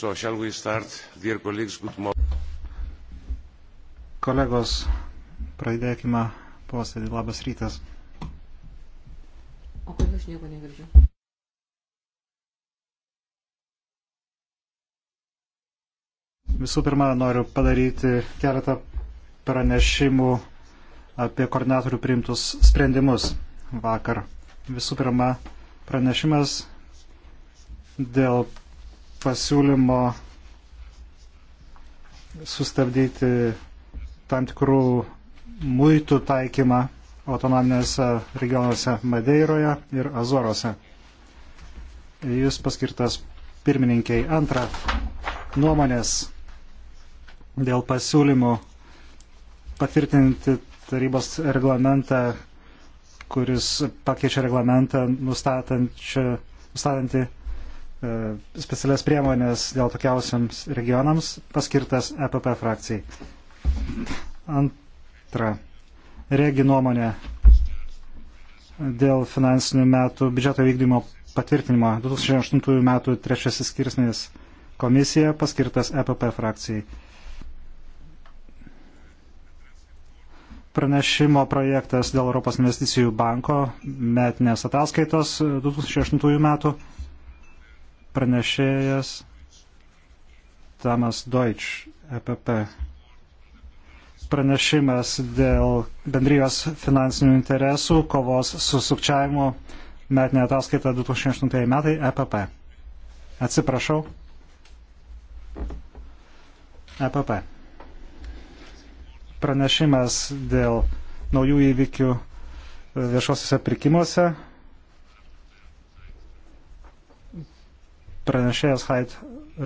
So, shall we start, dear colleagues, good morning. Kolegos, pradėkime posėdį. Labas rytas. O kodėl aš nieko negirdžiu? Visų pirma, noriu padaryti keletą pranešimų apie koordinatorių priimtus sprendimus vakar. Visų pirma, pranešimas dėl pasiūlymo sustabdyti tam tikrų muitų taikymą autonominėse regionuose Madeiroje ir Azorose. Jūs paskirtas pirmininkiai. Antra, nuomonės dėl pasiūlymų patvirtinti tarybos reglamentą, kuris pakeičia reglamentą nustatantį E, specialias priemonės dėl tokiausiams regionams paskirtas EPP frakcijai. Antra. Regi nuomonė dėl finansinių metų biudžeto vykdymo patvirtinimo 2008 metų trečiasis skirsnis komisija paskirtas EPP frakcijai. Pranešimo projektas dėl Europos investicijų banko metinės ataskaitos 2008 metų Pranešėjas Tamas Deutsch, EPP. Pranešimas dėl bendrijos finansinių interesų, kovos su sukčiavimu, metinė ataskaita 2008 metai, EPP. Atsiprašau. EPP. Pranešimas dėl naujų įvykių viešuosiuose pirkimuose, pranešėjas Hait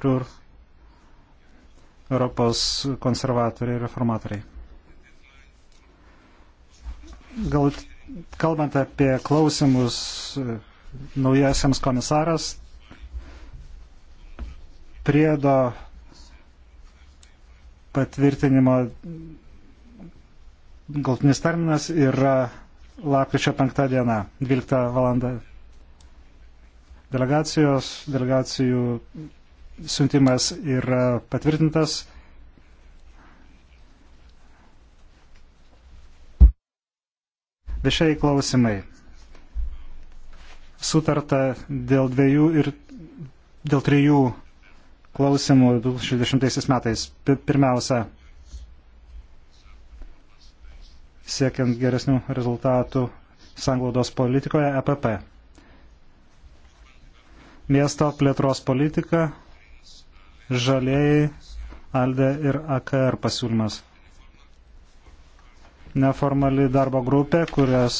Rur, Europos konservatoriai ir reformatoriai. Gal kalbant apie klausimus e, naujasiams komisaras, priedo patvirtinimo galtinis terminas yra lapkričio 5 diena, 12 valanda Delegacijos, delegacijų siuntimas yra patvirtintas. Viešai klausimai. Sutarta dėl dviejų ir dėl trijų klausimų 2020 metais. Pirmiausia, siekiant geresnių rezultatų sanglaudos politikoje EPP miesto plėtros politika, žalieji, ALDE ir AKR pasiūlymas. Neformali darbo grupė, kurias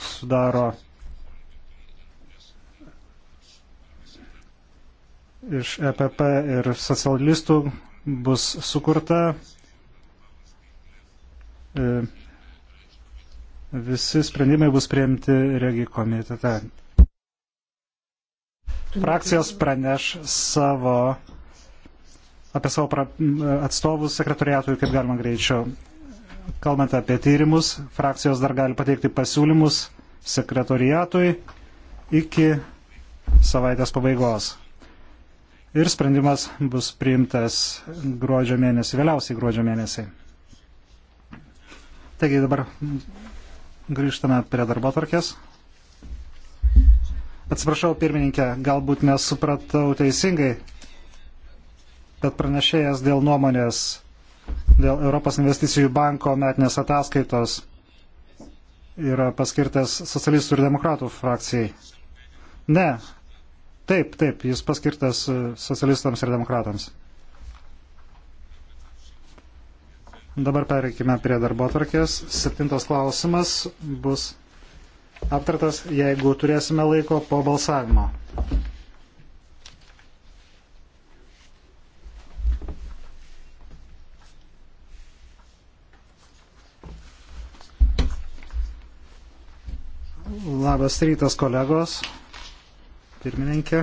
sudaro iš EPP ir socialistų bus sukurta. E, visi sprendimai bus priimti regi komitete frakcijos praneš savo, apie savo pra, atstovus sekretoriatui kaip galima greičiau. Kalbant apie tyrimus, frakcijos dar gali pateikti pasiūlymus sekretoriatui iki savaitės pabaigos. Ir sprendimas bus priimtas gruodžio mėnesį, vėliausiai gruodžio mėnesį. Taigi dabar grįžtame prie darbo tarkės. Atsiprašau, pirmininkė, galbūt nesupratau teisingai, bet pranešėjas dėl nuomonės, dėl Europos investicijų banko metinės ataskaitos yra paskirtas socialistų ir demokratų frakcijai. Ne, taip, taip, jis paskirtas socialistams ir demokratams. Dabar pereikime prie darbo atvarkės. Septintas klausimas bus aptartas, jeigu turėsime laiko po balsavimo. Labas rytas, kolegos, pirmininkė.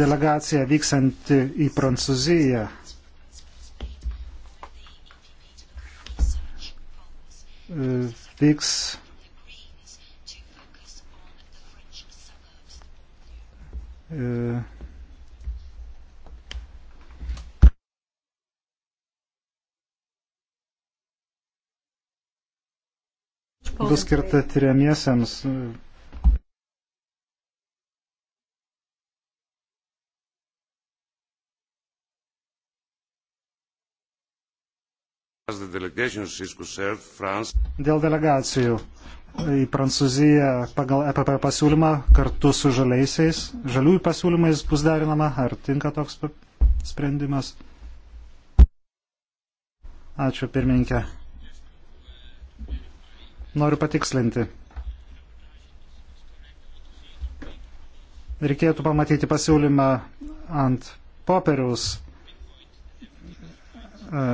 Delegacija vyksanti į Prancūziją vyks E, bus skirta tyriamiesiams. Dėl delegacijų į Prancūziją pagal EPP pasiūlymą kartu su žaliaisiais, žaliųjų pasiūlymais bus derinama, ar tinka toks sprendimas? Ačiū pirmininkė. Noriu patikslinti. Reikėtų pamatyti pasiūlymą ant popieriaus. E,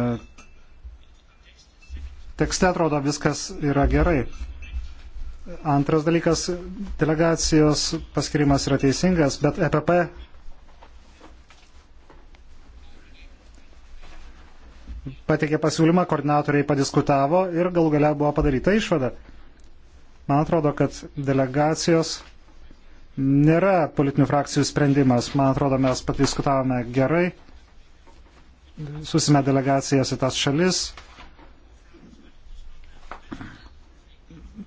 tekste atrodo viskas yra gerai Antras dalykas, delegacijos paskirimas yra teisingas, bet EPP pateikė pasiūlymą, koordinatoriai padiskutavo ir galų gale buvo padaryta išvada. Man atrodo, kad delegacijos nėra politinių frakcijų sprendimas. Man atrodo, mes padiskutavome gerai, susime delegacijas į tas šalis,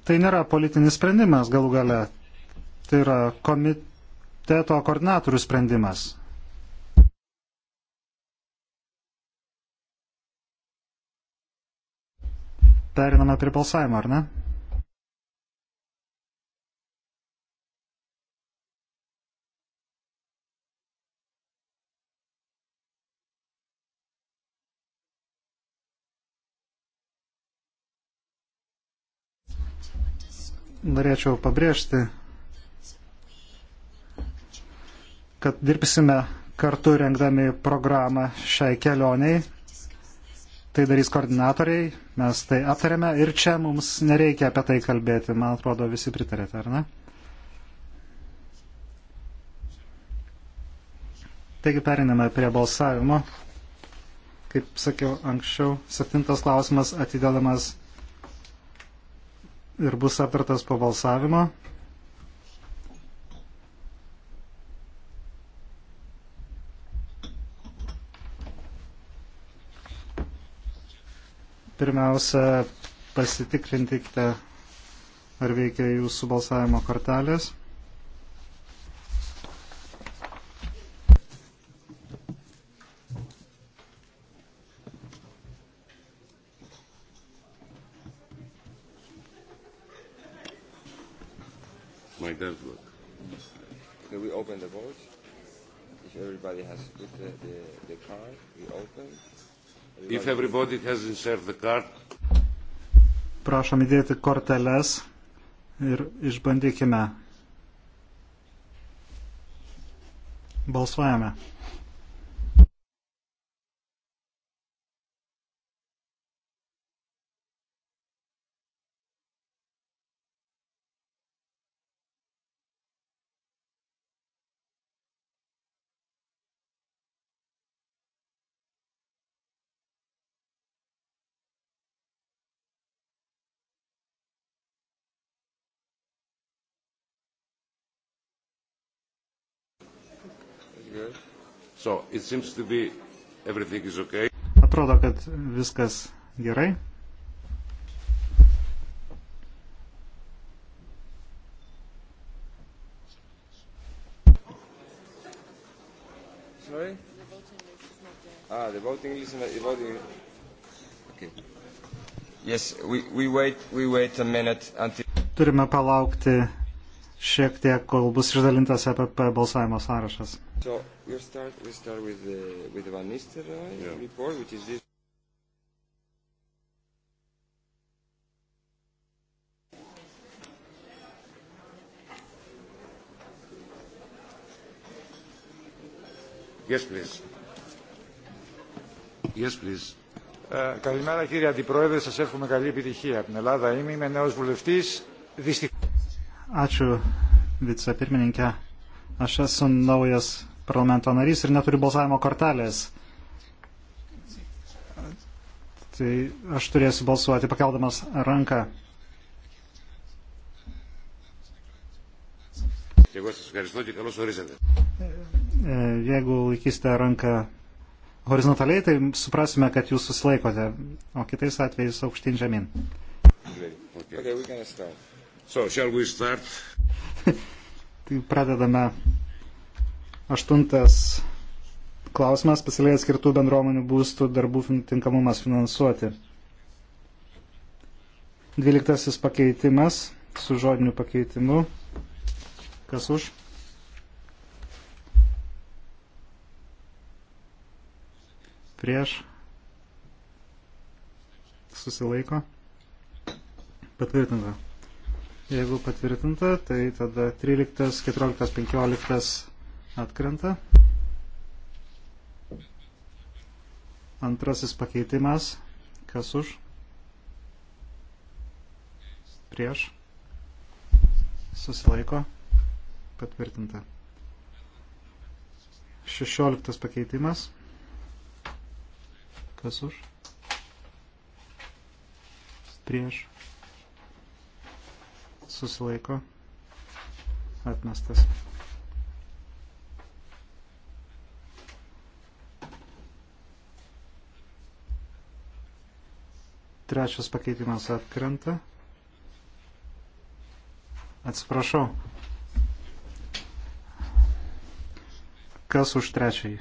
tai nėra politinis sprendimas galų gale, tai yra komiteto koordinatorių sprendimas. Periname prie balsavimo, ar ne? norėčiau pabrėžti, kad dirbsime kartu rengdami programą šiai kelioniai. Tai darys koordinatoriai, mes tai aptarėme ir čia mums nereikia apie tai kalbėti. Man atrodo, visi pritarėte, ar ne? Taigi periname prie balsavimo. Kaip sakiau anksčiau, septintas klausimas atidedamas ir bus aptartas po balsavimo. Pirmiausia, pasitikrinkite, ar veikia jūsų balsavimo kortelės. it does work. So we open the vote. If everybody has put the, the, the card, we open. Everybody If everybody has inserted the card. Prašom įdėti korteles ir išbandykime. Balsuojame. So it seems to be everything is okay. Atrodo, kad viskas gerai. Sorry? Ah, the voting list is not the voting. Okay. Yes, we, we wait, we wait a minute until. Turime palaukti šiek tiek, kol bus išdalintas EPP balsavimo sąrašas. So we start. We start with the with the Van Nistelrooy yeah. report, which is this. Yes, please. Yes, please. Ε, καλημέρα κύριε Αντιπρόεδρε, σας εύχομαι καλή επιτυχία. Από την Ελλάδα είμαι, είμαι νέος βουλευτής. Δυστυχώς. Ačiū, vicepirmininkė. Aš esu naujas parlamento narys ir neturi balsavimo kortelės. Tai aš turėsiu balsuoti pakeldamas ranką. E, jeigu laikysite ranką horizontaliai, tai suprasime, kad jūs susilaikote, o kitais atvejais aukštyn žemyn. Okay. Okay, so, tai pradedame Aštuntas klausimas - specialiai skirtų bendruomenių būstų darbų tinkamumas finansuoti. Dvyliktasis pakeitimas su žodiniu pakeitimu. Kas už? Prieš. Susilaiko. Patvirtinta. Jeigu patvirtinta, tai tada 13, 14, 15 atkrenta. Antrasis pakeitimas, kas už, prieš, susilaiko, patvirtinta. Šešioliktas pakeitimas, kas už, prieš, susilaiko, atmestas. Trečias pakeitimas atkrenta. Atsiprašau. Kas už trečiąjį?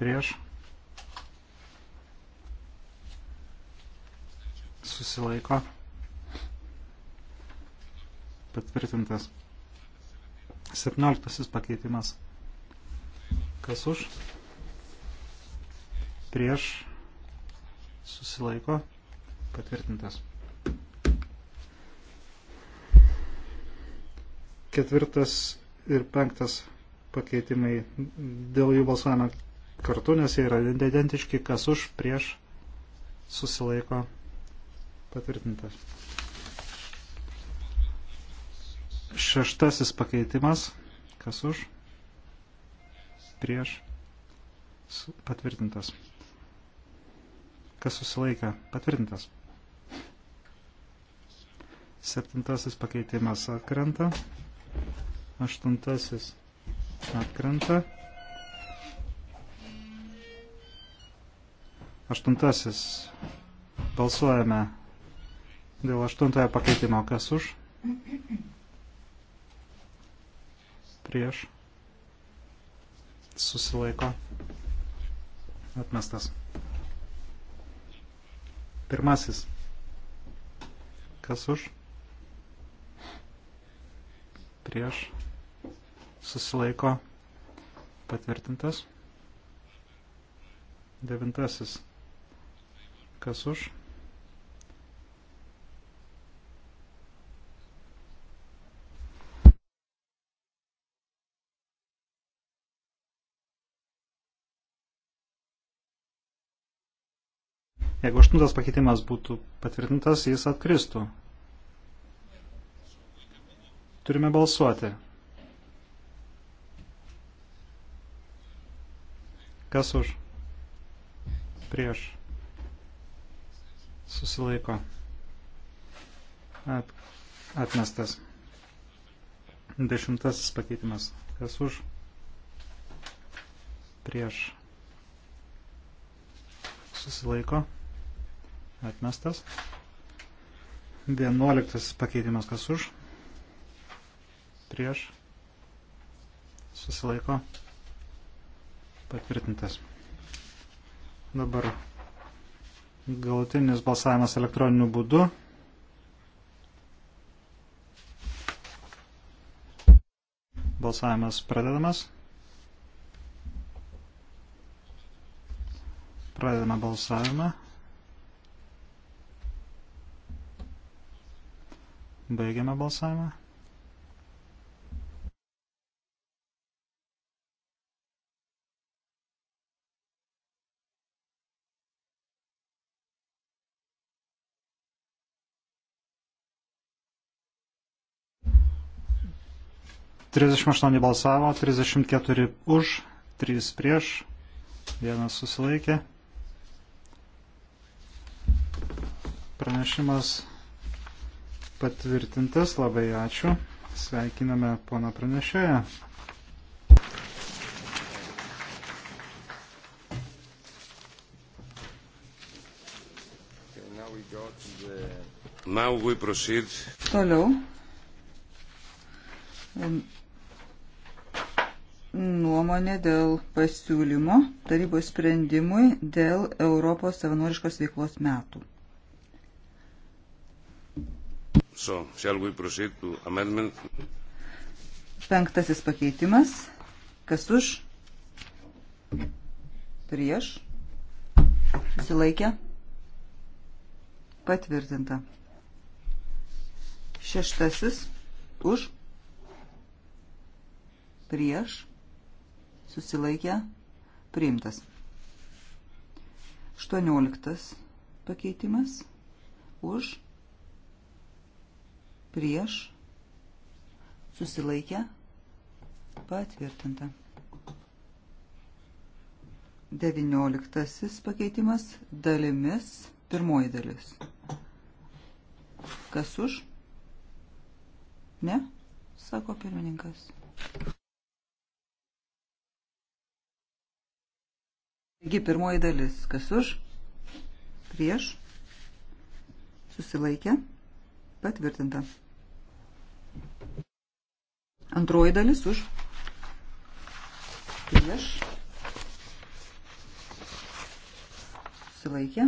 Prieš. Susilaiko. Patvirtintas. 17 pakeitimas. Kas už? Prieš susilaiko, patvirtintas. Ketvirtas ir penktas pakeitimai dėl jų balsuojame kartu, nes jie yra identiški, kas už, prieš, susilaiko, patvirtintas. Šeštasis pakeitimas, kas už, prieš, patvirtintas kas susilaikė, patvirtintas. Septintasis pakeitimas atkrenta. Aštuntasis atkrenta. Aštuntasis. Balsuojame dėl aštuntojo pakeitimo. Kas už? Prieš. Susilaiko. Atmestas. Pirmasis. Kas už? Prieš. Susilaiko. Patvirtintas. Devintasis. Kas už? Jeigu aštuntas pakeitimas būtų patvirtintas, jis atkristų. Turime balsuoti. Kas už? Prieš. Susilaiko. At, atmestas. Dešimtasis pakeitimas. Kas už? Prieš. Susilaiko atmestas. Vienuoliktas pakeitimas kas už, prieš, susilaiko, patvirtintas. Dabar galutinis balsavimas elektroniniu būdu. Balsavimas pradedamas. Pradedame balsavimą. Baigiame balsavimą. Trisdešimt aštuoni balsavo, trisdešimt keturi už, trys prieš, vienas susilaikė. Pranešimas patvirtintas, labai ačiū. Sveikiname pono pranešėją. Toliau. Nuomonė dėl pasiūlymo tarybos sprendimui dėl Europos savanoriškos veiklos metų. So, shall we proceed to amendment? Penktasis pakeitimas. Kas už? Prieš. Susilaikė. Patvirtinta. Šeštasis. Už. Prieš. Susilaikė. Priimtas. Aštuonioliktas pakeitimas. Už prieš, susilaikę, patvirtinta. Devinioliktasis pakeitimas dalimis, pirmoji dalis. Kas už? Ne, sako pirmininkas. Taigi pirmoji dalis, kas už, prieš, susilaikę, patvirtinta. Antroji dalis už prieš susilaikė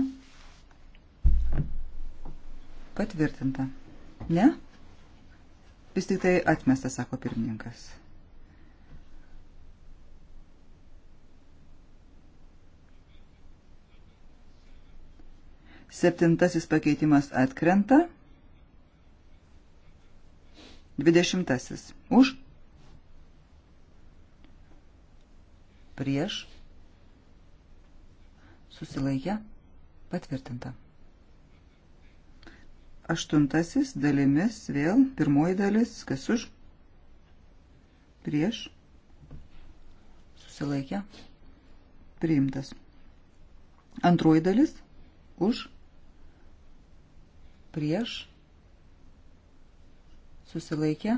patvirtinta. Ne? Vis tik tai atmestas, sako pirmininkas. Septintasis pakeitimas atkrenta. Dvidešimtasis. Už. Prieš. Susilaikę. Patvirtinta. Aštuntasis dalimis vėl pirmoji dalis. Kas už? Prieš. Susilaikę. Priimtas. Antroji dalis. Už. Prieš susilaikė.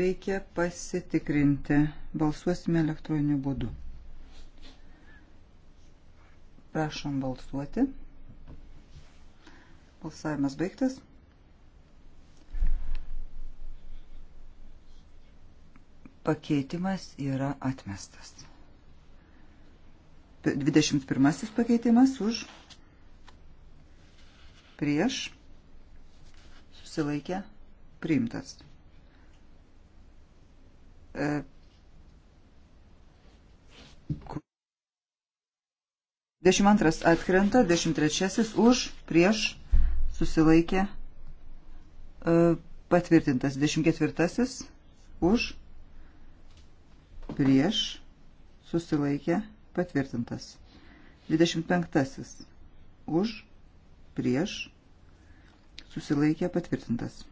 Reikia pasitikrinti. Balsuosime elektroniniu būdu. Prašom balsuoti. Balsavimas baigtas. Pakeitimas yra atmestas. 21 pakeitimas už prieš, susilaikė, priimtas. E, 12 atkrenta, 13 už, prieš, susilaikė, e, patvirtintas, 14 už, prieš, susilaikė, patvirtintas. 25 už, prieš, susilaikė patvirtintas.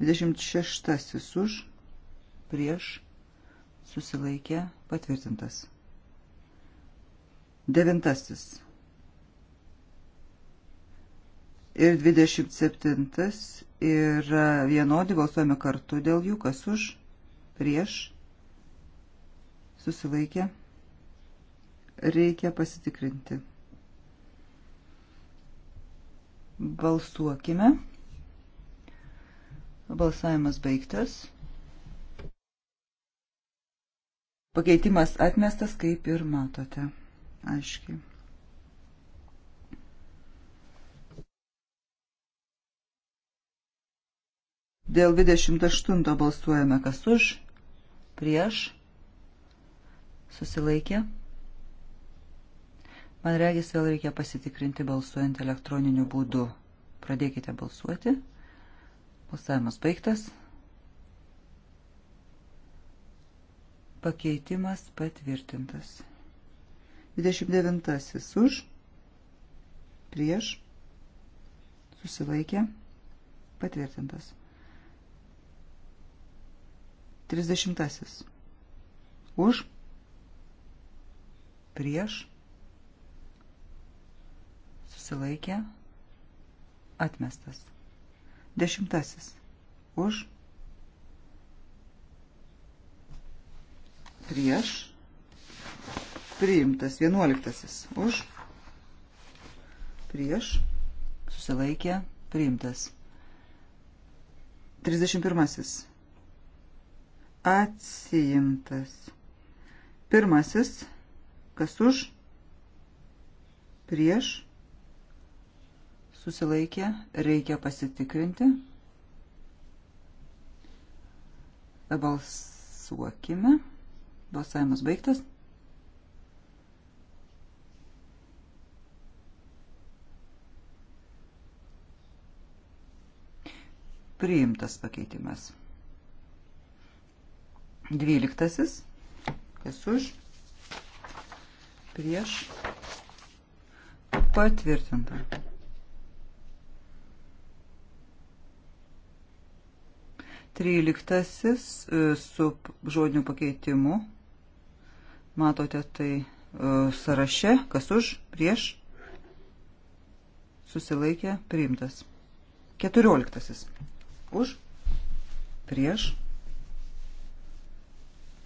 26 už, prieš, susilaikė patvirtintas. 9 ir 27 ir vienodi balsuojame kartu dėl jų, kas už, prieš, susilaikė, reikia pasitikrinti. Balsuokime. Balsavimas baigtas. Pakeitimas atmestas, kaip ir matote. Aiškiai. Dėl 28 balsuojame kas už, prieš, susilaikė. Man regis vėl reikia pasitikrinti balsuojant elektroniniu būdu. Pradėkite balsuoti. Balsavimas baigtas. Pakeitimas patvirtintas. 29 už. Prieš. Susilaikė. Patvirtintas. 30. Už. Prieš susilaikė, atmestas. Dešimtasis. Už. Prieš. Priimtas. Vienuoliktasis. Už. Prieš. Susilaikė. Priimtas. Trisdešimt pirmasis. Atsiimtas. Pirmasis. Kas už? Prieš susilaikė, reikia pasitikrinti. Balsuokime. Balsavimas baigtas. Priimtas pakeitimas. Dvyliktasis. Kas už? Prieš. Patvirtinta. 13 e, su žodiniu pakeitimu. Matote tai e, sąraše, kas už, prieš, susilaikė, priimtas. 14 už, prieš,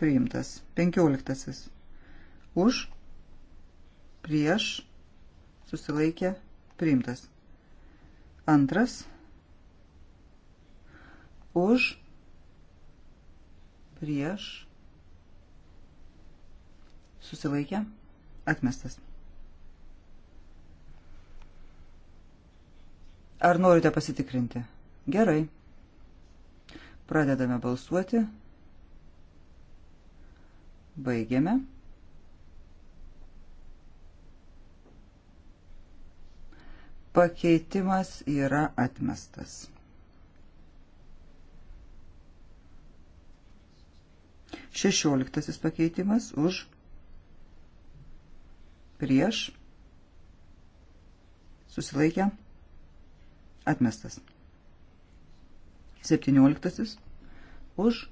priimtas. 15 už, prieš, susilaikė, priimtas. Antras už, prieš, susilaikė, atmestas. Ar norite pasitikrinti? Gerai. Pradedame balsuoti. Baigiame. Pakeitimas yra atmestas. Šešioliktasis pakeitimas už prieš susilaikę atmestas. Septynioliktasis už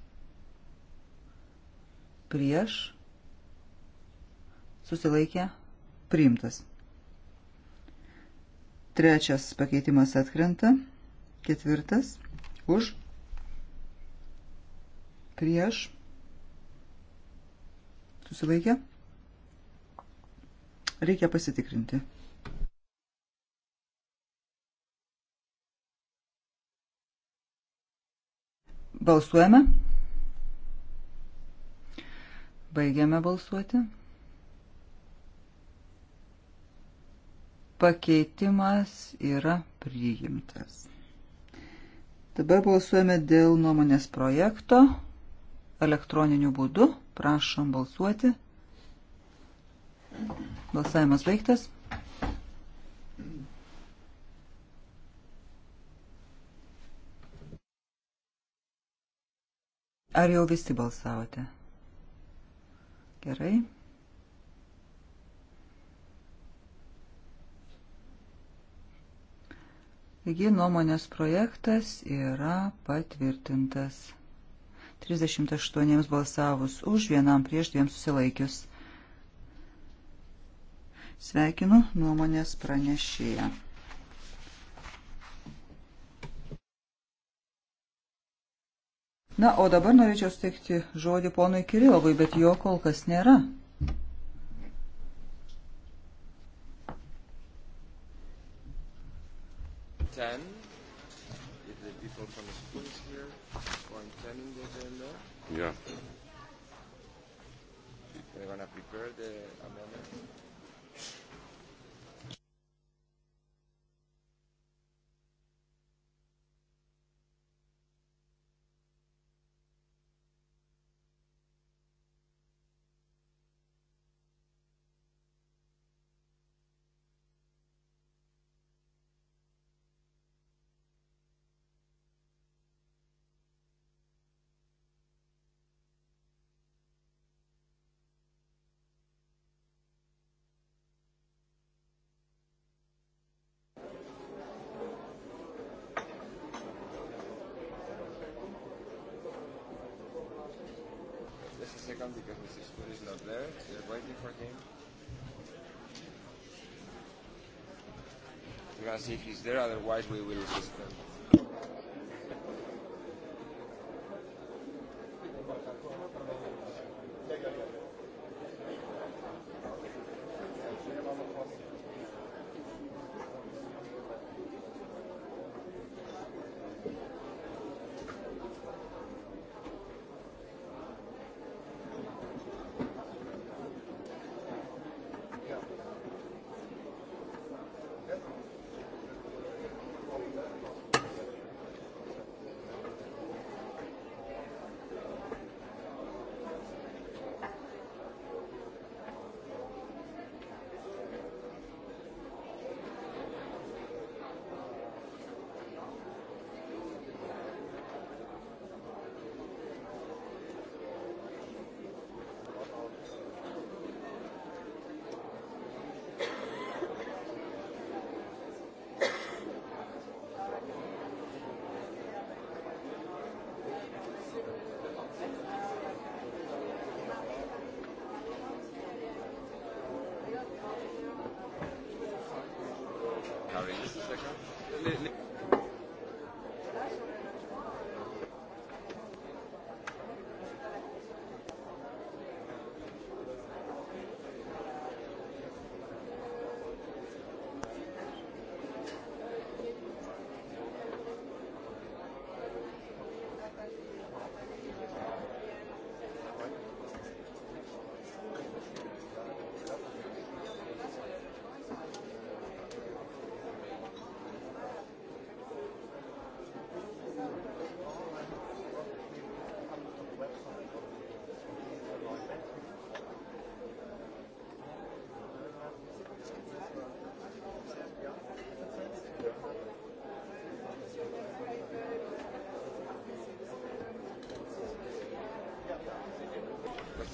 prieš susilaikę priimtas. Trečias pakeitimas atkrenta. Ketvirtas už prieš Susilaikė? Reikia pasitikrinti. Balsuojame. Baigiame balsuoti. Pakeitimas yra priimtas. Dabar balsuojame dėl nuomonės projekto elektroniniu būdu. Prašom balsuoti. Balsavimas baigtas. Ar jau visi balsavote? Gerai. Taigi nuomonės projektas yra patvirtintas. 38 balsavus už, vienam prieš, dviem susilaikius. Sveikinu nuomonės pranešėją. Na, o dabar norėčiau steikti žodį ponui Kirilovui, bet jo kol kas nėra. Ten. Yeah. They wanna prepare the second because Mrs. Food is not there. We are waiting for him. We're going to see if he's there, otherwise we will suspend.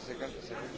second, second.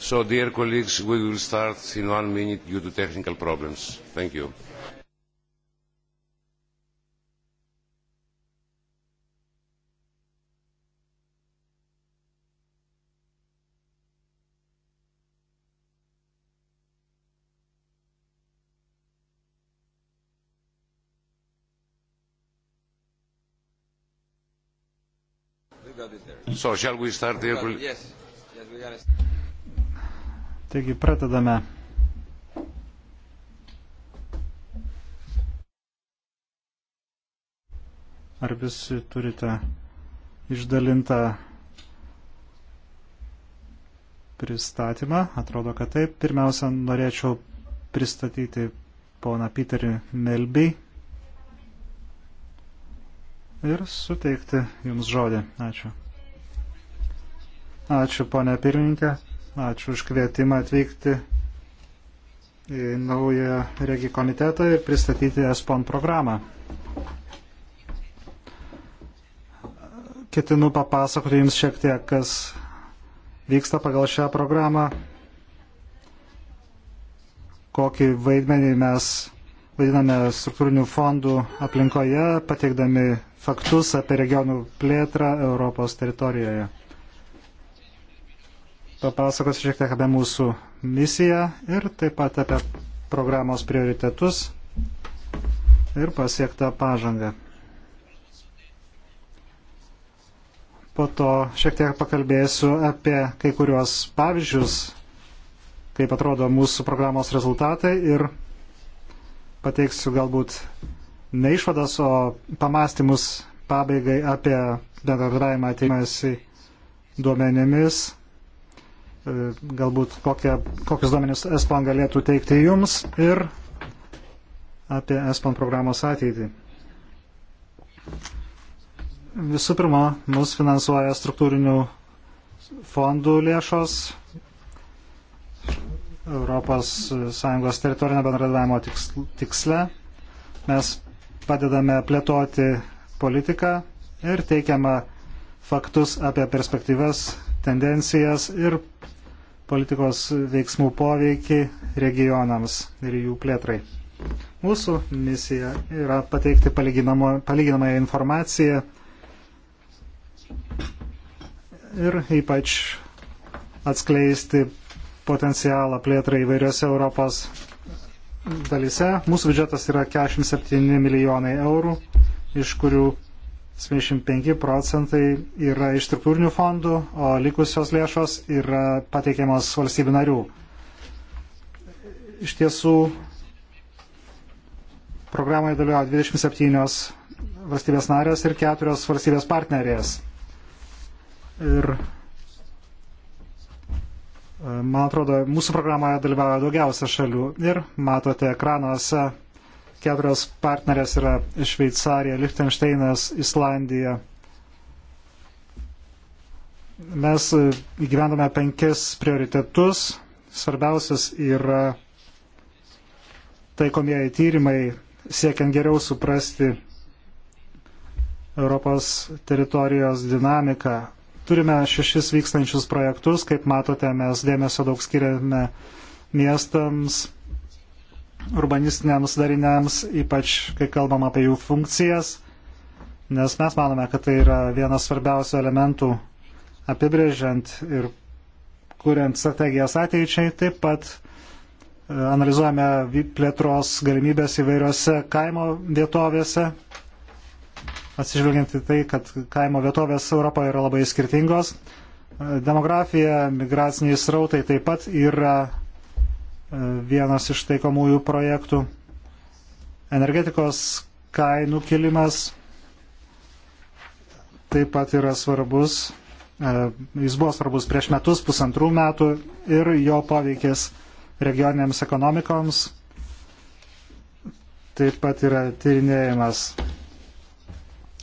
So, dear colleagues, we will start in one minute due to technical problems. Thank you. So shall we start, dear colleagues? Yes. yes we are Taigi pradedame. Ar visi turite išdalintą pristatymą? Atrodo, kad taip. Pirmiausia, norėčiau pristatyti poną Peterį Melbį ir suteikti jums žodį. Ačiū. Ačiū, ponė pirmininkė. Ačiū už kvietimą atvykti į naują regį komitetą ir pristatyti ESPON programą. Ketinu papasakoti Jums šiek tiek, kas vyksta pagal šią programą, kokį vaidmenį mes vaidiname struktūrinių fondų aplinkoje, pateikdami faktus apie regionų plėtrą Europos teritorijoje papasakos šiek tiek apie mūsų misiją ir taip pat apie programos prioritetus ir pasiektą pažangą. Po to šiek tiek pakalbėsiu apie kai kuriuos pavyzdžius, kaip atrodo mūsų programos rezultatai ir pateiksiu galbūt ne išvadas, o pamastymus pabaigai apie bendradavimą ateimąsi duomenimis E, galbūt kokie, kokius duomenis ESPAN galėtų teikti jums ir apie ESPAN programos ateitį. Visų pirma, mus finansuoja struktūrinių fondų lėšos Europos Sąjungos teritorinio bendradavimo tiksle. Mes padedame plėtoti politiką ir teikiamą faktus apie perspektyvas, tendencijas ir politikos veiksmų poveikį regionams ir jų plėtrai. Mūsų misija yra pateikti palyginamąją informaciją ir ypač atskleisti potencialą plėtrai įvairiose Europos dalise. Mūsų biudžetas yra 47 milijonai eurų, iš kurių 75 procentai yra iš struktūrinių fondų, o likusios lėšos yra pateikiamos valstybių narių. Iš tiesų, programai dalyvauja 27 valstybės narės ir 4 valstybės partnerės. Ir e, man atrodo, mūsų programoje dalyvauja daugiausia šalių. Ir matote ekranuose Keturios partnerės yra Šveicarija, Liechtensteinas, Islandija. Mes e, įgyvendome penkis prioritetus. Svarbiausias yra taikomieji tyrimai, siekiant geriau suprasti Europos teritorijos dinamiką. Turime šešis vykstančius projektus, kaip matote, mes dėmesio daug skiriame miestams, urbanistiniams dariniams, ypač kai kalbam apie jų funkcijas, nes mes manome, kad tai yra vienas svarbiausių elementų apibrėžiant ir kuriant strategijas ateičiai, taip pat e, analizuojame plėtros galimybės įvairiose kaimo vietovėse, atsižvelgiant į tai, kad kaimo vietovės Europoje yra labai skirtingos. E, demografija, migraciniai srautai taip pat yra E, vienas iš taikomųjų projektų. Energetikos kainų kilimas taip pat yra svarbus. E, jis buvo svarbus prieš metus, pusantrų metų ir jo poveikis regioninėms ekonomikoms taip pat yra tyrinėjimas.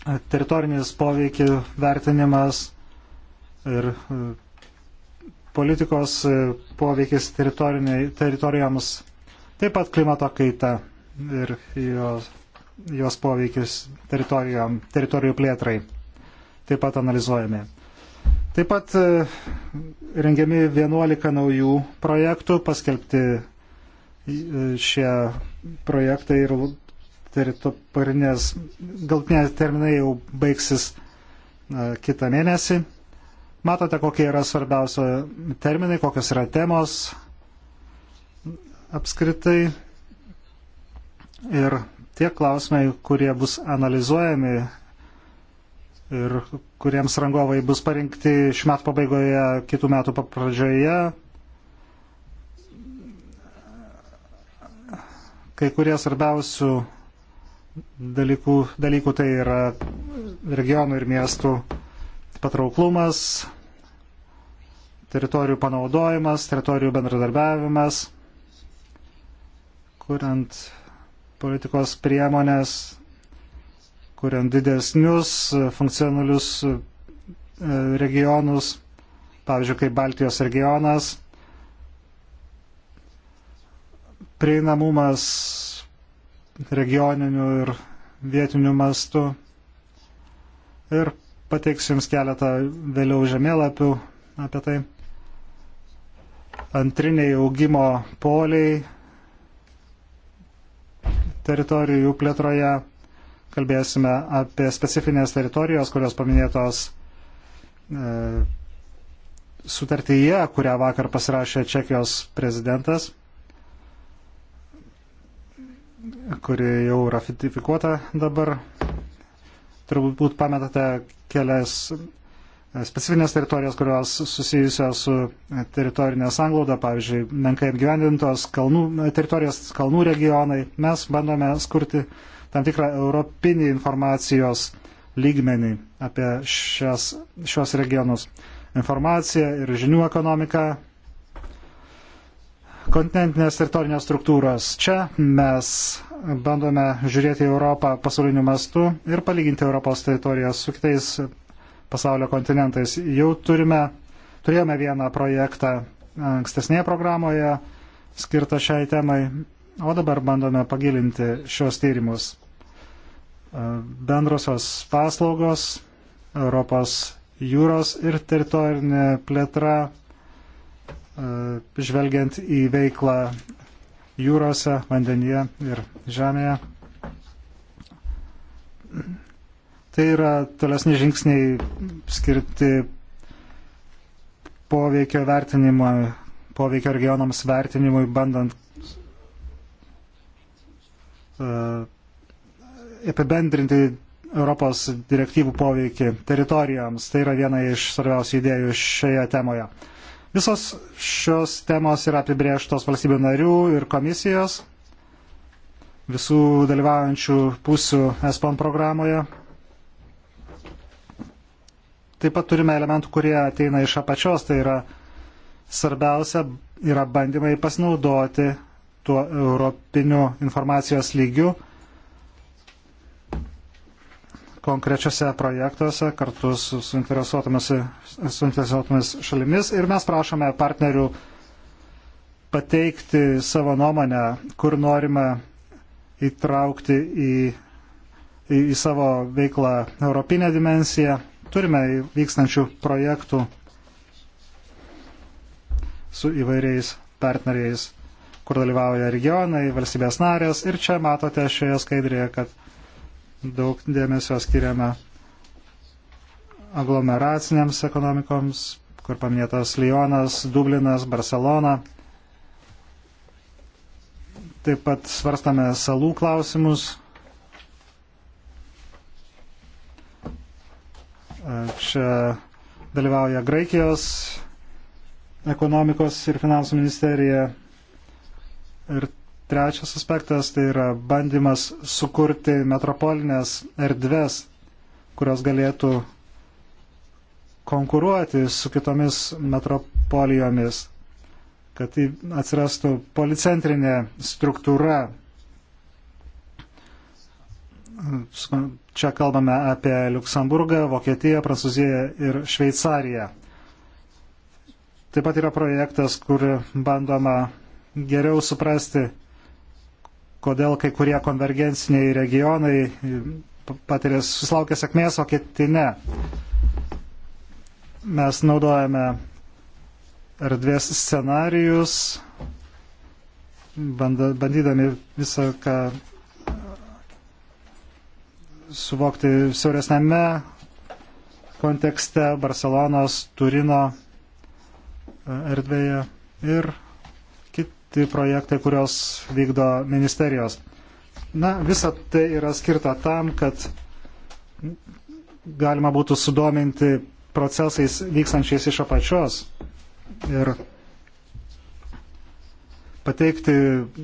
E, teritorinis poveikį vertinimas ir politikos e, poveikis teritorijoms, taip pat klimato kaita ir jos, jos poveikis teritorijų plėtrai taip pat analizuojami. Taip pat e, rengiami 11 naujų projektų, paskelbti e, šie projektai ir teritorinės galtinės terminai jau baigsis kitą mėnesį. Matote, kokie yra svarbiausia terminai, kokios yra temos apskritai. Ir tie klausimai, kurie bus analizuojami ir kuriems rangovai bus parinkti šių metų pabaigoje, kitų metų pradžioje. Kai kurie svarbiausių dalykų, dalykų tai yra regionų ir miestų patrauklumas, teritorijų panaudojimas, teritorijų bendradarbiavimas, kuriant politikos priemonės, kuriant didesnius funkcionalius e, regionus, pavyzdžiui, kaip Baltijos regionas, prieinamumas regioninių ir vietinių mastų ir pateiksiu Jums keletą vėliau žemėlapių apie tai. Antriniai augimo poliai teritorijų plėtroje. Kalbėsime apie specifinės teritorijos, kurios paminėtos e, sutartyje, kurią vakar pasirašė Čekijos prezidentas, kuri jau ratifikuota dabar turbūt pametate kelias e, specifinės teritorijos, kurios susijusios su e, teritorinė sanglauda, pavyzdžiui, menkai apgyvendintos kalnų, e, teritorijos kalnų regionai. Mes bandome skurti tam tikrą europinį informacijos lygmenį apie šias, šios regionus. Informacija ir žinių ekonomika kontinentinės teritorinės struktūros. Čia mes bandome žiūrėti į Europą pasauliniu mastu ir palyginti Europos teritorijas su kitais pasaulio kontinentais. Jau turime, turėjome vieną projektą ankstesnėje programoje skirtą šiai temai, o dabar bandome pagilinti šios tyrimus. Bendrosios paslaugos, Europos jūros ir teritorinė plėtra žvelgiant į veiklą jūrose, vandenyje ir žemėje. Tai yra tolesni žingsniai skirti poveikio vertinimo, poveikio regionams vertinimui, bandant uh, apibendrinti Europos direktyvų poveikį teritorijoms. Tai yra viena iš svarbiausių idėjų šioje temoje. Uh, Visos šios temos yra apibrėžtos valstybių narių ir komisijos visų dalyvaujančių pusių ESPON programoje. Taip pat turime elementų, kurie ateina iš apačios, tai yra svarbiausia yra bandymai pasinaudoti tuo europiniu informacijos lygiu konkrečiose projektuose kartu su suinteresuotomis šalimis ir mes prašome partnerių pateikti savo nuomonę, kur norima įtraukti į, į, į savo veiklą europinę dimensiją. Turime vykstančių projektų su įvairiais partneriais, kur dalyvauja regionai, valstybės narės ir čia matote šioje skaidrėje, kad daug dėmesio skiriame aglomeracinėms ekonomikoms, kur paminėtas Lyonas, Dublinas, Barcelona. Taip pat svarstame salų klausimus. Čia dalyvauja Graikijos ekonomikos ir finansų ministerija ir Trečias aspektas tai yra bandymas sukurti metropolinės erdves, kurios galėtų konkuruoti su kitomis metropolijomis, kad atsirastų policentrinė struktūra. Čia kalbame apie Luksemburgą, Vokietiją, Prancūziją ir Šveicariją. Taip pat yra projektas, kur bandoma geriau suprasti kodėl kai kurie konvergenciniai regionai patiria susilaukia sėkmės, o kiti ne. Mes naudojame erdvės scenarijus, bandydami visą ką suvokti siauresnėme kontekste Barcelonos, Turino e, erdvėje ir kiti projektai, kurios vykdo ministerijos. Na, visa tai yra skirta tam, kad galima būtų sudominti procesais vykstančiais iš apačios ir pateikti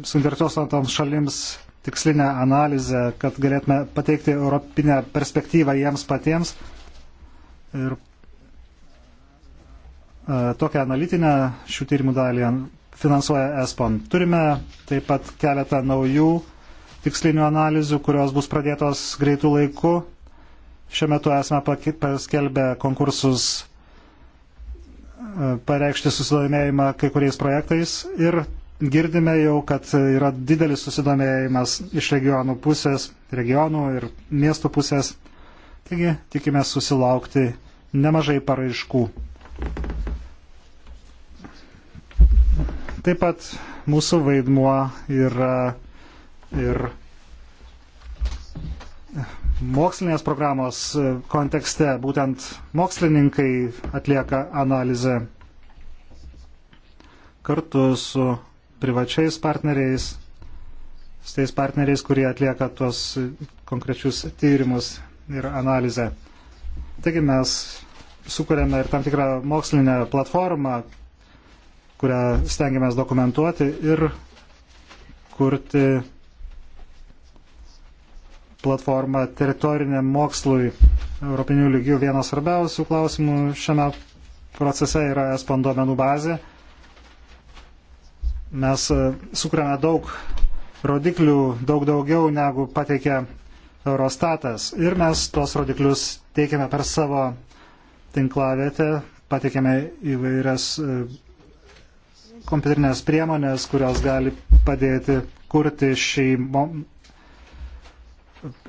suinteresuotoms šalims tikslinę analizę, kad galėtume pateikti europinę perspektyvą jiems patiems ir e, tokią analitinę šių tyrimų dalį finansuoja ESPON. Turime taip pat keletą naujų tikslinių analizių, kurios bus pradėtos greitų laikų. Šiuo metu esame paskelbę konkursus e, pareikšti susidomėjimą kai kuriais projektais ir girdime jau, kad yra didelis susidomėjimas iš regionų pusės, regionų ir miestų pusės. Taigi tikime susilaukti nemažai paraiškų. Taip pat mūsų vaidmuo yra ir mokslinės programos kontekste. Būtent mokslininkai atlieka analizę kartu su privačiais partneriais, su tais partneriais, kurie atlieka tuos konkrečius tyrimus ir analizę. Taigi mes sukūrėme ir tam tikrą mokslinę platformą, kurią stengiamės dokumentuoti ir kurti platformą teritoriniam mokslui Europinių lygių. Vienas svarbiausių klausimų šiame procese yra ESPON duomenų bazė. Mes e, sukūrėme daug rodiklių, daug daugiau negu pateikė Eurostatas. Ir mes tos rodiklius teikiame per savo tinklavietę, pateikėme įvairias e, kompiuterinės priemonės, kurios gali padėti kurti šį,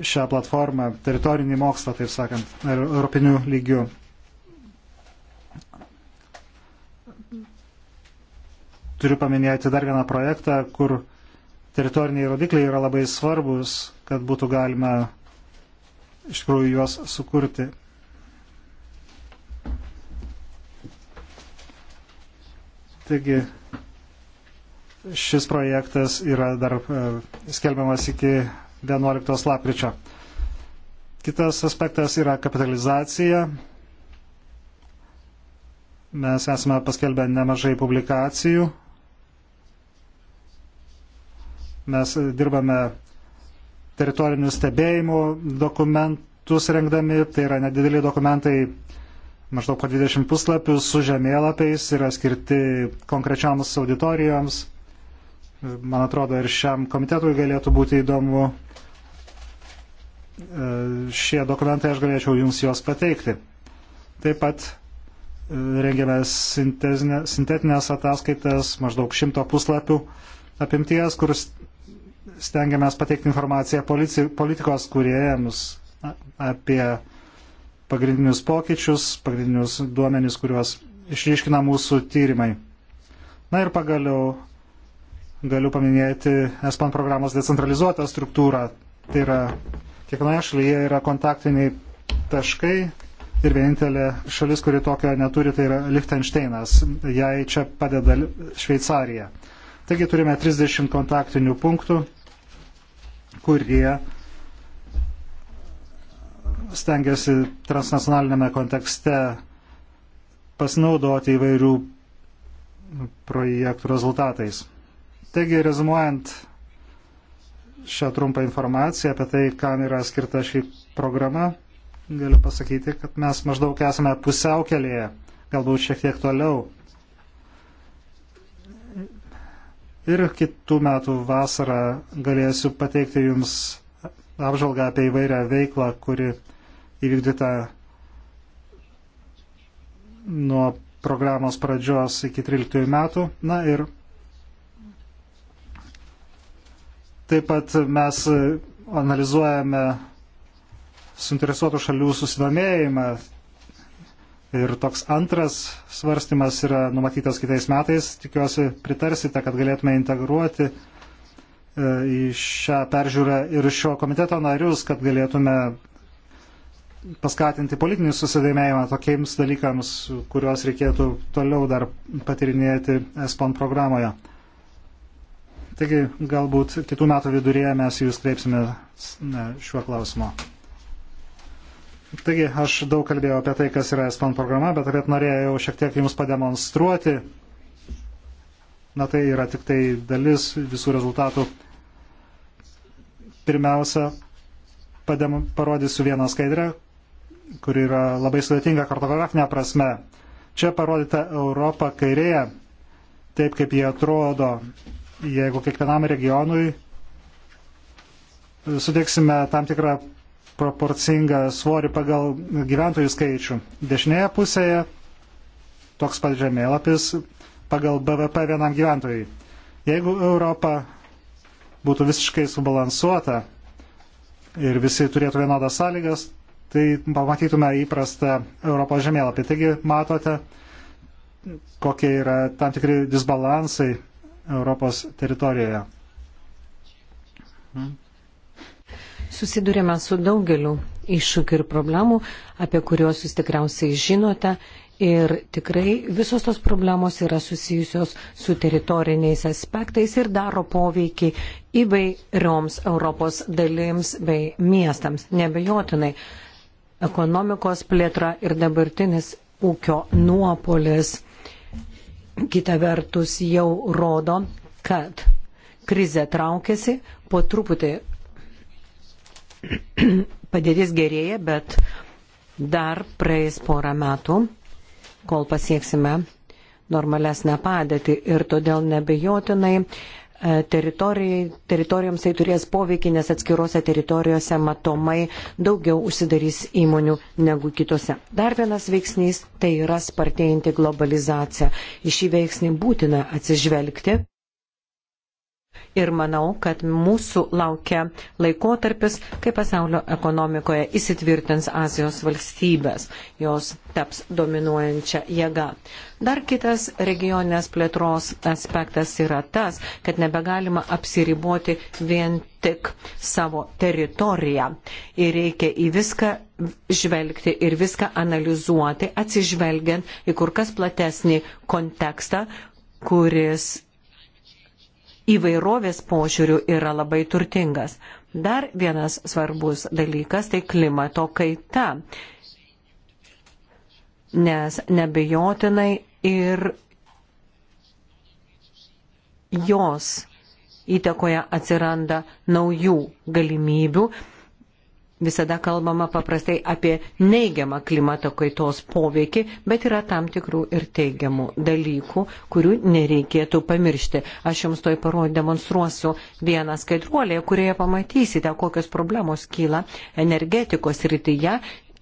šią platformą, teritorinį mokslą, taip sakant, europinių lygių. Turiu paminėti dar vieną projektą, kur teritoriniai rodikliai yra labai svarbus, kad būtų galima iš tikrųjų juos sukurti. Taigi, šis projektas yra dar e, skelbiamas iki 11 lapkričio. Kitas aspektas yra kapitalizacija. Mes esame paskelbę nemažai publikacijų. Mes dirbame teritorinių stebėjimų dokumentus rengdami, tai yra nedideli dokumentai, maždaug po 20 puslapių su žemėlapiais, yra skirti konkrečioms auditorijoms man atrodo, ir šiam komitetui galėtų būti įdomu. E, šie dokumentai aš galėčiau jums juos pateikti. Taip pat e, rengiame sintetinės ataskaitas maždaug šimto puslapių apimties, kur stengiamės pateikti informaciją politikos kuriejams apie pagrindinius pokyčius, pagrindinius duomenys, kuriuos išryškina mūsų tyrimai. Na ir pagaliau galiu paminėti ESPAN programos decentralizuotą struktūrą. Tai yra, kiekvienoje šalyje yra kontaktiniai taškai ir vienintelė šalis, kuri tokio neturi, tai yra Liechtensteinas. Jai čia padeda Šveicarija. Taigi turime 30 kontaktinių punktų, kurie stengiasi transnacionalinėme kontekste pasinaudoti įvairių projektų rezultatais. Taigi, rezumuojant šią trumpą informaciją apie tai, kam yra skirta šį programą, galiu pasakyti, kad mes maždaug esame pusiaukelėje, galbūt šiek tiek toliau. Ir kitų metų vasarą galėsiu pateikti Jums apžvalgą apie įvairią veiklą, kuri įvykdyta nuo programos pradžios iki 13 metų. Na ir Taip pat mes analizuojame suinteresuotų šalių susidomėjimą ir toks antras svarstymas yra numatytas kitais metais. Tikiuosi pritarsite, kad galėtume integruoti e, į šią peržiūrą ir šio komiteto narius, kad galėtume paskatinti politinį susidomėjimą tokiems dalykams, kuriuos reikėtų toliau dar patirinėti ESPON programoje. Taigi galbūt kitų metų viduryje mes jūs kreipsime šiuo klausimu. Taigi aš daug kalbėjau apie tai, kas yra ESPAN programa, bet apie norėjau šiek tiek jums pademonstruoti. Na tai yra tik tai dalis visų rezultatų. Pirmiausia, padem, parodysiu vieną skaidrę, kuri yra labai sudėtinga kartografinė prasme. Čia parodyta Europa kairėje, taip kaip jie atrodo jeigu kiekvienam regionui sudėksime tam tikrą proporcingą svorį pagal gyventojų skaičių. Dešinėje pusėje toks pat žemėlapis pagal BVP vienam gyventojui. Jeigu Europa būtų visiškai subalansuota ir visi turėtų vienodas sąlygas, tai pamatytume įprastą Europos žemėlapį. Taigi matote, kokie yra tam tikri disbalansai Europos teritorijoje. Susidurėme su daugeliu iššūkių ir problemų, apie kuriuos jūs tikriausiai žinote. Ir tikrai visos tos problemos yra susijusios su teritoriniais aspektais ir daro poveikį įvairioms Europos dalims bei miestams. Nebejotinai, ekonomikos plėtra ir dabartinis ūkio nuopolis kita vertus jau rodo, kad krize traukiasi, po truputį padėtis gerėja, bet dar praeis porą metų, kol pasieksime normalesnę padėtį ir todėl nebejotinai teritorijoms tai turės poveikį, nes atskiruose teritorijose matomai daugiau užsidarys įmonių negu kitose. Dar vienas veiksnys tai yra spartėjanti globalizacija. Į šį veiksnį būtina atsižvelgti ir manau, kad mūsų laukia laikotarpis, kai pasaulio ekonomikoje įsitvirtins Azijos valstybės, jos taps dominuojančia jėga. Dar kitas regioninės plėtros aspektas yra tas, kad nebegalima apsiriboti vien tik savo teritoriją ir reikia į viską žvelgti ir viską analizuoti, atsižvelgiant į kur kas platesnį kontekstą, kuris įvairovės požiūrių yra labai turtingas. Dar vienas svarbus dalykas tai klimato kaita, nes nebejotinai ir jos įtakoje atsiranda naujų galimybių visada kalbama paprastai apie neigiamą klimato kaitos poveikį, bet yra tam tikrų ir teigiamų dalykų, kurių nereikėtų pamiršti. Aš jums toj paroj demonstruosiu vieną skaidruolę, kurioje pamatysite, kokios problemos kyla energetikos rytyje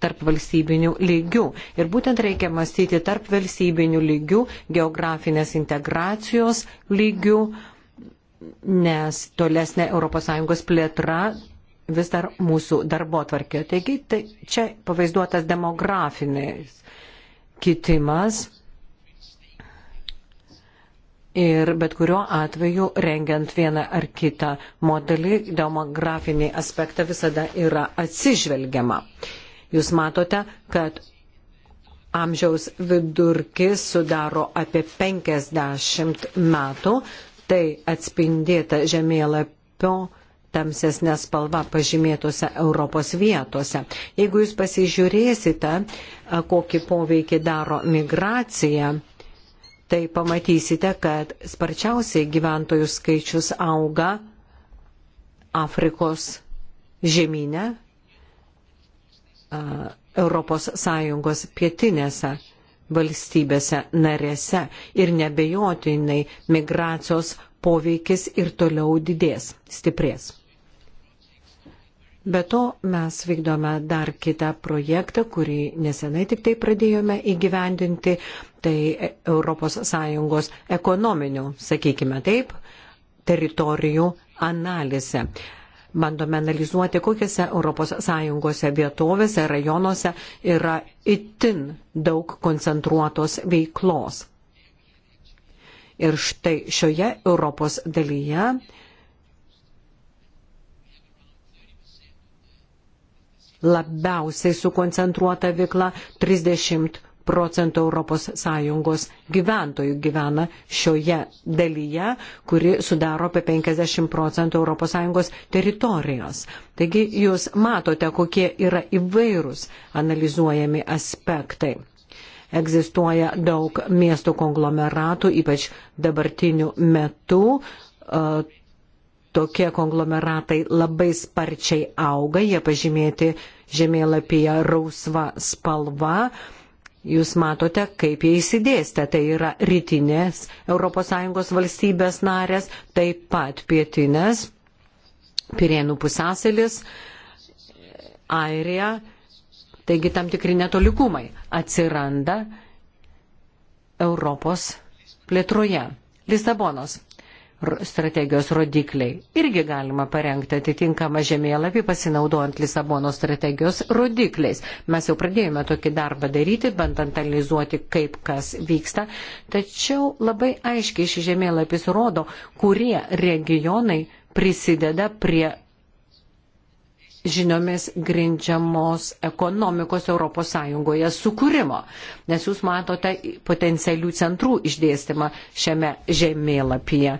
tarp valstybinių lygių. Ir būtent reikia mąstyti tarp valstybinių lygių, geografinės integracijos lygių, nes tolesnė ES plėtra vis dar mūsų darbo tvarkė. Taigi tai čia pavaizduotas demografinis kitimas. Ir bet kuriuo atveju, rengiant vieną ar kitą modelį, demografinį aspektą visada yra atsižvelgiama. Jūs matote, kad amžiaus vidurkis sudaro apie 50 metų, tai atspindėta žemėlapio tamsesnė spalva pažymėtose Europos vietose. Jeigu jūs pasižiūrėsite, kokį poveikį daro migracija, tai pamatysite, kad sparčiausiai gyventojų skaičius auga Afrikos žemynę, ES pietinėse valstybėse narėse ir nebejotinai migracijos poveikis ir toliau didės, stiprės. Be to, mes vykdome dar kitą projektą, kurį nesenai tik tai pradėjome įgyvendinti, tai ES ekonominių, sakykime taip, teritorijų analizė. Bandome analizuoti, kokiuose ES vietovėse, rajonuose yra itin daug koncentruotos veiklos. Ir štai šioje Europos dalyje labiausiai sukoncentruota veikla 30 procentų ES gyventojų gyvena šioje dalyje, kuri sudaro apie 50 procentų ES teritorijos. Taigi jūs matote, kokie yra įvairūs analizuojami aspektai. Egzistuoja daug miestų konglomeratų, ypač dabartiniu metu tokie konglomeratai labai sparčiai auga, jie pažymėti žemėlapyje rausva spalva. Jūs matote, kaip jie įsidėstė. Tai yra rytinės ES valstybės narės, taip pat pietinės, Pirienų pusaselis, Airija. Taigi tam tikri netolygumai atsiranda Europos plėtroje. Lisabonos strategijos rodikliai. Irgi galima parengti atitinkamą žemėlapį pasinaudojant Lisabono strategijos rodikliais. Mes jau pradėjome tokį darbą daryti, bandant analizuoti, kaip kas vyksta. Tačiau labai aiškiai šis žemėlapis rodo, kurie regionai prisideda prie žiniomis grindžiamos ekonomikos ES sukūrimo, nes jūs matote potencialių centrų išdėstymą šiame žemėlapyje.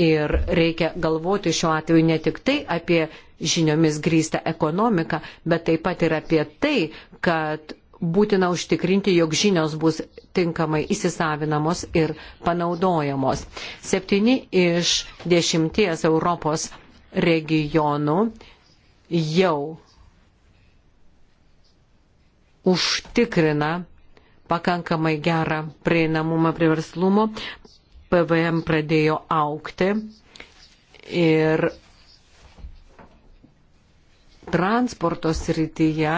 Ir reikia galvoti šiuo atveju ne tik tai apie žiniomis grįstą ekonomiką, bet taip pat ir apie tai, kad būtina užtikrinti, jog žinios bus tinkamai įsisavinamos ir panaudojamos. Septyni iš dešimties Europos regionų jau užtikrina pakankamai gerą prieinamumą prie verslumo, PVM pradėjo aukti ir transporto srityje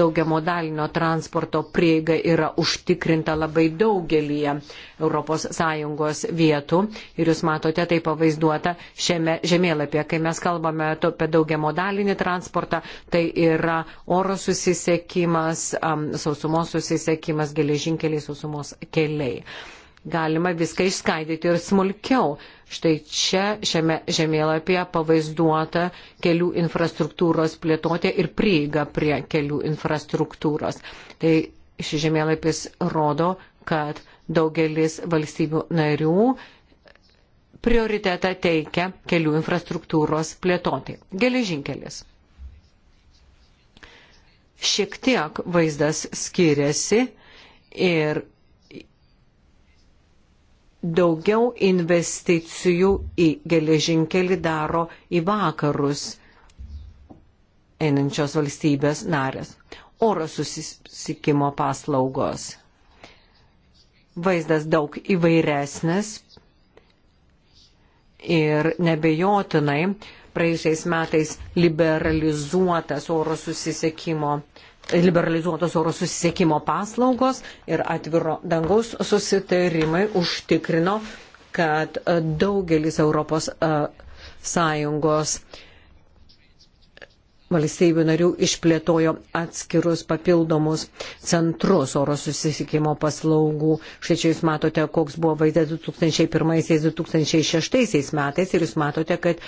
daugiamodalinio transporto prieiga yra užtikrinta labai daugelyje ES vietų. Ir jūs matote tai pavaizduota šiame žemėlapyje. Kai mes kalbame apie daugiamodalinį transportą, tai yra oro susisiekimas, sausumos susisiekimas, geležinkeliai, sausumos keliai galima viską išskaidyti ir smulkiau. Štai čia šiame žemėlapyje pavaizduota kelių infrastruktūros plėtotė ir prieiga prie kelių infrastruktūros. Tai šis žemėlapis rodo, kad daugelis valstybių narių prioritetą teikia kelių infrastruktūros plėtotai. Geležinkelis. Šiek tiek vaizdas skiriasi ir daugiau investicijų į geležinkelį daro į vakarus einančios valstybės narės. Oro susisikimo paslaugos. Vaizdas daug įvairesnis ir nebejotinai praėjusiais metais liberalizuotas oro susisiekimo liberalizuotos oro susisiekimo paslaugos ir atviro dangaus susitarimai užtikrino, kad e, daugelis Europos e, Sąjungos uh, valstybių narių išplėtojo atskirus papildomus centrus oro susisiekimo paslaugų. Štai čia jūs matote, koks buvo vaizdas 2001-2006 metais ir jūs matote, kad e,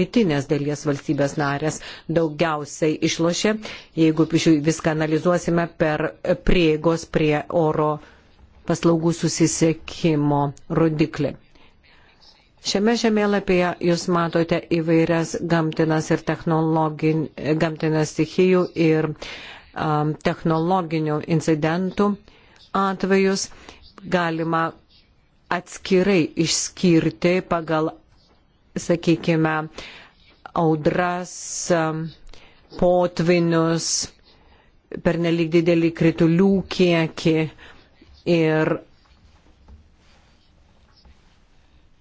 rytinės dalies valstybės narės daugiausiai išlošė, jeigu viską analizuosime per prieigos prie oro paslaugų susisiekimo rodiklį. Šiame žemėlapyje jūs matote įvairias gamtinas ir gamtinas stichijų ir um, technologinių incidentų atvejus. Galima atskirai išskirti pagal, sakykime, audras, potvinius, pernelyg didelį kritulių kiekį ir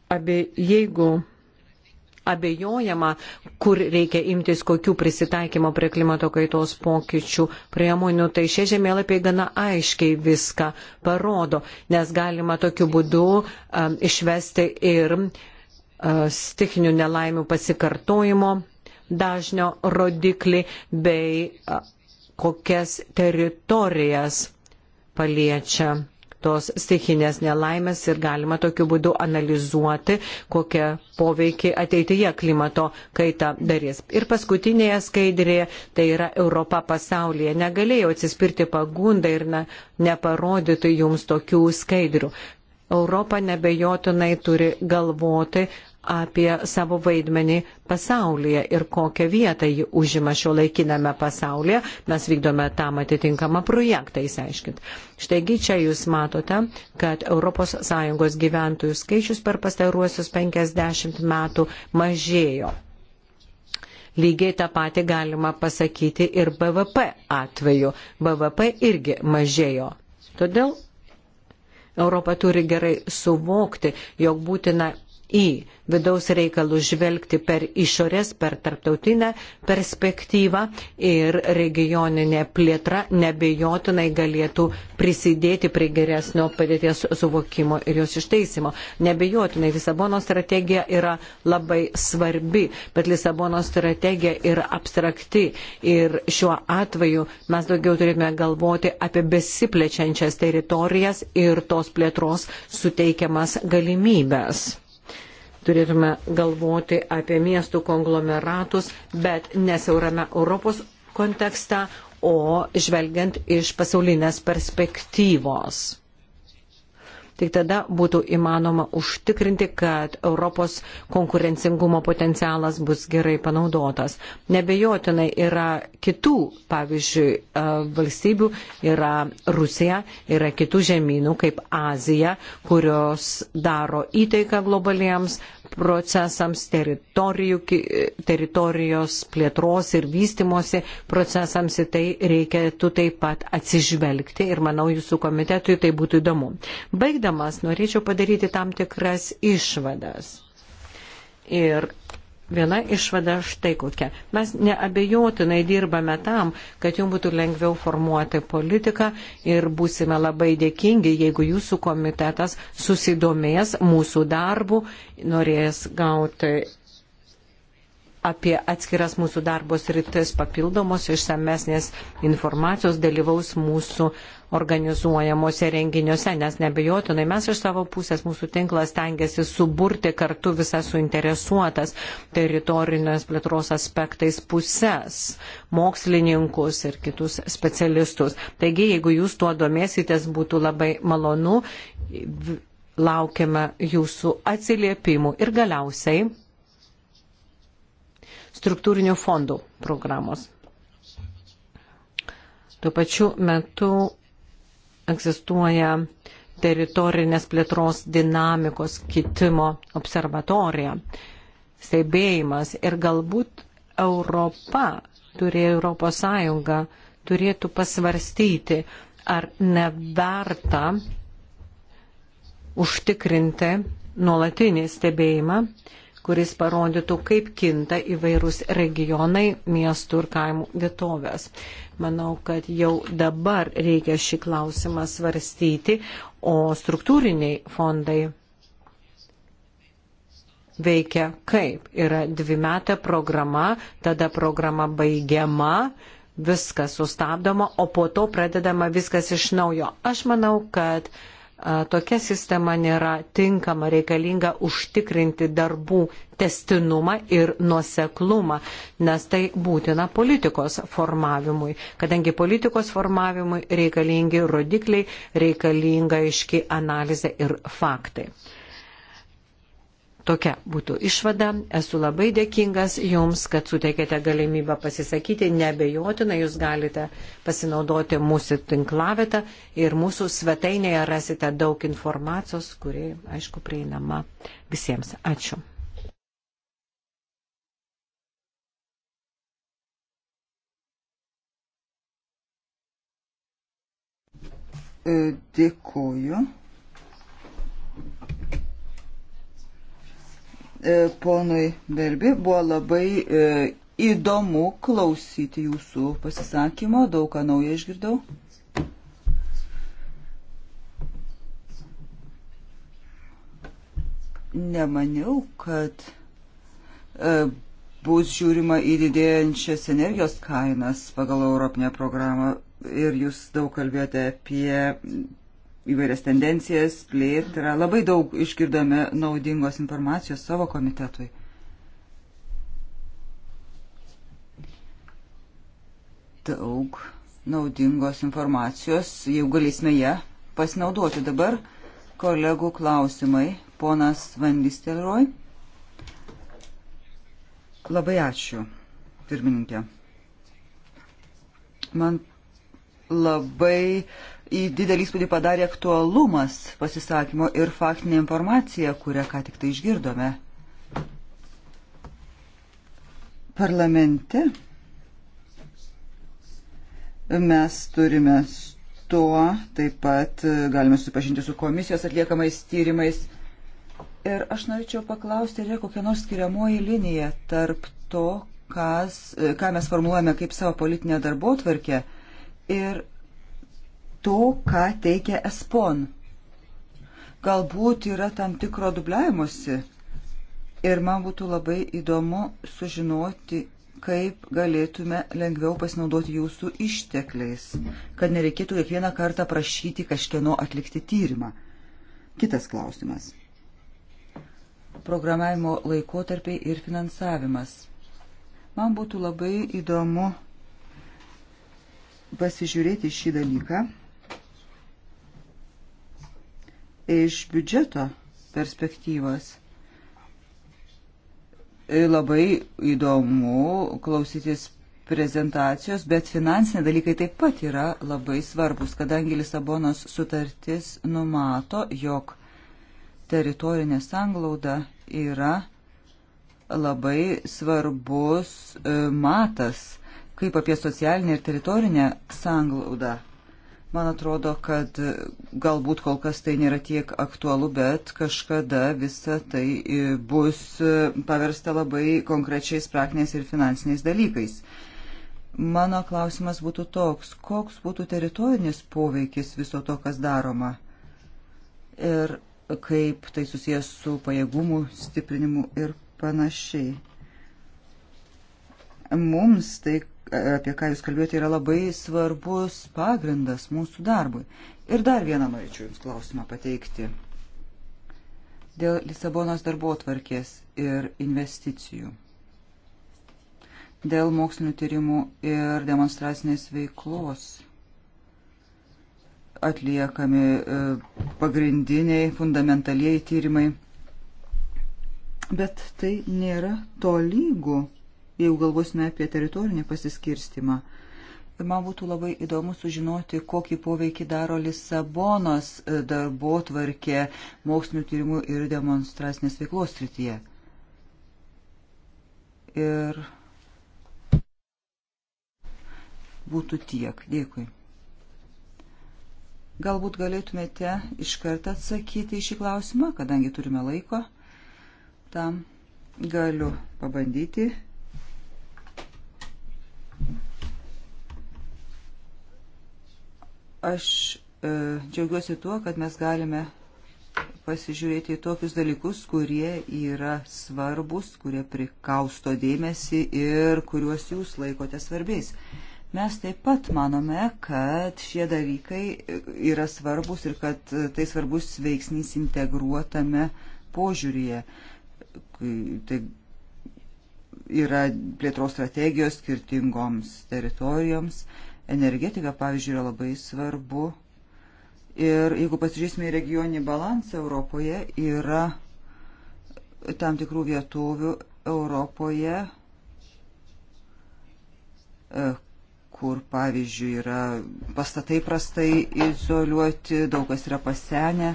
abe, jeigu abejojama, kur reikia imtis kokių prisitaikymo prie klimato kaitos pokyčių priemonių, tai šie žemėlapiai gana aiškiai viską parodo, nes galima tokiu būdu um, išvesti ir uh, stikinių nelaimių pasikartojimo dažnio rodiklį bei uh, kokias teritorijas paliečia tos stichinės nelaimės ir galima tokiu būdu analizuoti, kokią poveikį ateityje klimato kaita darys. Ir paskutinėje skaidrėje, tai yra Europa pasaulyje, negalėjau atsispirti pagundą ir ne, neparodyti jums tokių skaidrių. Europa nebejotinai turi galvoti apie savo vaidmenį pasaulyje ir kokią vietą jį užima šio laikiname pasaulyje. Mes vykdome tam atitinkamą projektą įsiaiškinti. Štaigi čia jūs matote, kad ES gyventojų skaičius per pastaruosius 50 metų mažėjo. Lygiai tą patį galima pasakyti ir BVP atveju. BVP irgi mažėjo. Todėl Europa turi gerai suvokti, jog būtina į vidaus reikalus žvelgti per išorės, per tarptautinę perspektyvą ir regioninė plėtra nebejotinai galėtų prisidėti prie geresnio padėties suvokimo ir jos išteisimo. Nebejotinai Lisabono strategija yra labai svarbi, bet Lisabono strategija yra abstrakti ir šiuo atveju mes daugiau turime galvoti apie besiplečiančias teritorijas ir tos plėtros suteikiamas galimybės turėtume galvoti apie miestų konglomeratus, bet nesiaurame Europos kontekste, o žvelgiant iš pasaulinės perspektyvos. Tik tada būtų įmanoma užtikrinti, kad Europos konkurencingumo potencialas bus gerai panaudotas. Nebejotinai yra kitų, pavyzdžiui, e, valstybių, yra Rusija, yra kitų žemynų kaip Azija, kurios daro įtaiką globaliems procesams, teritorijos plėtros ir vystimosi procesams į tai reikėtų taip pat atsižvelgti ir manau jūsų komitetui tai būtų įdomu. Baigdamas norėčiau padaryti tam tikras išvadas. Ir Viena išvada štai kokia. Mes neabejotinai dirbame tam, kad jums būtų lengviau formuoti politiką ir būsime labai dėkingi, jeigu jūsų komitetas susidomės mūsų darbu, norės gauti apie atskiras mūsų darbos rytis papildomos išsamesnės informacijos dalyvaus mūsų organizuojamuose renginiuose, nes nebejotinai mes iš savo pusės mūsų tinklas tengiasi suburti kartu visas suinteresuotas teritorinės plėtros aspektais pusės, mokslininkus ir kitus specialistus. Taigi, jeigu jūs tuo domėsitės, būtų labai malonu, laukiame jūsų atsiliepimų ir galiausiai struktūrinių fondų programos. Tuo pačiu metu egzistuoja teritorinės plėtros dinamikos kitimo observatorija, stebėjimas ir galbūt Europa, turėjo Europos Sąjunga, turėtų pasvarstyti, ar neverta užtikrinti nuolatinį stebėjimą kuris parodytų, kaip kinta įvairūs regionai, miestų ir kaimų vietovės. Manau, kad jau dabar reikia šį klausimą svarstyti, o struktūriniai fondai veikia kaip. Yra dvimetė programa, tada programa baigiama, viskas sustabdoma, o po to pradedama viskas iš naujo. Aš manau, kad uh, tokia sistema nėra tinkama, reikalinga užtikrinti darbų testinumą ir nuoseklumą, nes tai būtina politikos formavimui, kadangi politikos formavimui reikalingi rodikliai, reikalinga aiški analizė ir faktai. Tokia būtų išvada. Esu labai dėkingas Jums, kad suteikėte galimybę pasisakyti. Nebejotinai Jūs galite pasinaudoti mūsų tinklavietą ir mūsų svetainėje rasite daug informacijos, kuri, aišku, prieinama visiems. Ačiū. E, Dėkuoju. E, ponui Berbi. Buvo labai e, įdomu klausyti jūsų pasisakymo, daug ką naują išgirdau. Nemaniau, kad e, bus žiūrima į didėjančias energijos kainas pagal Europinę programą ir jūs daug kalbėjote apie įvairias tendencijas, plėtrą. Labai daug išgirdome naudingos informacijos savo komitetui. Daug naudingos informacijos, jeigu galėsime ją pasinaudoti. Dabar kolegų klausimai. Ponas Vandistelroj. Labai ačiū, pirmininkė. Man labai uh, į didelį įspūdį padarė aktualumas pasisakymo ir faktinė informacija, kurią ką tik tai išgirdome. Parlamente mes turime tuo, taip pat galime supažinti su komisijos atliekamais tyrimais. Ir aš norėčiau paklausti, ar yra kokia nors skiriamoji linija tarp to, kas, ką mes formuluojame kaip savo politinę darbo tvarkę ir to, ką teikia ESPON. Galbūt yra tam tikro dubliavimuose. Ir man būtų labai įdomu sužinoti, kaip galėtume lengviau pasinaudoti jūsų ištekliais, kad nereikėtų kiekvieną kartą prašyti kažkieno atlikti tyrimą. Kitas klausimas. Programavimo laikotarpiai ir finansavimas. Man būtų labai įdomu pasižiūrėti šį dalyką iš biudžeto perspektyvos. E, labai įdomu klausytis prezentacijos, bet finansiniai dalykai taip pat yra labai svarbus, kadangi Lisabonos sutartis numato, jog teritorinė sanglauda yra labai svarbus e, matas, kaip apie socialinę ir teritorinę sanglaudą Man atrodo, kad galbūt kol kas tai nėra tiek aktualu, bet kažkada visa tai e, bus e, paversta labai konkrečiais praktiniais ir finansiniais dalykais. Mano klausimas būtų toks, koks būtų teritorinis poveikis viso to, kas daroma ir kaip tai susijęs su pajėgumų stiprinimu ir panašiai. Mums tai apie ką jūs kalbėjote, yra labai svarbus pagrindas mūsų darbui. Ir dar vieną norėčiau Jums klausimą pateikti. Dėl Lisabonos darbo tvarkės ir investicijų. Dėl mokslinių tyrimų ir demonstracinės veiklos atliekami e, pagrindiniai, fundamentaliai tyrimai. Bet tai nėra to lygu jeigu galvosime apie teritorinį pasiskirstimą. Man būtų labai įdomu sužinoti, kokį poveikį daro Lisabonos e, darbo tvarkė mokslinių tyrimų ir demonstracinės veiklos srityje. Ir būtų tiek. Dėkui. Galbūt galėtumėte iš karto atsakyti į šį klausimą, kadangi turime laiko. Tam galiu pabandyti Aš e, džiaugiuosi tuo, kad mes galime pasižiūrėti į tokius dalykus, kurie yra svarbus, kurie prikausto dėmesį ir kuriuos jūs laikote svarbiais. Mes taip pat manome, kad šie dalykai yra svarbus ir kad tai svarbus veiksnys integruotame požiūrėje. Tai yra plėtros strategijos skirtingoms teritorijoms. Energetika, pavyzdžiui, yra labai svarbu. Ir jeigu pasižiūrėsime į regioninį balansą Europoje, yra tam tikrų vietovių Europoje, e, kur, pavyzdžiui, yra pastatai prastai izoliuoti, daug kas yra pasenę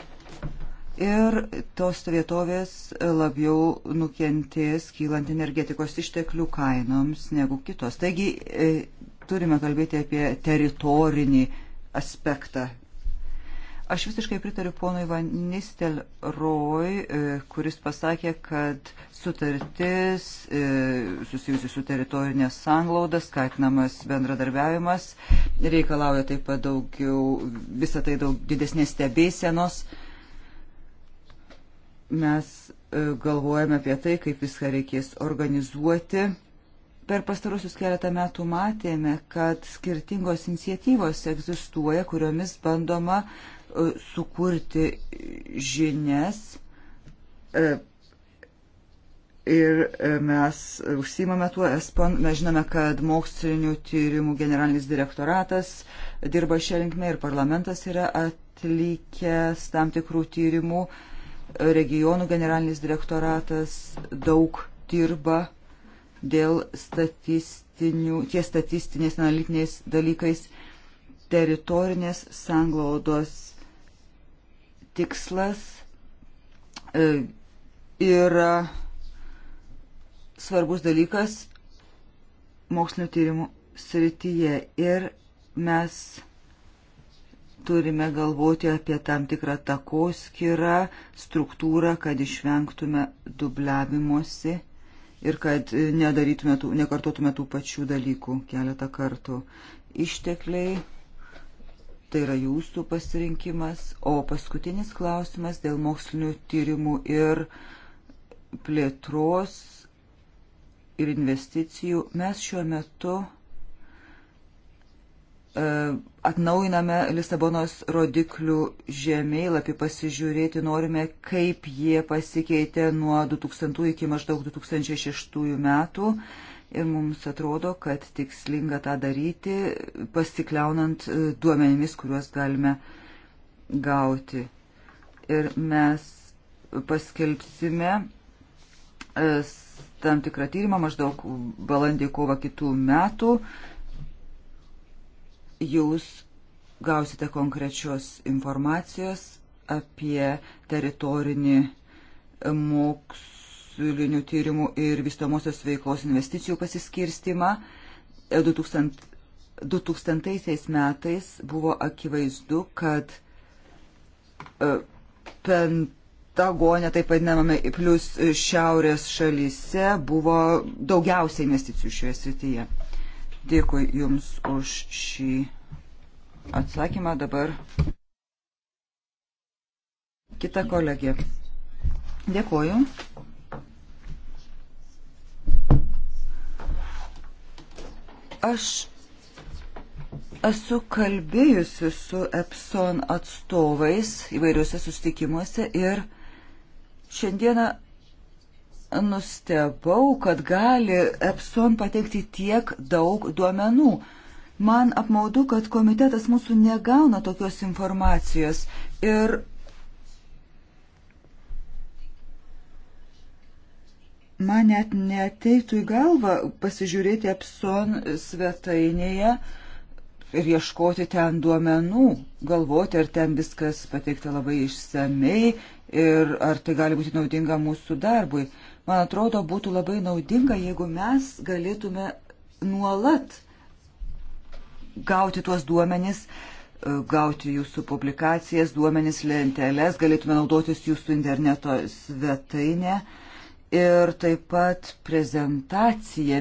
ir tos vietovės labiau nukentės kylant energetikos išteklių kainoms negu kitos. Taigi e, turime kalbėti apie teritorinį aspektą. Aš visiškai pritariu ponui Van Nistelrooy, e, kuris pasakė, kad sutartis e, susijusi su teritorinė sanglauda, skatinamas bendradarbiavimas, reikalauja taip pat daugiau, visą tai daug didesnės stebėsenos. E, Mes e, galvojame apie tai, kaip viską reikės organizuoti. Per pastarusius keletą metų matėme, kad skirtingos iniciatyvos egzistuoja, kuriomis bandoma e, sukurti žinias e, ir mes užsimame tuo ESPON. Mes žinome, kad mokslinių tyrimų generalinis direktoratas dirba šią linkmę ir parlamentas yra atlikęs tam tikrų tyrimų. Uh, regionų generalinis direktoratas daug dirba dėl statistinių, tie statistinės analitiniais dalykais teritorinės sanglaudos tikslas e, yra svarbus dalykas mokslinio tyrimų srityje ir mes turime galvoti apie tam tikrą takoskirą, struktūrą, kad išvengtume dubliavimuose ir kad nedarytume tų, nekartotume tų pačių dalykų keletą kartų. Ištekliai, tai yra jūsų pasirinkimas. O paskutinis klausimas dėl mokslinių tyrimų ir plėtros ir investicijų. Mes šiuo metu E, atnaujiname Lisabonos rodiklių žemėlapį, pasižiūrėti norime, kaip jie pasikeitė nuo 2000 iki maždaug 2006 metų. Ir mums atrodo, kad tikslinga tą daryti, pasikliaunant e, duomenimis, kuriuos galime gauti. Ir mes paskelbsime e, tam tikrą tyrimą maždaug balandį kovą kitų metų jūs gausite konkrečios informacijos apie teritorinį mokslinių tyrimų ir vystomosios veiklos investicijų pasiskirstimą. 2000, 2000 metais buvo akivaizdu, kad e, Pentagone, taip vadinamame, plus šiaurės šalyse buvo daugiausiai investicijų šioje srityje. Dėkui Jums už šį atsakymą dabar. Kita kolegė. Dėkuoju. Aš esu kalbėjusi su Epson atstovais įvairiuose sustikimuose ir šiandieną nustebau, kad gali Epson pateikti tiek daug duomenų. Man apmaudu, kad komitetas mūsų negauna tokios informacijos. Ir man net neteitų į galvą pasižiūrėti Epson svetainėje ir ieškoti ten duomenų, galvoti, ar ten viskas pateikta labai išsamei ir ar tai gali būti naudinga mūsų darbui. Man atrodo, būtų labai naudinga, jeigu mes galėtume nuolat gauti tuos duomenis, e, gauti jūsų publikacijas, duomenis lenteles, galėtume naudotis jūsų interneto svetainė ir taip pat prezentacija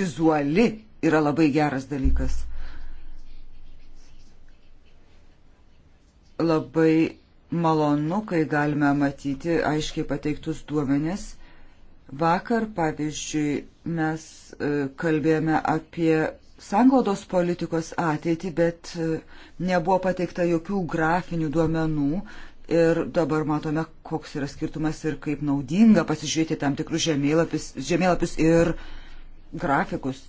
vizuali yra labai geras dalykas. Labai malonu, kai galime matyti aiškiai pateiktus duomenis Vakar, pavyzdžiui, mes e, kalbėjome apie sanglaudos politikos ateitį, bet e, nebuvo pateikta jokių grafinių duomenų. Ir dabar matome, koks yra skirtumas ir kaip naudinga pasižiūrėti tam tikrus žemėlapius, žemėlapius ir grafikus.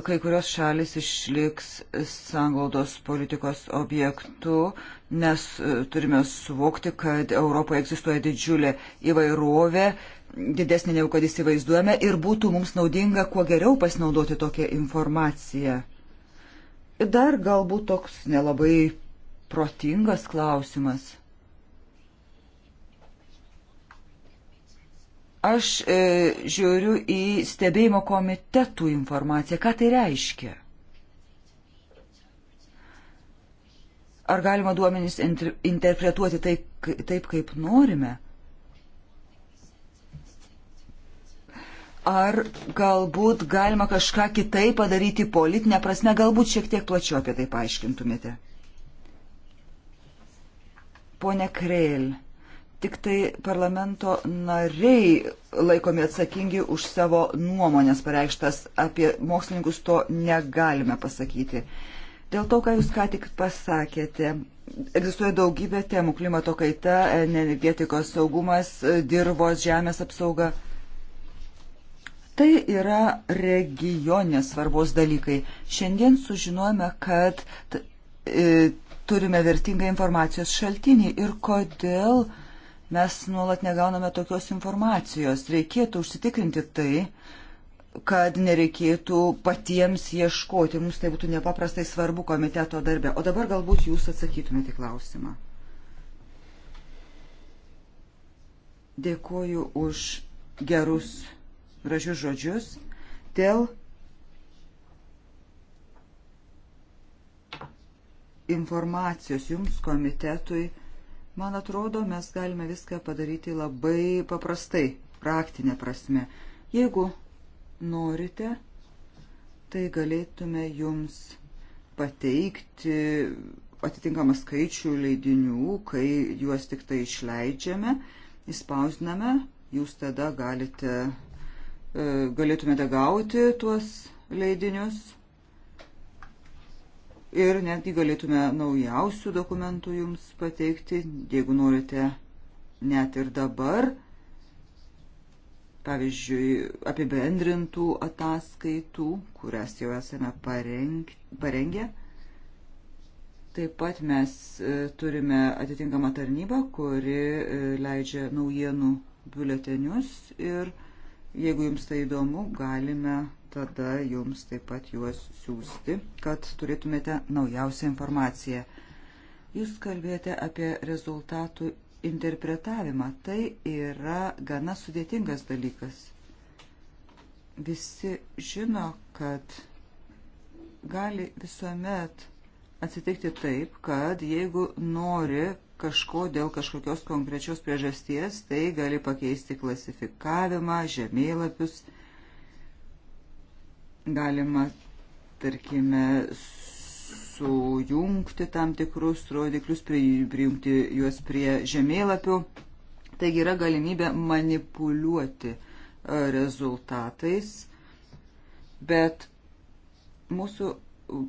kai kurios šalis išliks sanglaudos politikos objektu, nes e, turime suvokti, kad Europoje egzistuoja didžiulė įvairovė, didesnė negu kad įsivaizduojame, ir būtų mums naudinga kuo geriau pasinaudoti tokią informaciją. Dar galbūt toks nelabai protingas klausimas. Aš e, žiūriu į stebėjimo komitetų informaciją. Ką tai reiškia? Ar galima duomenys interpretuoti taip, taip kaip norime? Ar galbūt galima kažką kitai padaryti politinę prasme, galbūt šiek tiek plačiau apie tai paaiškintumėte? Pone Kreil tik tai parlamento nariai laikomi atsakingi už savo nuomonės pareikštas. Apie mokslininkus to negalime pasakyti. Dėl to, ką jūs ką tik pasakėte, egzistuoja daugybė temų - klimato kaita, energetikos saugumas, dirbos, žemės apsauga. Tai yra regionės svarbos dalykai. Šiandien sužinojame, kad e, turime vertingą informacijos šaltinį ir kodėl uh, Mes nuolat negauname tokios informacijos. Reikėtų užsitikrinti tai, kad nereikėtų patiems ieškoti. Mums tai būtų nepaprastai svarbu komiteto darbė. O dabar galbūt jūs atsakytumėte klausimą. Dėkuoju už gerus, gražius žodžius dėl informacijos jums komitetui Man atrodo, mes galime viską padaryti labai paprastai, praktinė prasme. Jeigu norite, tai galėtume jums pateikti atitinkamą skaičių leidinių, kai juos tik tai išleidžiame, įspausdiname, jūs tada galite, e, galėtumėte gauti tuos leidinius ir netgi galėtume naujausių dokumentų jums pateikti, jeigu norite net ir dabar, pavyzdžiui, apibendrintų ataskaitų, kurias jau esame parengę. Taip pat mes e, turime atitinkamą tarnybą, kuri e, leidžia naujienų biuletenius ir jeigu jums tai įdomu, galime tada jums taip pat juos siūsti, kad turėtumėte naujausią informaciją. Jūs kalbėjote apie rezultatų interpretavimą. Tai yra gana sudėtingas dalykas. Visi žino, kad gali visuomet atsitikti taip, kad jeigu nori kažko dėl kažkokios konkrečios priežasties, tai gali pakeisti klasifikavimą, žemėlapius Galima, tarkime, sujungti tam tikrus rodiklius, prijungti juos prie žemėlapių. Taigi yra galimybė manipuliuoti e, rezultatais, bet mūsų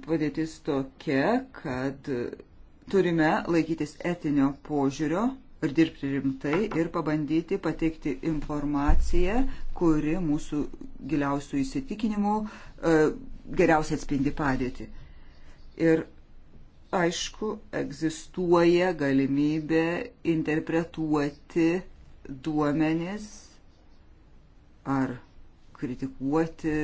padėtis tokia, kad turime laikytis etinio požiūrio ir dirbti rimtai ir pabandyti pateikti informaciją kuri mūsų giliausių įsitikinimų e, geriausiai atspindi padėtį. Ir aišku, egzistuoja galimybė interpretuoti duomenis ar kritikuoti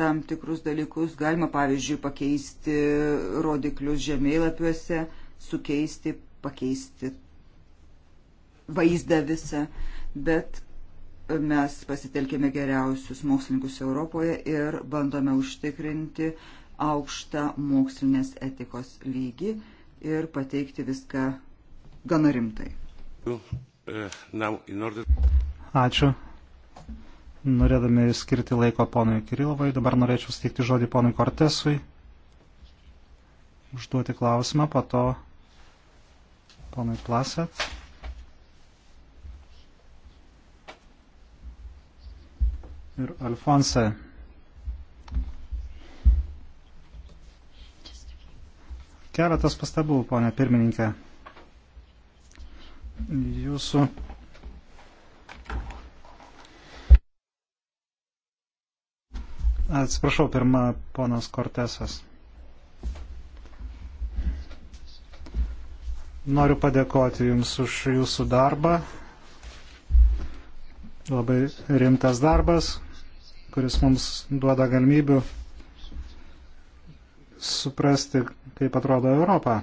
tam tikrus dalykus. Galima, pavyzdžiui, pakeisti rodiklius žemėlapiuose, sukeisti, pakeisti vaizdą visą. Uh, bet mes pasitelkėme geriausius mokslininkus Europoje ir bandome užtikrinti aukštą mokslinės etikos lygį ir pateikti viską gana rimtai. Ačiū. Norėdami skirti laiko ponui Kirilovai, dabar norėčiau steikti žodį ponui Kortesui, užduoti klausimą, po to ponui Plasat. ir Alfonse. Keletas pastabų, ponė pirmininkė. Jūsų Atsiprašau, pirma ponas Kortesas. Noriu padėkoti Jums už Jūsų darbą. Labai rimtas darbas kuris mums duoda galimybių suprasti, kaip atrodo Europa.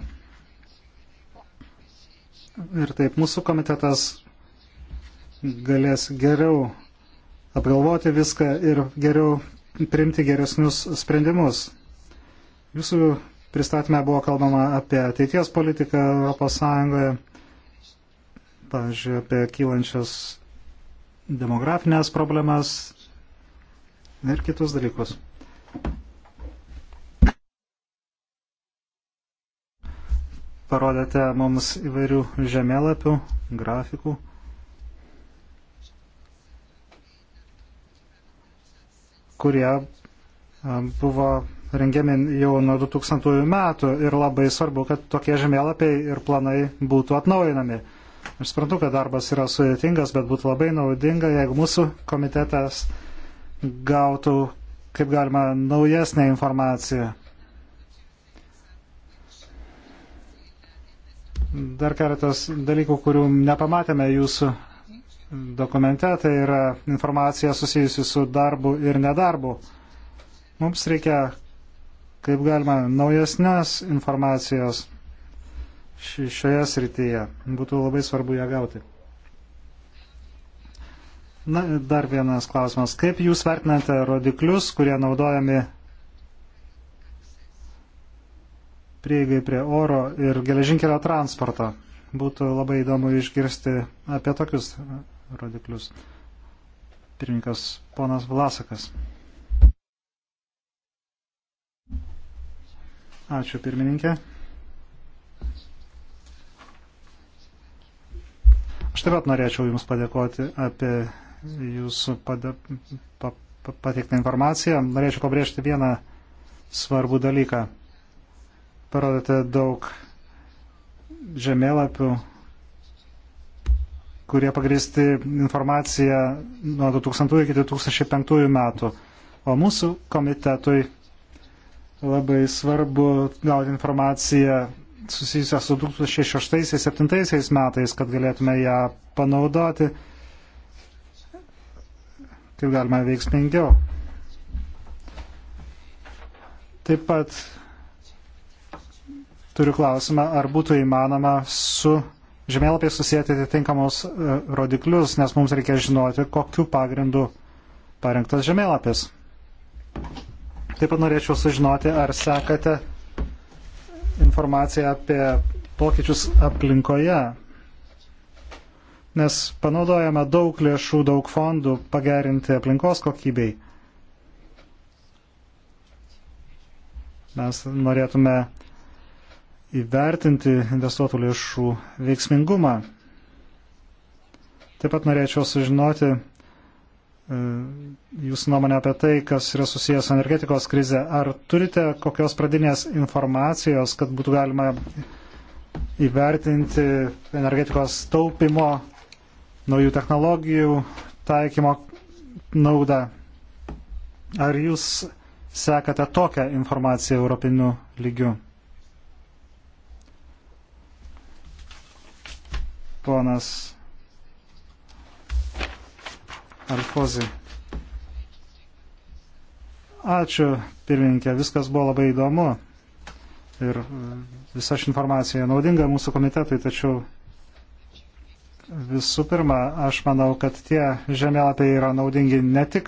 Ir taip mūsų komitetas galės geriau apgalvoti viską ir geriau priimti geresnius sprendimus. Jūsų pristatymė buvo kalbama apie ateities politiką ES, pavyzdžiui, apie kylančias demografinės problemas, ir kitus dalykus. Parodėte mums įvairių žemėlapių, grafikų. kurie buvo rengiami jau nuo 2000 metų ir labai svarbu, kad tokie žemėlapiai ir planai būtų atnaujinami. Aš suprantu, kad darbas yra sudėtingas, bet būtų labai naudinga, jeigu mūsų komitetas gautų kaip galima naujesnę informaciją. Dar keletas dalykų, kurių nepamatėme jūsų dokumente, tai yra informacija susijusi su darbu ir nedarbu. Mums reikia kaip galima naujesnės informacijos šioje srityje. Būtų labai svarbu ją gauti. Na, dar vienas klausimas. Kaip jūs vertinate rodiklius, kurie naudojami prieigai prie oro ir geležinkelio transporto? Būtų labai įdomu išgirsti apie tokius rodiklius. Pirmininkas ponas Vlasakas. Ačiū pirmininkė. Aš taip pat norėčiau Jums padėkoti apie jūsų pada, pa, pa, pateiktą informaciją. Norėčiau pabrėžti vieną svarbų dalyką. Parodėte daug žemėlapių, kurie pagristi informaciją nuo 2000 iki 2005 metų. O mūsų komitetui labai svarbu gauti informaciją susijusią su 2006-2007 metais, kad galėtume ją panaudoti kaip galima veiksmingiau. Taip pat turiu klausimą, ar būtų įmanoma su žemėlapiai susijęti atitinkamus e, rodiklius, nes mums reikia žinoti, kokiu pagrindu parengtas žemėlapis. Taip pat norėčiau sužinoti, ar sekate informaciją apie pokyčius aplinkoje, nes panaudojame daug lėšų, daug fondų pagerinti aplinkos kokybei. Mes norėtume įvertinti investuotų lėšų veiksmingumą. Taip pat norėčiau sužinoti e, jūsų nuomonę apie tai, kas yra susijęs su energetikos krize. Ar turite kokios pradinės informacijos, kad būtų galima įvertinti energetikos taupimo naujų technologijų taikymo naudą. Ar jūs sekate tokią informaciją europiniu lygiu? Ponas Alfozi. Ačiū, pirmininkė, viskas buvo labai įdomu ir visa ši informacija naudinga mūsų komitetui, tačiau Visų pirma, aš manau, kad tie žemėlapiai yra naudingi ne tik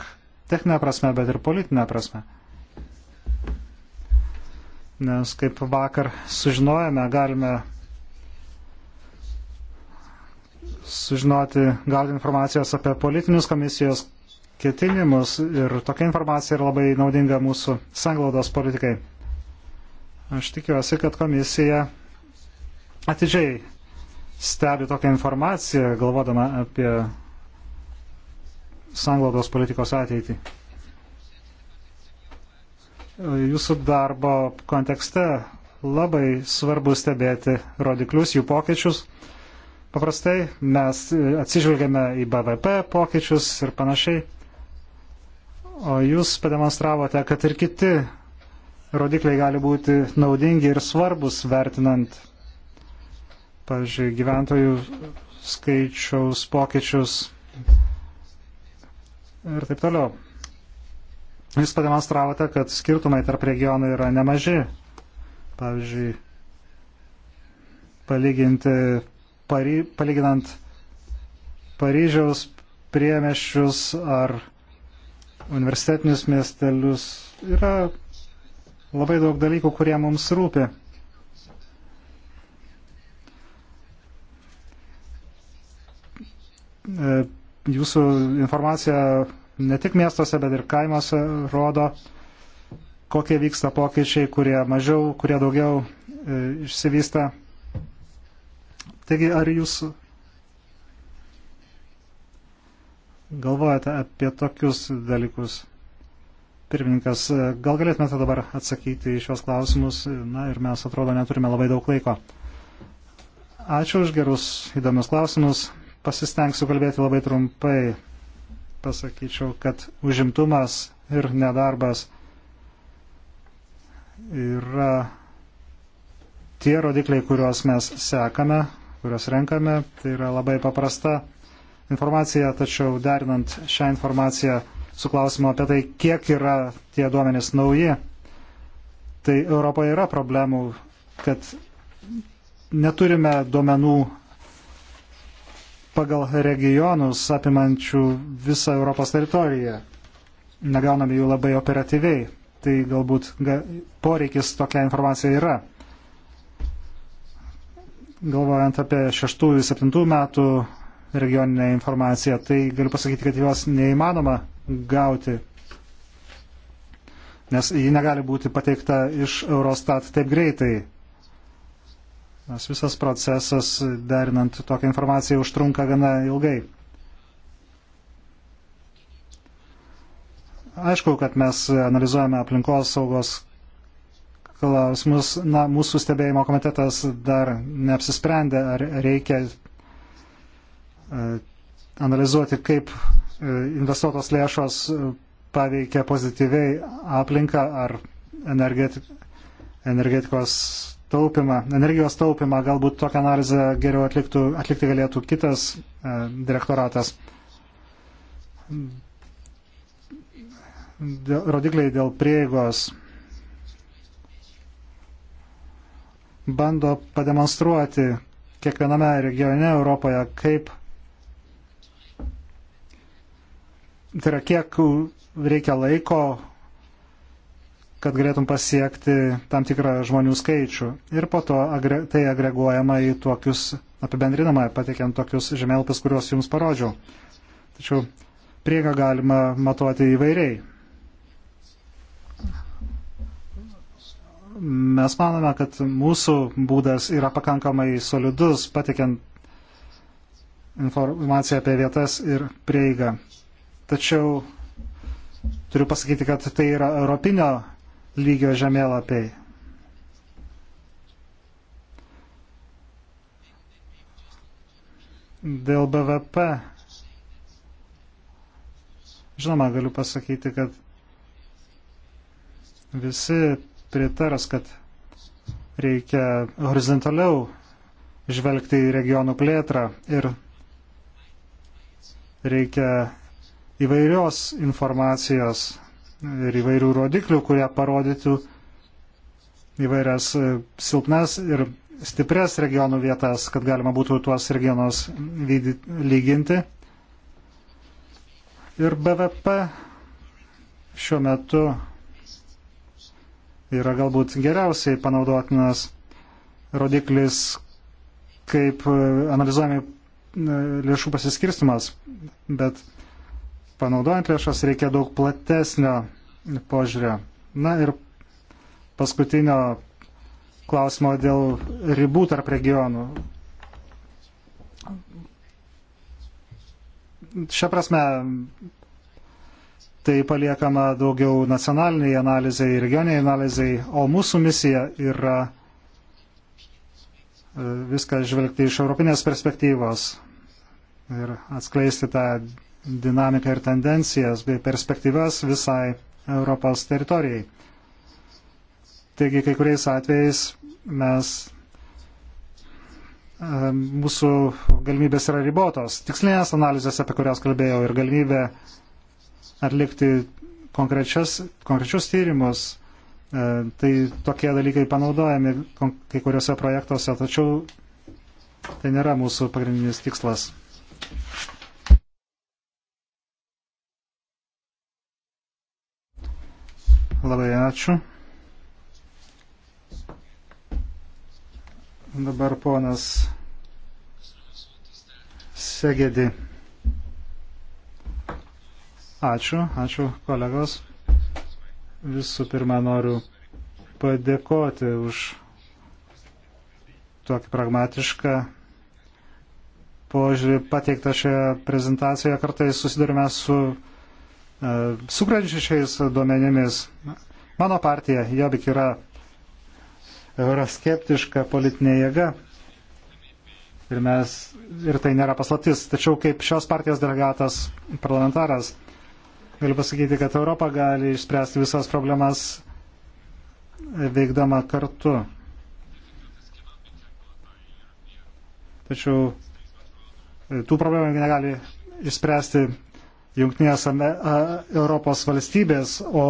techninė prasme, bet ir politinė prasme. Nes kaip vakar sužinojame, galime sužinoti, gauti informacijos apie politinius komisijos ketinimus ir tokia informacija yra labai naudinga mūsų sanglaudos politikai. Aš tikiuosi, kad komisija atidžiai stebi tokią informaciją, galvodama apie sanglaudos politikos ateitį. Jūsų darbo kontekste labai svarbu stebėti rodiklius, jų pokyčius. Paprastai mes atsižvelgiame į BVP pokyčius ir panašiai. O jūs pademonstravote, kad ir kiti rodikliai gali būti naudingi ir svarbus vertinant pavyzdžiui, gyventojų skaičiaus pokyčius ir taip toliau. Jūs pademonstravote, kad skirtumai tarp regionų yra nemaži. Pavyzdžiui, palyginti, pary, palyginant Paryžiaus priemešius ar universitetinius miestelius yra labai daug dalykų, kurie mums rūpi. E, jūsų informacija ne tik miestuose, bet ir kaimuose rodo, kokie vyksta pokyčiai, kurie mažiau, kurie daugiau e, išsivysta. Taigi, ar jūs galvojate apie tokius dalykus? Pirmininkas, e, gal galėtumėte dabar atsakyti į šios klausimus? Na ir mes atrodo neturime labai daug laiko. Ačiū už gerus įdomius klausimus pasistengsiu kalbėti labai trumpai. Pasakyčiau, kad užimtumas ir nedarbas yra tie rodikliai, kuriuos mes sekame, kuriuos renkame. Tai yra labai paprasta informacija, tačiau derinant šią informaciją su klausimu apie tai, kiek yra tie duomenys nauji, tai Europoje yra problemų, kad neturime duomenų pagal regionus apimančių visą Europos teritoriją. Negauname jų labai operatyviai, tai galbūt ga, poreikis tokia informacija yra. Galvojant apie 6-7 metų regioninę informaciją, tai galiu pasakyti, kad jos neįmanoma gauti, nes ji negali būti pateikta iš Eurostat taip greitai nes visas procesas derinant tokią informaciją užtrunka gana ilgai. Aišku, kad mes analizuojame aplinkos saugos klausimus. Na, mūsų stebėjimo komitetas dar neapsisprendė, ar reikia e, analizuoti, kaip e, investuotos lėšos paveikia pozityviai aplinką ar energetikos taupimą, energijos taupimą, galbūt tokią analizę geriau atliktų, atlikti galėtų kitas e, direktoratas. Dėl, rodikliai dėl prieigos bando pademonstruoti kiekviename regione Europoje, kaip tai yra kiek reikia laiko kad galėtum pasiekti tam tikrą žmonių skaičių. Ir po to agre, tai agreguojama į tokius, apibendrinama, pateikiant tokius žemėlapius, kuriuos jums parodžiau. Tačiau priega galima matuoti įvairiai. Mes manome, kad mūsų būdas yra pakankamai solidus, patikiant informaciją apie vietas ir prieigą. Tačiau turiu pasakyti, kad tai yra europinio lygio žemėlapiai. Dėl BVP. Žinoma, galiu pasakyti, kad visi pritars, kad reikia horizontaliau žvelgti į regionų plėtrą ir reikia įvairios informacijos ir įvairių rodiklių, kurie parodytų įvairias e, silpnas ir stiprias regionų vietas, kad galima būtų tuos regionus lyginti. Ir BVP šiuo metu yra galbūt geriausiai panaudotinas rodiklis, kaip e, analizuojami e, lėšų pasiskirstimas, bet panaudojant lėšas reikia daug platesnio požiūrio. Na ir paskutinio klausimo dėl ribų tarp regionų. Šią prasme, tai paliekama daugiau nacionaliniai analizai ir regioniai analizai, o mūsų misija yra e, viską žvelgti iš europinės perspektyvos ir atskleisti tą dinamiką ir tendencijas bei perspektyvas visai Europos teritorijai. Taigi kai kuriais atvejais mes, e, mūsų galimybės yra ribotos. Tikslinės analizės, apie kurias kalbėjau, ir galimybė atlikti konkrečius tyrimus, e, tai tokie dalykai panaudojami kai kuriuose projektuose, tačiau tai nėra mūsų pagrindinis tikslas. Labai ačiū. Dabar ponas Segedi. Ačiū, ačiū kolegos. Visų pirma, noriu padėkoti už tokį pragmatišką požiūrį pateiktą šioje prezentacijoje. Kartais susidurime su E, sukrančiais duomenimis. Mano partija, Jobik, yra euroskeptiška politinė jėga. Ir, mes, ir tai nėra paslaptis. Tačiau kaip šios partijos delegatas parlamentaras, galiu pasakyti, kad Europa gali išspręsti visas problemas veikdama kartu. Tačiau tų problemų negali išspręsti jungtinės Europos valstybės, o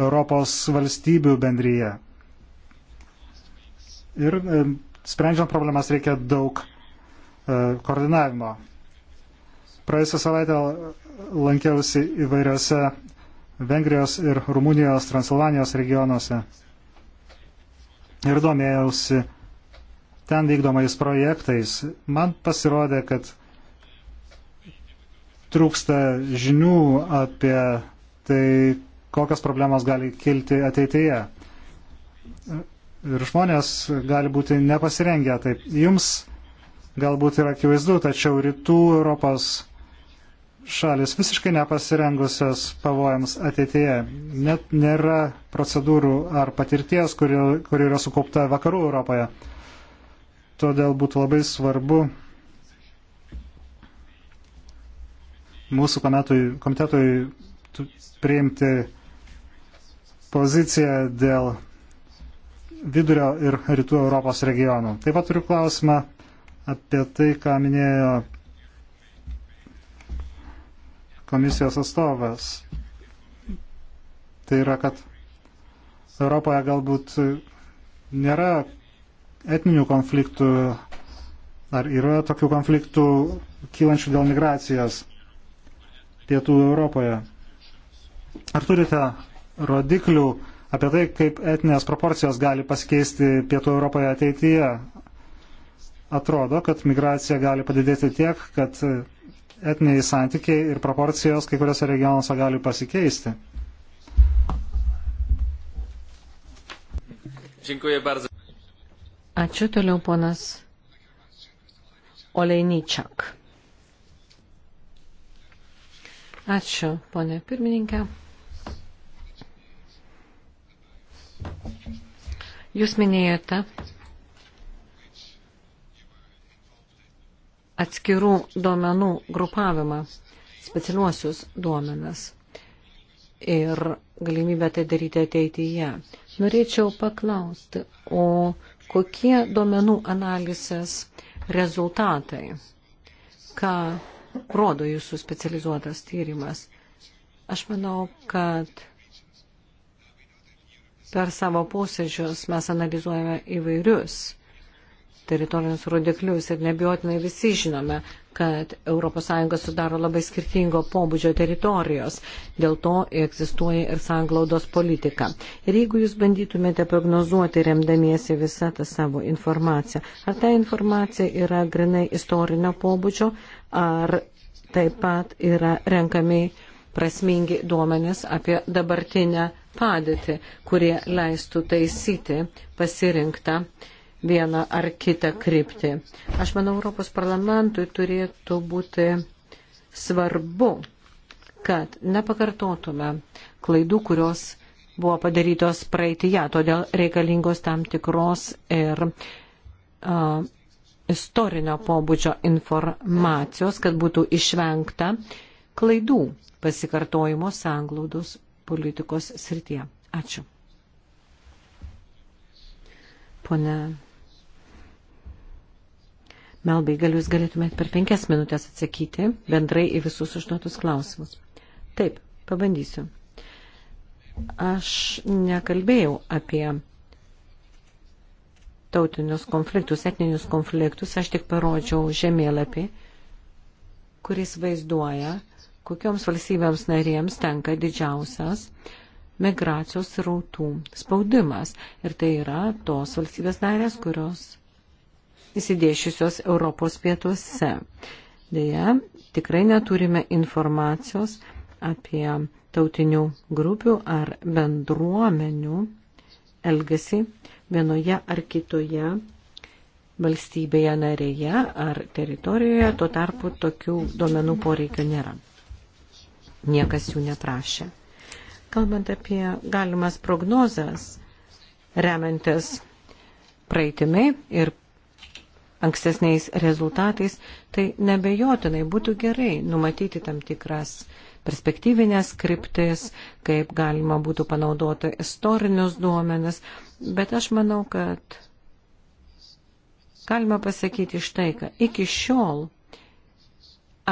Europos valstybių bendryje. Ir e, sprendžiant problemas reikia daug e, koordinavimo. Praėjusią savaitę lankiausi įvairiose Vengrijos ir Rumunijos, Transilvanijos regionuose ir domėjausi ten vykdomais projektais. Man pasirodė, kad trūksta žinių apie tai, kokios problemos gali kilti ateityje. Ir žmonės gali būti nepasirengę taip. Jums galbūt yra akivaizdu, tačiau rytų Europos šalis visiškai nepasirengusios pavojams ateityje. Net nėra procedūrų ar patirties, kuri, kuri yra sukaupta vakarų Europoje. Todėl būtų labai svarbu mūsų komitetui, komitetui priimti poziciją dėl vidurio ir rytų Europos regionų. Taip pat turiu klausimą apie tai, ką minėjo komisijos atstovas. Tai yra, kad Europoje galbūt nėra etninių konfliktų, ar yra tokių konfliktų kylančių dėl migracijos pietų Europoje. Ar turite rodiklių apie tai, kaip etinės proporcijos gali pasikeisti pietų Europoje ateityje? Atrodo, kad migracija gali padidėti tiek, kad etiniai santykiai ir proporcijos kai kuriuose regionuose gali pasikeisti. Ačiū toliau ponas Olejničak. Ačiū, ponė pirmininkė. Jūs minėjote atskirų duomenų grupavimą, specialiuosius duomenas ir galimybę tai daryti ateityje. Norėčiau paklausti, o kokie duomenų analizės rezultatai, ką rodo jūsų specializuotas tyrimas. Aš manau, kad per savo posėdžius mes analizuojame įvairius teritorinius rodiklius ir nebijotinai visi žinome, kad ES sudaro labai skirtingo pobūdžio teritorijos, dėl to egzistuoja ir sanglaudos politika. Ir jeigu jūs bandytumėte prognozuoti remdamiesi visą tą savo informaciją, ar ta informacija yra grinai istorinio pobūdžio, ar taip pat yra renkami prasmingi duomenys apie dabartinę padėtį, kurie leistų taisyti pasirinktą vieną ar kitą kryptį. Aš manau, Europos parlamentui turėtų būti svarbu, kad nepakartotume klaidų, kurios buvo padarytos praeitįje, todėl reikalingos tam tikros ir uh, istorinio pobūdžio informacijos, kad būtų išvengta klaidų pasikartojimo sanglaudos politikos srityje. Ačiū. Pone Melbai, gal jūs galėtumėt per penkias minutės atsakyti bendrai į visus užduotus klausimus? Taip, pabandysiu. Aš nekalbėjau apie tautinius konfliktus, etninius konfliktus. Aš tik parodžiau žemėlapį, kuris vaizduoja, kokioms valstybėms narėms tenka didžiausias migracijos rautų spaudimas. Ir tai yra tos valstybės narės, kurios įsidėšiusios Europos pietuose. Deja, tikrai neturime informacijos apie tautinių grupių ar bendruomenių elgesį vienoje ar kitoje valstybėje narėje ar teritorijoje, tuo tarpu tokių duomenų poreikio nėra. Niekas jų neprašė. Kalbant apie galimas prognozes, remiantis praeitimi ir ankstesniais rezultatais, tai nebejotinai būtų gerai numatyti tam tikras perspektyvinės kryptis, kaip galima būtų panaudoti istorinius duomenis, bet aš manau, kad galima pasakyti štai, kad iki šiol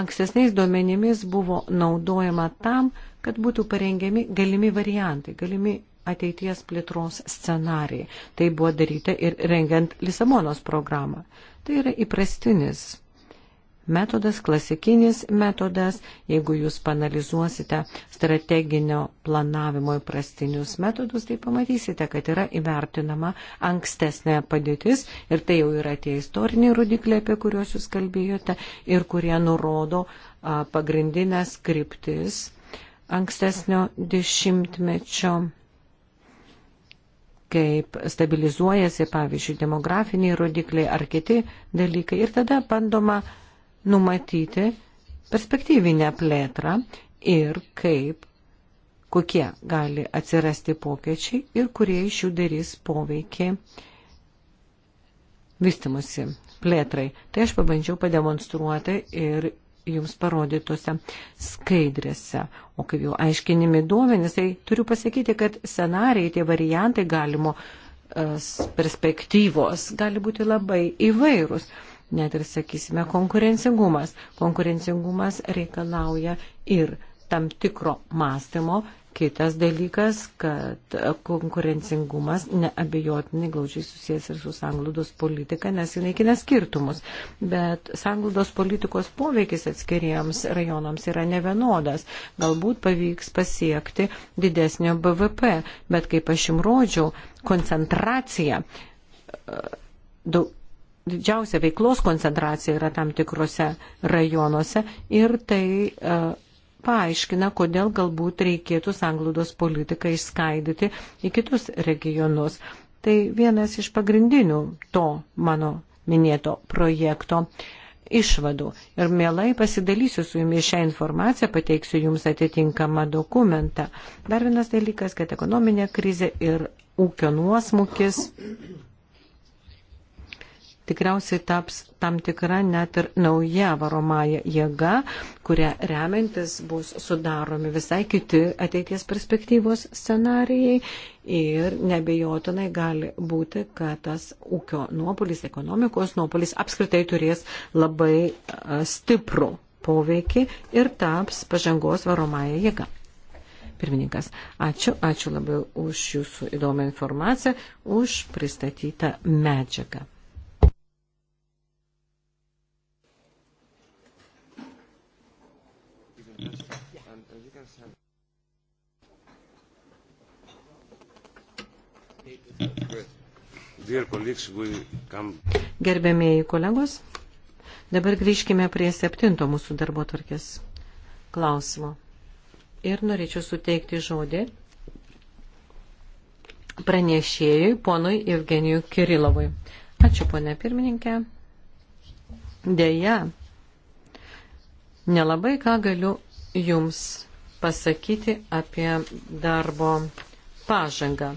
ankstesniais duomenimis buvo naudojama tam, kad būtų parengiami galimi variantai, galimi ateities plėtros scenarijai. Tai buvo daryta ir rengiant Lisabonos programą. Tai yra įprastinis metodas, klasikinis metodas, jeigu jūs panalizuosite strateginio planavimo įprastinius metodus, tai pamatysite, kad yra įvertinama ankstesnė padėtis ir tai jau yra tie istoriniai rodikliai, apie kuriuos jūs kalbėjote ir kurie nurodo a, pagrindinės kryptis ankstesnio dešimtmečio kaip stabilizuojasi, pavyzdžiui, demografiniai rodikliai ar kiti dalykai. Ir tada bandoma uh, numatyti perspektyvinę plėtrą ir kaip, kokie gali atsirasti pokėčiai ir kurie iš jų darys poveikį vystimusi plėtrai. Tai aš pabandžiau pademonstruoti ir jums parodytose skaidrėse. O kaip jau aiškinimi duomenys, tai turiu pasakyti, kad scenarijai, tie variantai galimo e, perspektyvos gali būti labai įvairūs net ir, sakysime, konkurencingumas. Konkurencingumas reikalauja ir tam tikro mąstymo. Kitas dalykas, kad konkurencingumas neabejotinai glaudžiai susijęs ir su sanglūdos politika, nes jinai kina skirtumus. Bet sanglūdos politikos poveikis atskiriems rajonams yra nevienodas. Galbūt pavyks pasiekti didesnio BVP, bet kaip aš jums rodžiau, koncentracija e, daug didžiausia veiklos koncentracija yra tam tikrose rajonuose ir tai uh, paaiškina, kodėl galbūt reikėtų sanglaudos politiką išskaidyti į kitus regionus. Tai vienas iš pagrindinių to mano minėto projekto išvadų. Ir mielai pasidalysiu su jumis šią informaciją, pateiksiu jums atitinkamą dokumentą. Dar vienas dalykas, kad ekonominė krizė ir ūkio nuosmukis tikriausiai taps tam tikra net ir nauja varomąją jėga, kuria remiantis bus sudaromi visai kiti ateities perspektyvos scenarijai ir nebejotinai gali būti, kad tas ūkio nuopolis, ekonomikos nuopolis apskritai turės labai stiprų poveikį ir taps pažangos varomąją jėgą. Pirmininkas, ačiū, ačiū labai už jūsų įdomią informaciją, už pristatytą medžiagą. Gerbėmėjai kolegos, dabar grįžkime prie septinto mūsų darbo tvarkės klausimo. Ir norėčiau suteikti žodį pranešėjui ponui Evgenijui Kirilovui. Ačiū, ponė pirmininkė. Deja, nelabai ką galiu Jums pasakyti apie darbo pažangą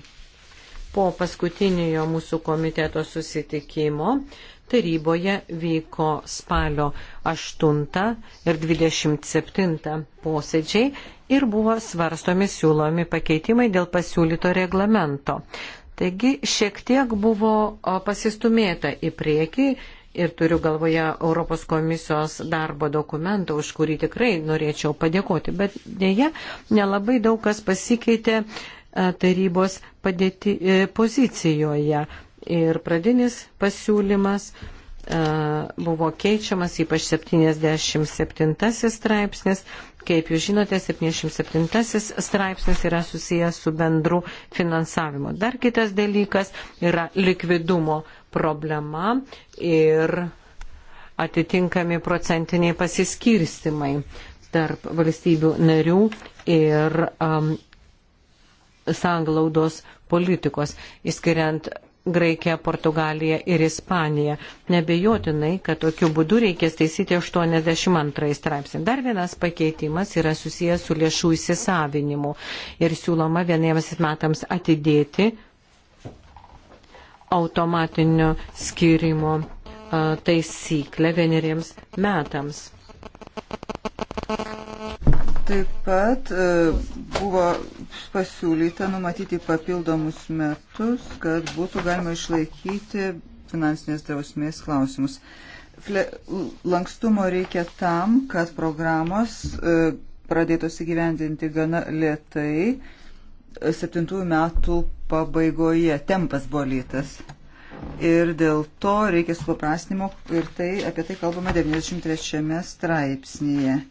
po paskutiniojo mūsų komiteto susitikimo taryboje vyko spalio 8 ir 27 posėdžiai ir buvo svarstomi siūlomi pakeitimai dėl pasiūlyto reglamento. Taigi šiek tiek buvo pasistumėta į priekį ir turiu galvoje Europos komisijos darbo dokumentą, už kurį tikrai norėčiau padėkoti, bet dėja nelabai daug kas pasikeitė E, tarybos padėti, e, pozicijoje. Ir pradinis pasiūlymas e, buvo keičiamas, ypač 77 straipsnis. Kaip jūs žinote, 77 straipsnis yra susijęs su bendru finansavimu. Dar kitas dalykas yra likvidumo problema ir atitinkami procentiniai pasiskirstimai tarp valstybių narių ir um, sanglaudos politikos, įskiriant Graikiją, Portugaliją ir Ispaniją. Nebejotinai, kad tokiu būdu reikės taisyti 82 straipsnį. Dar vienas pakeitimas yra susijęs su lėšų įsisavinimu ir siūloma vieniems metams atidėti automatinio skirimo taisyklę vieneriems metams. Taip pat e, buvo pasiūlyta numatyti papildomus metus, kad būtų galima išlaikyti finansinės drausmės klausimus. Lankstumo reikia tam, kad programos e, pradėtos įgyvendinti gana lietai. E, septintųjų metų pabaigoje tempas buvo lėtas. Ir dėl to reikia supaprastinimo ir tai, apie tai kalbama 93 straipsnėje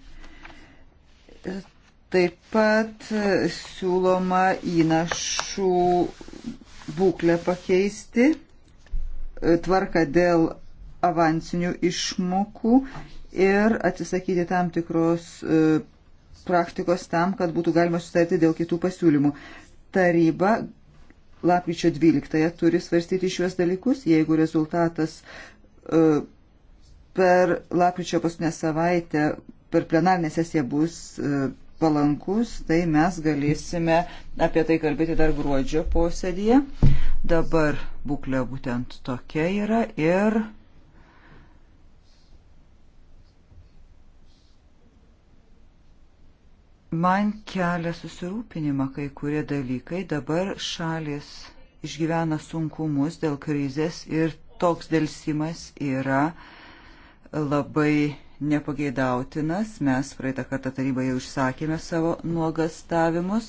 Taip pat siūloma įnašų būklę pakeisti, e, tvarką dėl avansinių išmokų ir atsisakyti tam tikros e, praktikos tam, kad būtų galima sutarti dėl kitų pasiūlymų. Taryba lapkričio 12-ąją turi svarstyti šiuos dalykus, jeigu rezultatas e, per lapkričio paskutinę savaitę per plenarnę sesiją bus e, palankus, tai mes galėsime apie tai kalbėti dar gruodžio posėdėje. Dabar būklė būtent tokia yra ir man kelia susirūpinimą kai kurie dalykai. Dabar šalis išgyvena sunkumus dėl krizės ir toks dėlsimas yra labai nepageidautinas. Mes praeitą kartą tarybą jau išsakėme savo nuogastavimus.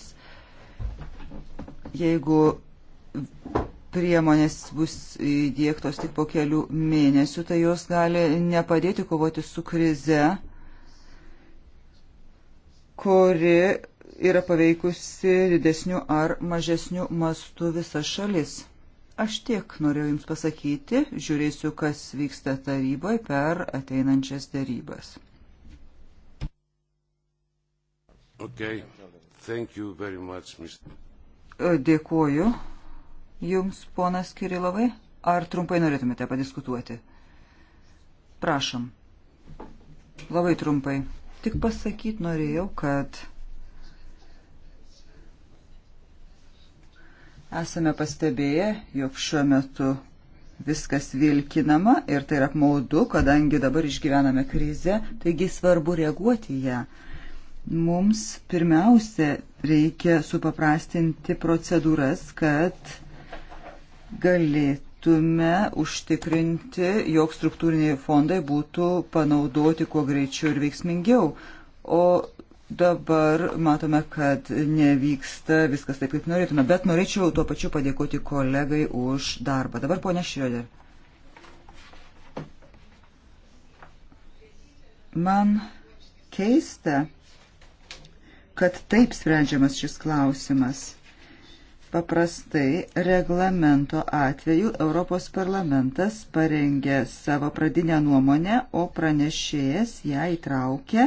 Jeigu priemonės bus įdėktos tik po kelių mėnesių, tai jos gali nepadėti kovoti su krize, kuri yra paveikusi didesniu ar mažesniu mastu visas šalis. Aš tiek norėjau Jums pasakyti, žiūrėsiu, kas vyksta taryboje per ateinančias darybas. Okay. Much, Mr. E, dėkuoju Jums, ponas Kirilovai. Ar trumpai norėtumėte padiskutuoti? Prašom. Labai trumpai. Tik pasakyti norėjau, kad Esame pastebėję, jog šiuo metu viskas vilkinama ir tai yra apmaudu, kadangi dabar išgyvename krizę, taigi svarbu reaguoti į ją. Mums pirmiausia reikia supaprastinti procedūras, kad galėtume užtikrinti, jog struktūriniai fondai būtų panaudoti kuo greičiau ir veiksmingiau. O Dabar matome, kad nevyksta viskas taip, kaip norėtume, bet norėčiau tuo pačiu padėkoti kolegai už darbą. Dabar ponia Šriodė. Man keista, kad taip sprendžiamas šis klausimas. Paprastai reglamento atveju Europos parlamentas parengė savo pradinę nuomonę, o pranešėjas ją įtraukė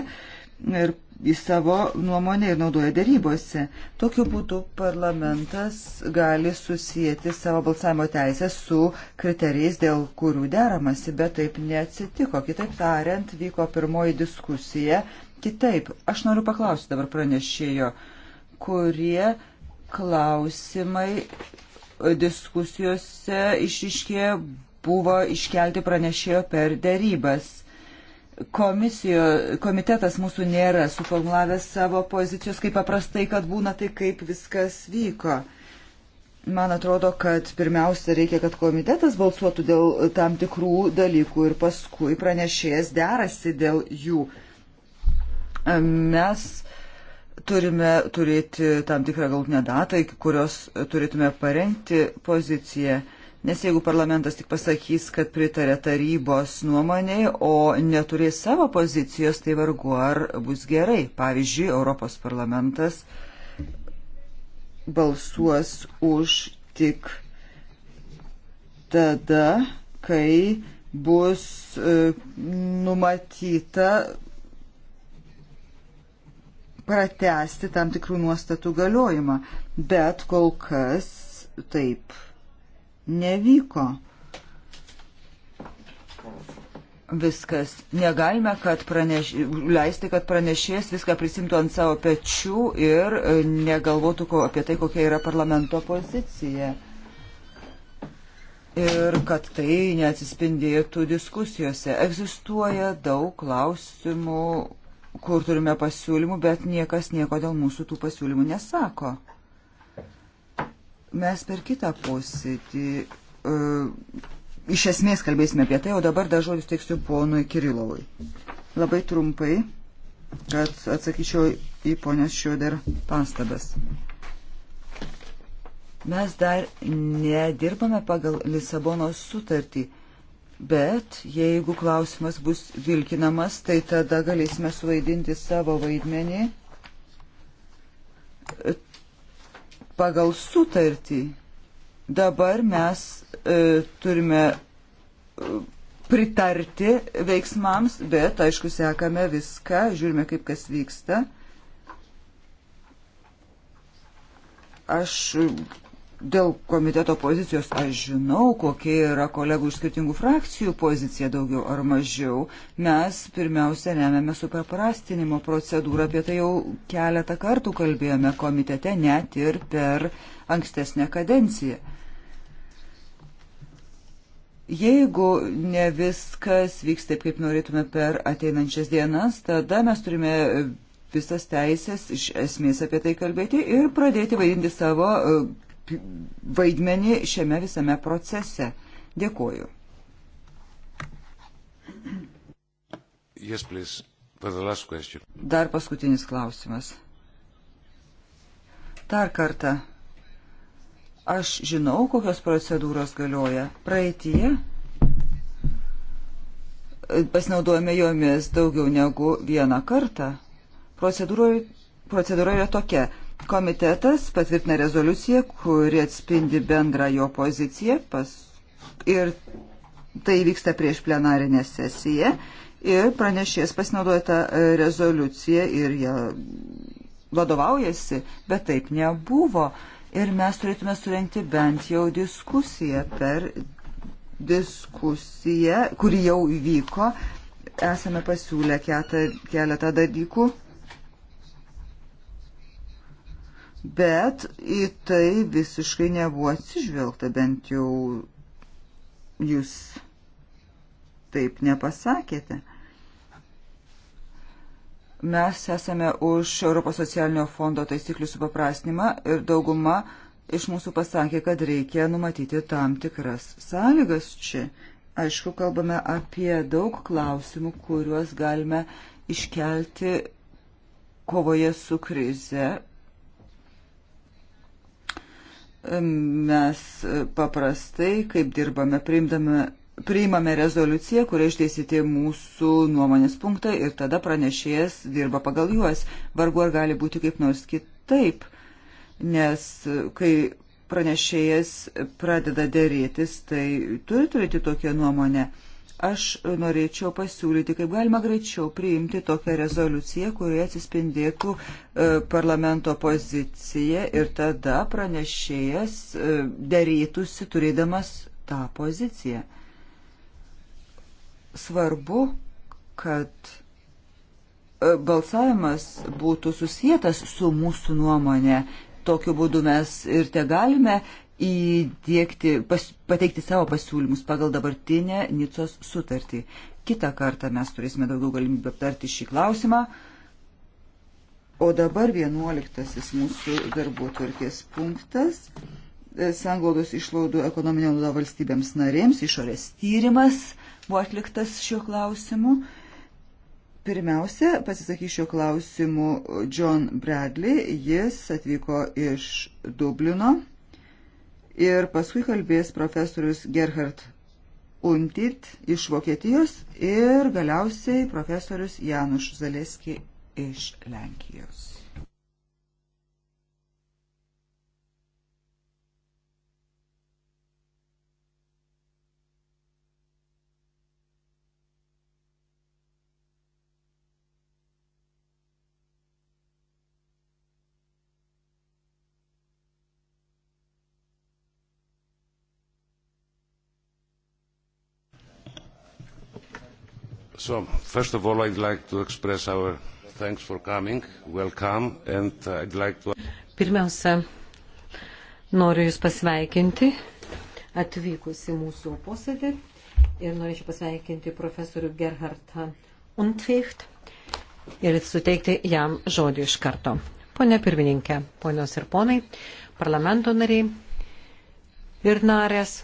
ir į savo nuomonę ir naudoja darybose. Tokiu būdu parlamentas gali susijęti savo balsavimo teisę su kriterijais, dėl kurių deramasi, bet taip neatsitiko. Kitaip tariant, vyko pirmoji diskusija. Kitaip, aš noriu paklausti dabar pranešėjo, kurie klausimai diskusijose išiškė buvo iškelti pranešėjo per darybas komisijo, komitetas mūsų nėra suformulavęs savo pozicijos, kaip paprastai, kad būna tai, kaip viskas vyko. Man atrodo, kad pirmiausia reikia, kad komitetas balsuotų dėl tam tikrų dalykų ir paskui pranešėjas derasi dėl jų. Mes turime turėti tam tikrą galutinę datą, iki kurios turėtume parengti poziciją. Nes jeigu parlamentas tik pasakys, kad pritarė tarybos nuomonėje, o neturės savo pozicijos, tai vargu ar bus gerai. Pavyzdžiui, Europos parlamentas balsuos už tik tada, kai bus e, numatyta pratesti tam tikrų nuostatų galiojimą. Bet kol kas taip nevyko. Viskas. Negalime kad praneš... leisti, kad pranešėjas viską prisimtų ant savo pečių ir e, negalvotų ko, apie tai, kokia yra parlamento pozicija. Ir kad tai neatsispindėtų diskusijose. Egzistuoja daug klausimų, kur turime pasiūlymų, bet niekas nieko dėl mūsų tų pasiūlymų nesako. Mes per kitą posėdį e, iš esmės kalbėsime apie tai, o dabar dar žodis teiksiu ponui Kirilovui. Labai trumpai, kad atsakyčiau į ponės Šioder pastabas. Mes dar nedirbame pagal Lisabonos sutartį, bet jeigu klausimas bus vilkinamas, tai tada galėsime suvaidinti savo vaidmenį pagal sutartį. Dabar mes e, turime e, pritarti veiksmams, bet aišku, sekame viską, žiūrime, kaip kas vyksta. Aš dėl komiteto pozicijos aš žinau, kokia yra kolegų iš skirtingų frakcijų pozicija daugiau ar mažiau. Mes pirmiausia remiame superprastinimo procedūrą, apie tai jau keletą kartų kalbėjome komitete, net ir per ankstesnę kadenciją. Jeigu ne viskas vyks taip, kaip norėtume per ateinančias dienas, tada mes turime visas teisės iš esmės apie tai kalbėti ir pradėti vaidinti savo vaidmenį šiame visame procese. Dėkuoju. Yes, please. For the last question. Dar paskutinis klausimas. Dar kartą. Aš žinau, kokios procedūros galioja. Praeitie pasinaudojame jomis daugiau negu vieną kartą. Procedūra, procedūra yra tokia. Komitetas patvirtina rezoliuciją, kuri atspindi bendrą jo poziciją pas... ir tai vyksta prieš plenarinę sesiją ir pranešės pasinaudoja tą rezoliuciją ir ją vadovaujasi, bet taip nebuvo. Ir mes turėtume surenkti bent jau diskusiją per diskusiją, kuri jau įvyko. Esame pasiūlę keletą dalykų bet į tai visiškai nebuvo atsižvelgta, bent jau jūs taip nepasakėte. Mes esame už Europos socialinio fondo taisyklių supaprastinimą ir dauguma iš mūsų pasakė, kad reikia numatyti tam tikras sąlygas čia. Aišku, kalbame apie daug klausimų, kuriuos galime iškelti kovoje su krize Mes paprastai, kaip dirbame, priimdame, priimame rezoliuciją, kuria išteisyti mūsų nuomonės punktai ir tada pranešėjas dirba pagal juos. Vargu ar gali būti kaip nors kitaip, nes kai pranešėjas pradeda dėrėtis, tai turi turėti tokią nuomonę. Aš norėčiau pasiūlyti, kaip galima greičiau priimti tokią rezoliuciją, kurioje atsispindėtų e, parlamento pozicija ir tada pranešėjas e, darytųsi turėdamas tą poziciją. Svarbu, kad e, balsavimas būtų susijęs su mūsų nuomonė. Tokiu būdu mes ir te galime įdėkti, pas, pateikti savo pasiūlymus pagal dabartinę Nicos sutartį. Kita kartą mes turėsime daugiau galimybę aptarti šį klausimą. O dabar vienuoliktasis mūsų darbo tvarkės punktas. Sanglaudos išlaidų ekonominio naudo valstybėms narėms išorės tyrimas buvo atliktas šiuo klausimu. Pirmiausia, pasisakyšiu klausimu John Bradley. Jis atvyko iš Dublino ir paskui kalbės profesorius Gerhard Untit iš Vokietijos ir galiausiai profesorius Januš Zaleski iš Lenkijos. So, first of all, I'd like to express our thanks for coming, welcome, and uh, I'd like to... Pirmiausia, noriu Jūs pasveikinti atvykus į mūsų posėdį ir norėčiau pasveikinti profesorių Gerhardą Untvicht ir suteikti jam žodį iš karto. Pone pirmininkė, ponios ir ponai, parlamento nariai ir narės,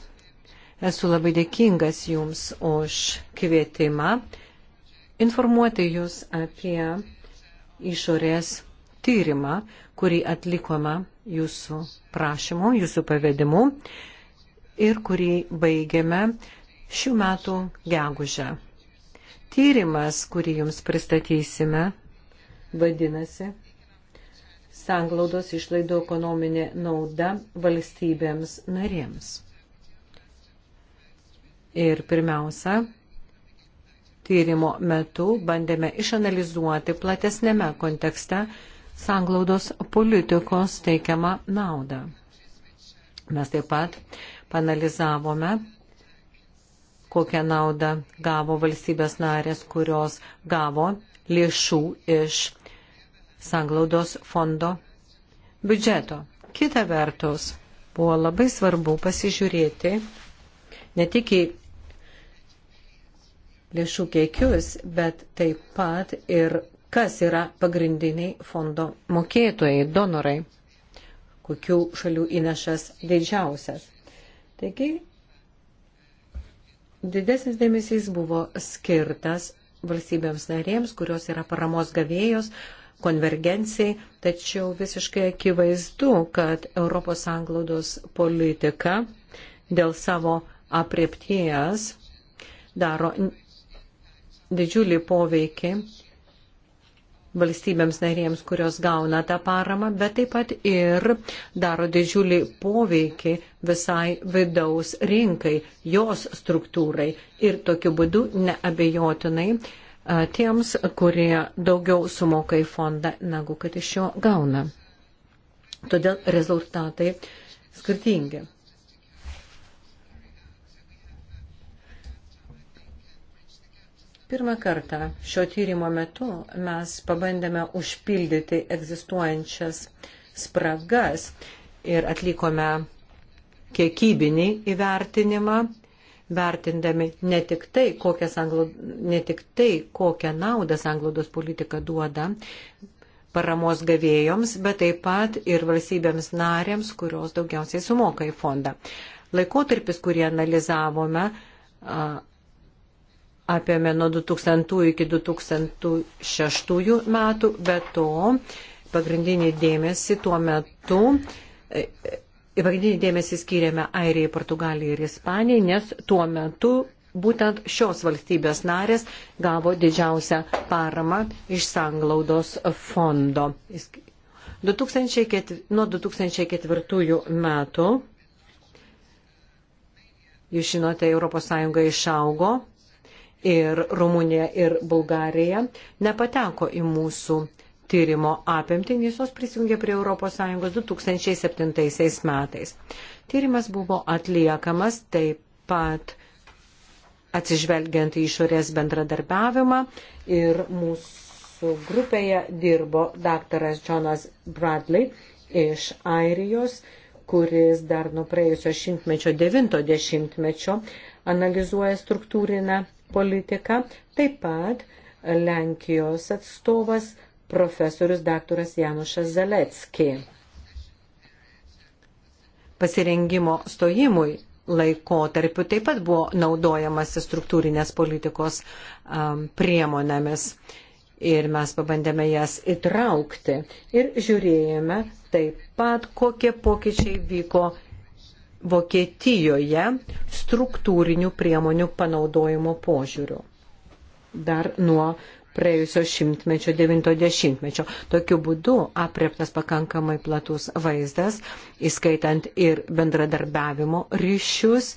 esu labai dėkingas Jums už kvietimą informuoti Jūs apie išorės tyrimą, kurį atlikome Jūsų prašymu, Jūsų pavedimu ir kurį baigėme šių metų gegužę. Tyrimas, kurį Jums pristatysime, vadinasi Sanglaudos išlaidų ekonominė nauda valstybėms narėms. Ir pirmiausia, tyrimo metu bandėme išanalizuoti platesnėme kontekste sanglaudos politikos teikiamą naudą. Mes taip pat panalizavome, kokią naudą gavo valstybės narės, kurios gavo lėšų iš sanglaudos fondo biudžeto. Kita vertus, buvo labai svarbu pasižiūrėti ne tik į lėšų kiekius, bet taip pat ir kas yra pagrindiniai fondo mokėtojai, donorai, kokių šalių įnašas didžiausias. Taigi, didesnis dėmesys buvo skirtas valstybėms narėms, kurios yra paramos gavėjos, konvergencijai, tačiau visiškai akivaizdu, kad Europos anglaudos politika dėl savo apriepties daro didžiulį poveikį valstybėms narėms, kurios gauna tą paramą, bet taip pat ir daro didžiulį poveikį visai vidaus rinkai, jos struktūrai. Ir tokiu būdu neabejotinai tiems, kurie daugiau sumoka į fondą, negu kad iš jo gauna. Todėl rezultatai skirtingi. Pirmą kartą šio tyrimo metu mes pabandėme užpildyti egzistuojančias spragas ir atlikome kiekybinį įvertinimą, vertindami ne tik tai, anglo, ne tik tai kokią naudą sanglaudos politika duoda paramos gavėjoms, bet taip pat ir valstybėms narėms, kurios daugiausiai sumoka į fondą. Laikotarpis, kurį analizavome, apėmė nuo 2000 iki 2006 metų, bet to pagrindinį dėmesį tuo metu, e, e, pagrindinį dėmesį skiriame Airijai, Portugalijai ir Ispanijai, nes tuo metu būtent šios valstybės narės gavo didžiausią paramą iš sanglaudos fondo. 2004, nuo 2004 metų, jūs žinote, ES išaugo ir Rumunija ir Bulgarija nepateko į mūsų tyrimo apimtį, nes jos prisijungė prie ES 2007 metais. Tyrimas buvo atliekamas taip pat atsižvelgiant į išorės bendradarbiavimą ir mūsų grupėje dirbo daktaras Jonas Bradley iš Airijos, kuris dar nuo praėjusio šimtmečio, devinto dešimtmečio analizuoja struktūrinę politika, taip pat Lenkijos atstovas profesorius daktaras Janušas Zalecki. Pasirengimo stojimui laikotarpiu taip pat buvo naudojamasi struktūrinės politikos um, priemonėmis ir mes pabandėme jas įtraukti ir žiūrėjome taip pat, kokie pokyčiai vyko Vokietijoje struktūrinių priemonių panaudojimo požiūrių. Dar nuo praėjusio šimtmečio, devinto dešimtmečio. Tokiu būdu apriektas pakankamai platus vaizdas, įskaitant ir bendradarbiavimo ryšius,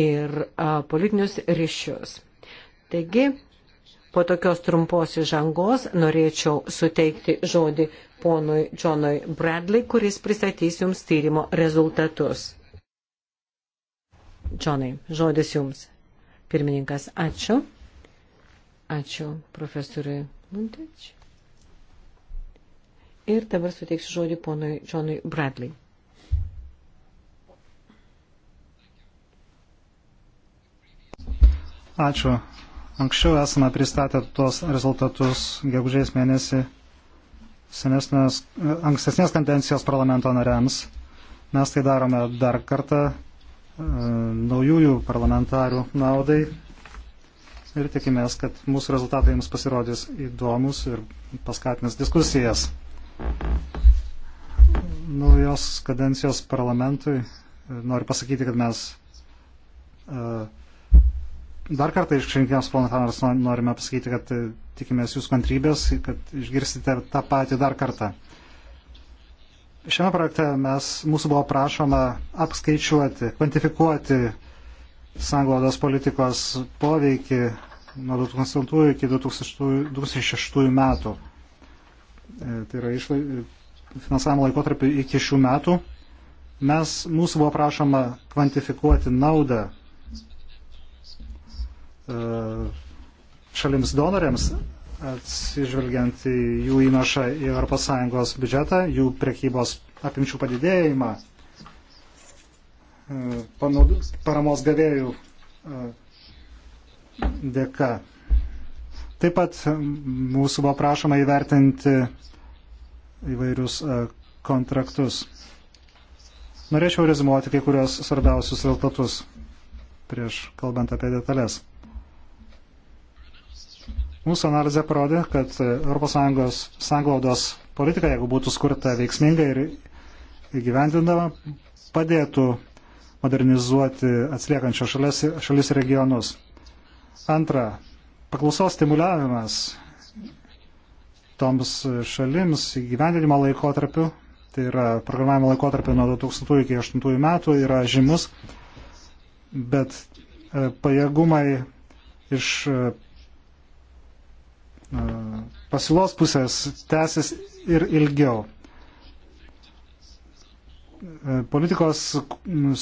ir a, politinius ryšius. Taigi, po tokios trumpos įžangos norėčiau suteikti žodį ponui Džonui Bradley, kuris pristatys jums tyrimo rezultatus. Džonai, žodis jums. Pirmininkas, ačiū. Ačiū profesoriui Muntečiui. Ir dabar suteiksiu žodį ponui Džonui Bradley. Ačiū. Anksčiau esame pristatę tuos rezultatus gegužės mėnesį senesnės, ankstesnės kadencijos parlamento nariams. Mes tai darome dar kartą naujųjų parlamentarių naudai ir tikimės, kad mūsų rezultatai jums pasirodys įdomus ir paskatins diskusijas. Naujos kadencijos parlamentui e, noriu pasakyti, kad mes e, dar kartą išrinkėms planetarius norime pasakyti, kad e, tikimės jūs kantrybės, kad išgirsite tą patį dar kartą. Šiame projekte mes, mūsų buvo prašoma apskaičiuoti, kvantifikuoti sanglaudos politikos poveikį nuo 2000 iki 2006 metų. E, tai yra išlai, finansavimo laikotarpiu iki šių metų. Mes, mūsų buvo prašoma kvantifikuoti naudą e, šalims donoriams atsižvelgiant į jų įnašą į ES biudžetą, jų prekybos apimčių padidėjimą, e, paramos gavėjų e, dėka. Taip pat e, mūsų buvo prašoma įvertinti įvairius kontraktus. Norėčiau rezumuoti kai kurios svarbiausius rezultatus prieš kalbant apie detalės. Mūsų analizė parodė, kad ES sanglaudos politika, jeigu būtų skurta veiksmingai ir įgyvendindama, padėtų modernizuoti atsiliekančios šalis, šalis regionus. Antra, paklausos stimuliavimas toms šalims įgyvendinimo laikotarpiu, tai yra programavimo laikotarpiu nuo 2000 iki 2008 metų, yra žymus, bet e, pajėgumai iš pasiūlos pusės tęsis ir ilgiau. E, politikos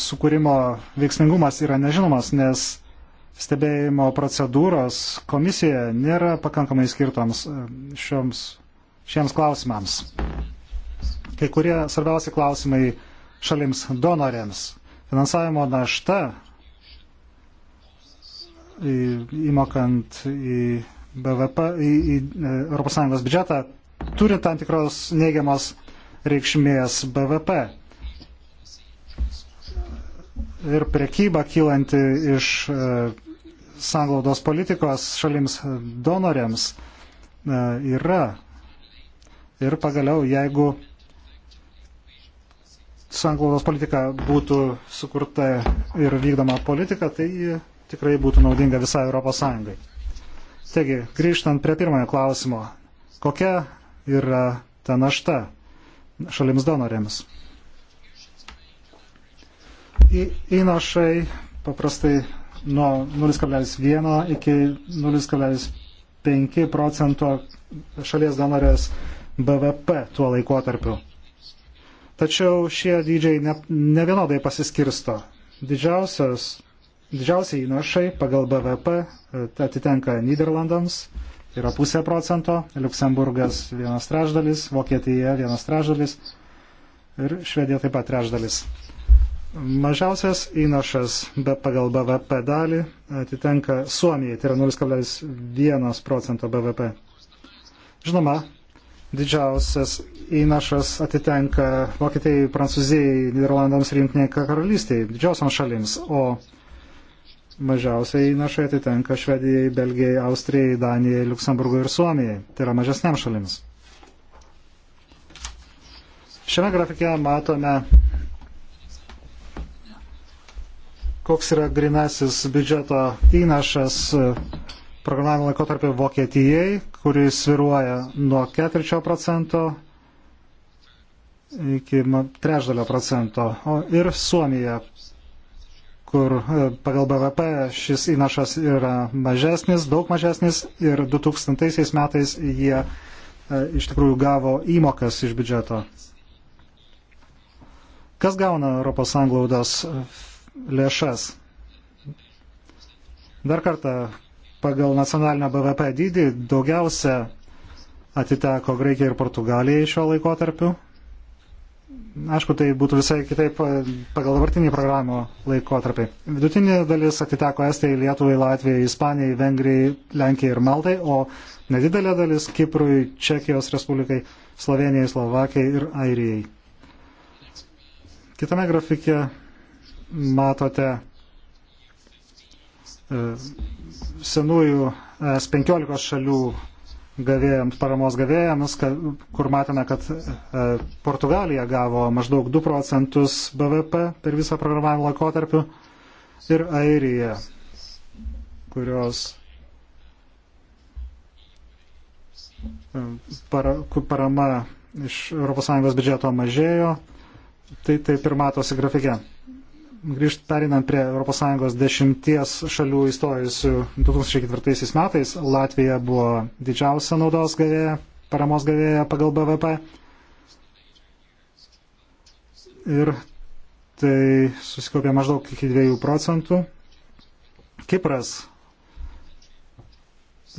sukūrimo veiksmingumas yra nežinomas, nes stebėjimo procedūros komisijoje nėra pakankamai skirtoms e, šioms, šiems klausimams. Kai kurie svarbiausi klausimai šalims donorėms. Finansavimo našta įmokant į BVP, į, į ES biudžetą turi tam tikros neigiamos reikšmės BVP. Ir prekyba kylanti iš e, sanglaudos politikos šalims donoriams e, yra. Ir pagaliau, jeigu sanglaudos politika būtų sukurta ir vykdoma politika, tai tikrai būtų naudinga visai Europos Sąjungai. Taigi, grįžtant prie pirmojo klausimo, kokia yra ta našta šalims donorėms? Į, įnašai paprastai nuo 0,1 iki 0,5 procento šalies donorės BVP tuo laikotarpiu. Tačiau šie dydžiai ne, ne vienodai pasiskirsto. Didžiausios didžiausiai įnašai pagal BVP e, atitenka Niderlandams, yra pusė procento, Luksemburgas vienas trečdalis, Vokietija vienas trečdalis ir Švedija taip pat trečdalis. Mažiausias įnašas be pagal BVP dalį atitenka Suomijai, tai yra 0,1 procento BVP. Žinoma, didžiausias įnašas atitenka Vokietijai, Prancūzijai, Niderlandams ir Junktinėje karalystėje, didžiosiams šalims, o mažiausiai įnašai atitenka Švedijai, Belgijai, Austrijai, Danijai, Luksemburgui ir Suomijai. Tai yra mažesniam šalims. Šiame grafike matome, koks yra grinasis biudžeto įnašas programavimo laikotarpį Vokietijai, kuris sviruoja nuo 4 procento iki trečdalio procento. O ir Suomija kur e, pagal BVP šis įnašas yra mažesnis, daug mažesnis ir 2000 metais jie e, iš tikrųjų gavo įmokas iš biudžeto. Kas gauna Europos sanglaudos lėšas? Dar kartą, pagal nacionalinio BVP dydį daugiausia atiteko Graikijai ir Portugalijai šiuo laikotarpiu, Aišku, tai būtų visai kitaip e, pagal dabartinį programų laikotarpį. Vidutinė dalis atiteko Estijai, Lietuvai, Latvijai, Ispanijai, Vengrijai, Lenkijai ir Maltai, o nedidelė dalis Kiprui, Čekijos Respublikai, Slovenijai, Slovakijai ir Airijai. Kitame grafike matote e, senųjų e, S15 šalių gavėjams, paramos gavėjams, kur matome, kad e, Portugalija gavo maždaug 2 procentus BVP per visą programavimo laikotarpį ir Airija, kurios e, para, parama iš ES biudžeto mažėjo, tai taip ir matosi grafike grįžt perinant prie ES dešimties šalių įstojusių 2004 metais, Latvija buvo didžiausia naudos gavėja, paramos gavėja pagal BVP. Ir tai susikaupė maždaug iki 2 procentų. Kipras,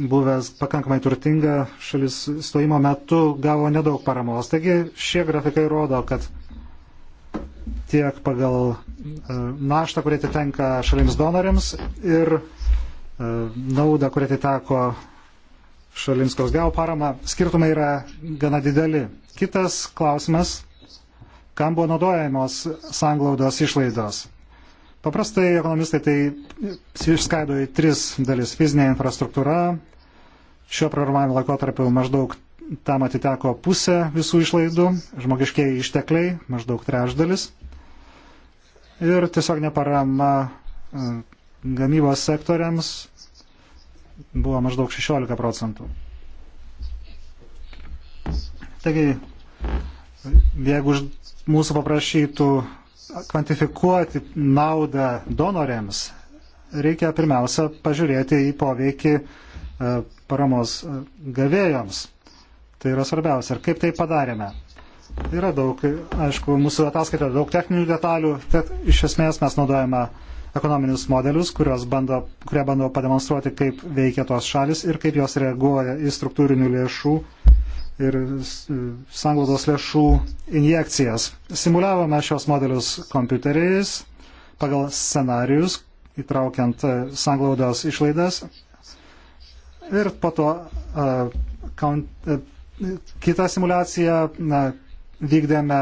buvęs pakankamai turtinga šalis stojimo metu, gavo nedaug paramos. Taigi šie grafikai rodo, kad tiek pagal e, naštą, kurie atitenka šalims donoriams ir e, naudą, kurie atiteko šalims, kas gavo paramą. Skirtumai yra gana dideli. Kitas klausimas, kam buvo naudojamos sanglaudos išlaidos. Paprastai ekonomistai tai išskaido į tris dalis. Fizinė infrastruktūra, šio programavimo laikotarpiu maždaug tam atiteko pusė visų išlaidų, žmogiškiai ištekliai maždaug trečdalis, ir tiesiog neparama e, gamybos sektoriams buvo maždaug 16 procentų. Taigi, jeigu mūsų paprašytų kvantifikuoti naudą donoriams, reikia pirmiausia pažiūrėti į poveikį e, paramos e, gavėjams. Tai yra svarbiausia. Ir kaip tai padarėme? Yra daug, aišku, mūsų ataskaita daug techninių detalių, tad iš esmės mes naudojame ekonominius modelius, bando, kurie bando pademonstruoti, kaip veikia tos šalis ir kaip jos reaguoja į struktūrinių lėšų ir sanglaudos lėšų injekcijas. Simuliavome šios modelius kompiuteriais pagal scenarius, įtraukiant e, sanglaudos išlaidas ir po to uh, count, uh, e, kitą simulaciją na, vykdėme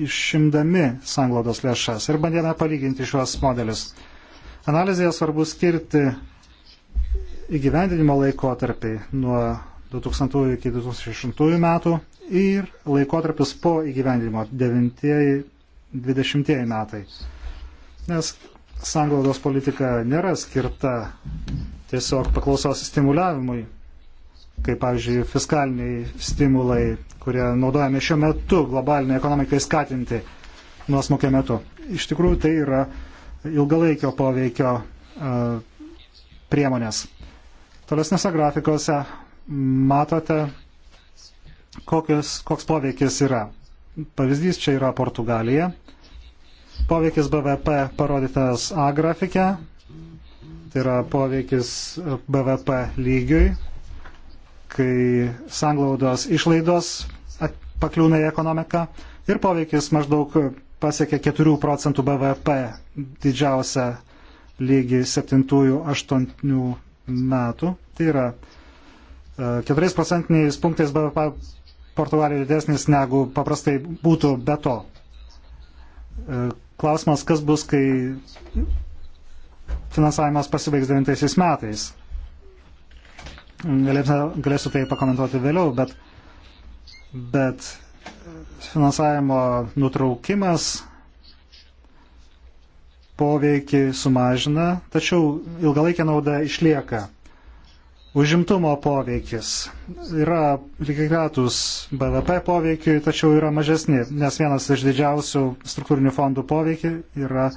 išimdami sanglaudos lėšas ir bandėme palyginti šiuos modelius. Analizėje svarbu skirti įgyvendinimo laikotarpį nuo 2000 iki 2006 metų ir laikotarpis po įgyvendinimo 9-20 metai. Nes sanglaudos politika nėra skirta tiesiog paklausos stimuliavimui kaip pavyzdžiui fiskaliniai stimulai, kurie naudojami šiuo metu globaliniai ekonomikai skatinti nuosmukio metu. Iš tikrųjų tai yra ilgalaikio poveikio e, priemonės. Tolesnėse grafikose matote, kokios, koks poveikis yra. Pavyzdys čia yra Portugalija. Poveikis BVP parodytas A grafike, tai yra poveikis BVP lygiui kai sanglaudos išlaidos pakliūna į ekonomiką ir poveikis maždaug pasiekia 4 procentų BVP didžiausią lygį 7-8 metų. Tai yra 4 e, procentiniais punktais BVP Portugalija didesnis negu paprastai būtų be to. E, klausimas, kas bus, kai finansavimas pasibaigs 9 metais galėsiu tai pakomentuoti vėliau, bet, bet finansavimo nutraukimas poveikį sumažina, tačiau ilgalaikė nauda išlieka. Užimtumo poveikis yra lygiagratus BVP poveikiui, tačiau yra mažesni, nes vienas iš didžiausių struktūrinių fondų poveikį yra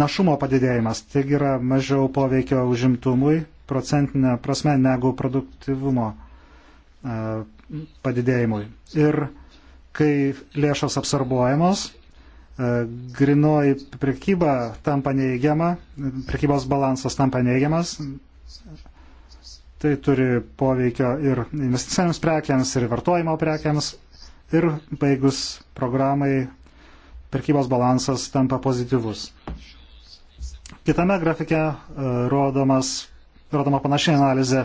našumo padidėjimas, taigi yra mažiau poveikio užimtumui procentinę prasme negu produktivumo e, padidėjimui. Ir kai lėšos absorbuojamos, e, grinoji prekyba tampa neįgiama, prekybos balansas tampa neįgiamas, tai turi poveikio ir investicinėms prekiams, ir vartojimo prekiams, ir baigus programai prekybos balansas tampa pozityvus. Kitame grafike e, rodomas rodoma panašiai analizė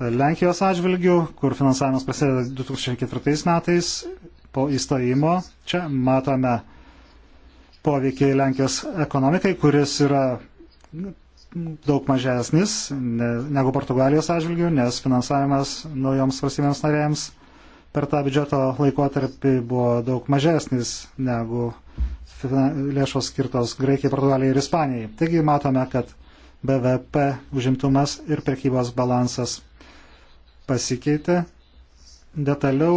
Lenkijos atžvilgių, kur finansavimas prasideda 2004 metais po įstojimo. Čia matome poveikį Lenkijos ekonomikai, kuris yra daug mažesnis negu Portugalijos atžvilgių, nes finansavimas naujoms valstybėms narėms per tą biudžeto laikotarpį buvo daug mažesnis negu lėšos skirtos Graikijai, Portugalijai ir Ispanijai. Taigi matome, kad BVP užimtumas ir prekybos balansas pasikeitė. Detaliau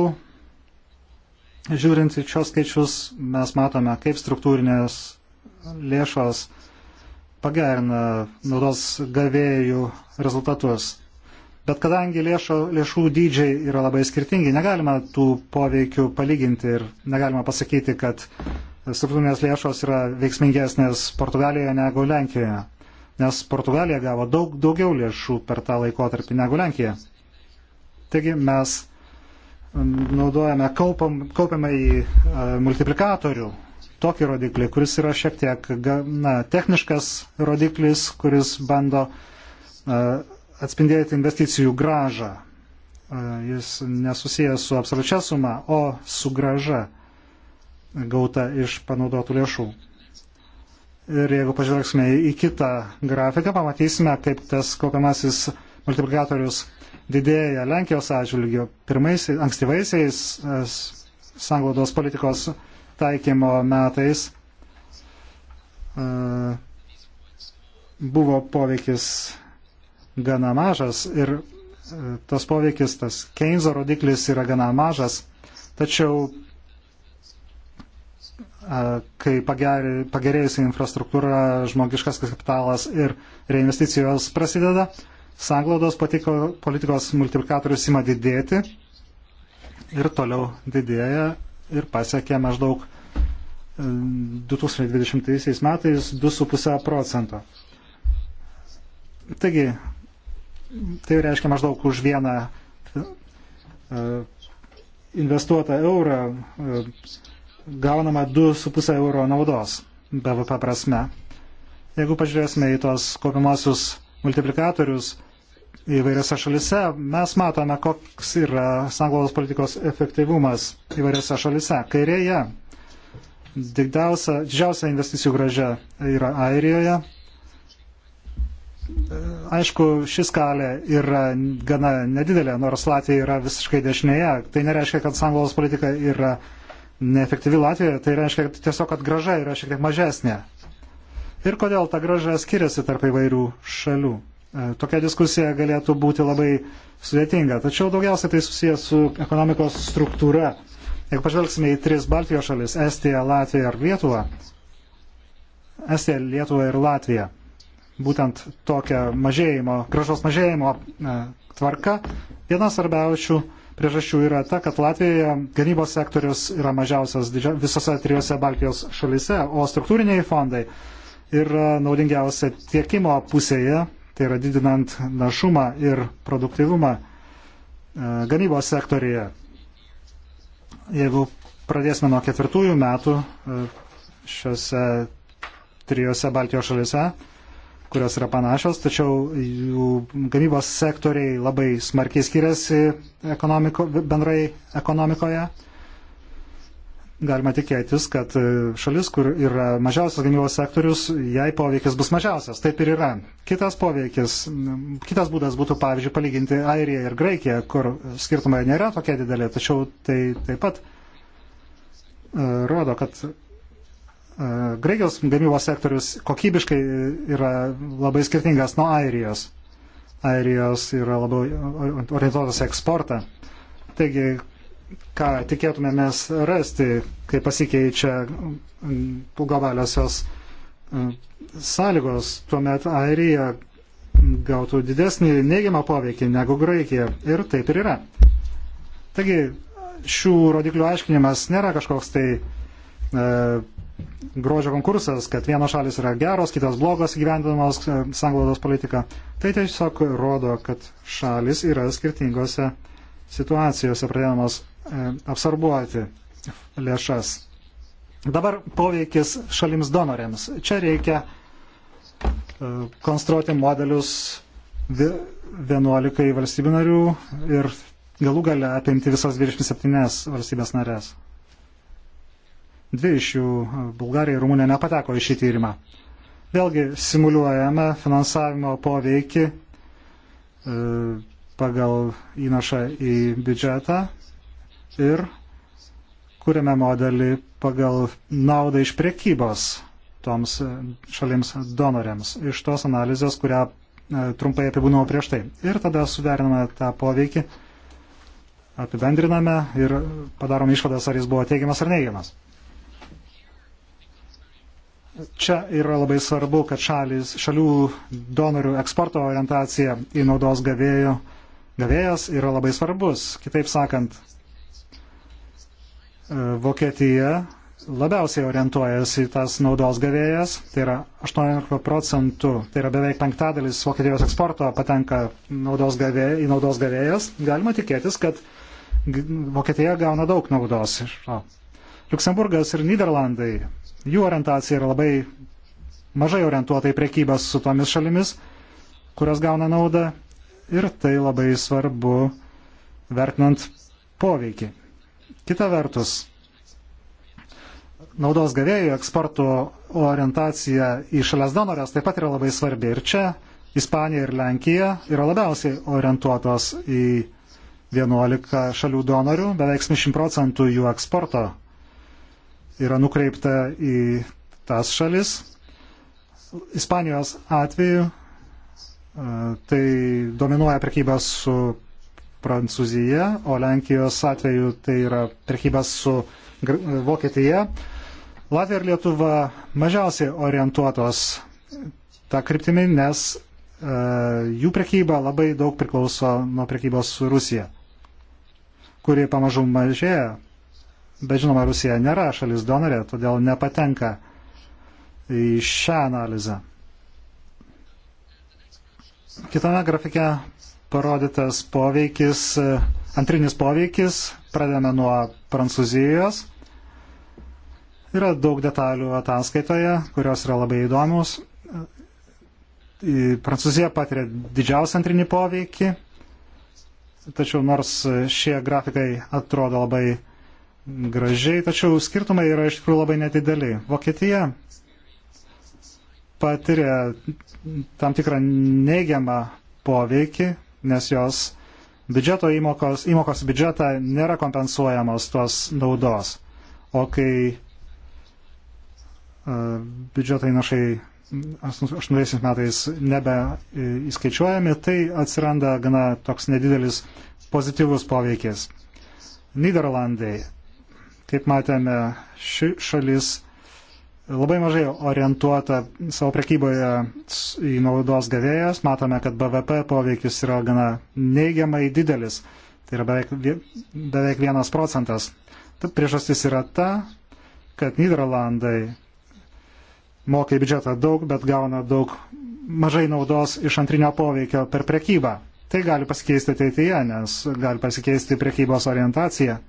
žiūrint į šios skaičius, mes matome, kaip struktūrinės lėšos pagerina naudos gavėjų rezultatus. Bet kadangi lėšo, lėšų dydžiai yra labai skirtingi, negalima tų poveikių palyginti ir negalima pasakyti, kad struktūrinės lėšos yra veiksmingesnės Portugalijoje negu Lenkijoje nes Portugalija gavo daug daugiau lėšų per tą laikotarpį negu Lenkija. Taigi mes naudojame, kaupam, kaupiame į multiplikatorių tokį rodiklį, kuris yra šiek tiek na, techniškas rodiklis, kuris bando atspindėti investicijų gražą. Jis nesusijęs su absoliučia suma, o su graža gauta iš panaudotų lėšų. Ir jeigu pažvelgsime į kitą grafiką, pamatysime, kaip tas kaupiamasis multiplikatorius didėja Lenkijos atžvilgiu. Pirmaisiais, ankstyvaisiais sanglaudos politikos taikymo metais e, buvo poveikis gana mažas ir e, tas poveikis, tas Keynes'o rodiklis yra gana mažas, tačiau kai pagerėjusi infrastruktūra, žmogiškas kapitalas ir reinvesticijos prasideda, sanglaudos patiko, politikos multiplikatorius ima didėti ir toliau didėja ir pasiekia maždaug 2020 e, metais 2,5 procento. Taigi, tai reiškia maždaug už vieną e, investuotą eurą e, gaunama 2,5 euro naudos BVP prasme. Jeigu pažiūrėsime į tos kaupiamosius multiplikatorius įvairiose šalise, mes matome, koks yra sanglaudos politikos efektyvumas įvairiose šalise. Kairėje didžiausia investicijų graža yra Airijoje. Aišku, ši skalė yra gana nedidelė, nors Latvija yra visiškai dešinėje. Tai nereiškia, kad sanglaudos politika yra neefektyvi Latvijoje, tai reiškia, kad tiesiog kad graža yra šiek tiek mažesnė. Ir kodėl ta graža skiriasi tarp įvairių šalių. E, tokia diskusija galėtų būti labai sudėtinga, tačiau daugiausia tai susijęs su ekonomikos struktūra. Jeigu pažvelgsime į tris Baltijos šalis - Estiją, Latviją ir Lietuvą. Estija, Lietuva ir Latvija. Būtent tokia mažėjimo, gražos mažėjimo e, tvarka viena svarbiausių Priežasčių yra ta, kad Latvijoje gamybos sektorius yra mažiausias didžia, visose trijose Baltijos šalise, o struktūriniai fondai yra naudingiausia tiekimo pusėje, tai yra didinant našumą ir produktivumą e, gamybos sektorija. Jeigu pradėsime nuo ketvirtųjų metų e, šiuose trijose Baltijos šalise, kurios yra panašios, tačiau jų gamybos sektoriai labai smarkiai skiriasi ekonomiko, bendrai ekonomikoje. Galima tikėtis, kad šalis, kur yra mažiausias gamybos sektorius, jai poveikis bus mažiausias. Taip ir yra. Kitas poveikis, kitas būdas būtų, pavyzdžiui, palyginti Airiją ir Graikiją, kur skirtumai nėra tokie dideli, tačiau tai taip pat e, rodo, kad Graikijos gamybos sektorius kokybiškai yra labai skirtingas nuo Airijos. Airijos yra labiau orientuotas eksportą. Taigi, ką tikėtumėmės rasti, kai pasikeičia globaliosios e, sąlygos, tuomet Airija gautų didesnį neigiamą poveikį negu Graikija. Ir taip ir yra. Taigi, šių rodiklių aiškinimas nėra kažkoks tai e, grožio konkursas, kad vienos šalis yra geros, kitos blogos gyvendinamos e, sanglaudos politika. Tai tiesiog rodo, kad šalis yra skirtingose situacijose pradedamos e, apsarbuoti lėšas. Dabar poveikis šalims donorėms. Čia reikia e, konstruoti modelius 11 valstybių narių ir galų gale apimti visas 27 valstybės narės. Dvi iš jų, Bulgarija ir Rumunija, nepateko į šį tyrimą. Vėlgi simuliuojame finansavimo poveikį e, pagal įnašą į biudžetą ir kūrėme modelį pagal naudą iš priekybos toms e, šalims donoriams iš tos analizės, kurią e, trumpai apibūnau prieš tai. Ir tada suderiname tą poveikį, apibendriname ir padarom išvadas, ar jis buvo teigiamas ar neigiamas čia yra labai svarbu, kad šalis, šalių donorių eksporto orientacija į naudos gavėjų, gavėjas yra labai svarbus. Kitaip sakant, e, Vokietija labiausiai orientuojasi į tas naudos gavėjas, tai yra 18 procentų, tai yra beveik penktadalis Vokietijos eksporto patenka naudos gavėj, į naudos gavėjas. Galima tikėtis, kad Vokietija gauna daug naudos iš to. Luksemburgas ir Niderlandai Jų orientacija yra labai mažai orientuota į priekybą su tomis šalimis, kurios gauna naudą ir tai labai svarbu vertinant poveikį. Kita vertus, naudos gavėjų eksporto orientacija į šalias donorės taip pat yra labai svarbi. Ir čia Ispanija ir Lenkija yra labiausiai orientuotos į 11 šalių donorių, beveik 70 procentų jų eksporto yra nukreipta į tas šalis. Ispanijos atveju e, tai dominuoja prekybas su Prancūzija, o Lenkijos atveju tai yra prekybas su e, Vokietija. Latvija ir Lietuva mažiausiai orientuotos tą kryptimį, nes e, jų prekyba labai daug priklauso nuo prekybos su Rusija, kuri pamažu mažėja Bet žinoma, Rusija nėra šalis donorė, todėl nepatenka į šią analizę. Kitame grafike parodytas poveikis, antrinis poveikis, pradėme nuo Prancūzijos. Yra daug detalių ataskaitoje, kurios yra labai įdomus. Prancūzija patiria didžiausią antrinį poveikį, tačiau nors šie grafikai atrodo labai gražiai, tačiau skirtumai yra iš tikrųjų labai nedideliai. Vokietija patiria tam tikrą neigiamą poveikį, nes jos biudžeto įmokos, įmokos biudžetą nėra kompensuojamos tos naudos. O kai uh, biudžeto įnašai 80 metais nebe e, įskaičiuojami, tai atsiranda gana toks nedidelis pozityvus poveikis. Niderlandai Kaip matėme, ši šalis labai mažai orientuota savo prekyboje į naudos gavėjas. Matome, kad BVP poveikis yra gana neigiamai didelis. Tai yra beveik, beveik vienas procentas. Ta priežastis yra ta, kad Niderlandai moka į biudžetą daug, bet gauna daug mažai naudos iš antrinio poveikio per prekybą. Tai gali pasikeisti ateityje, nes gali pasikeisti prekybos orientacija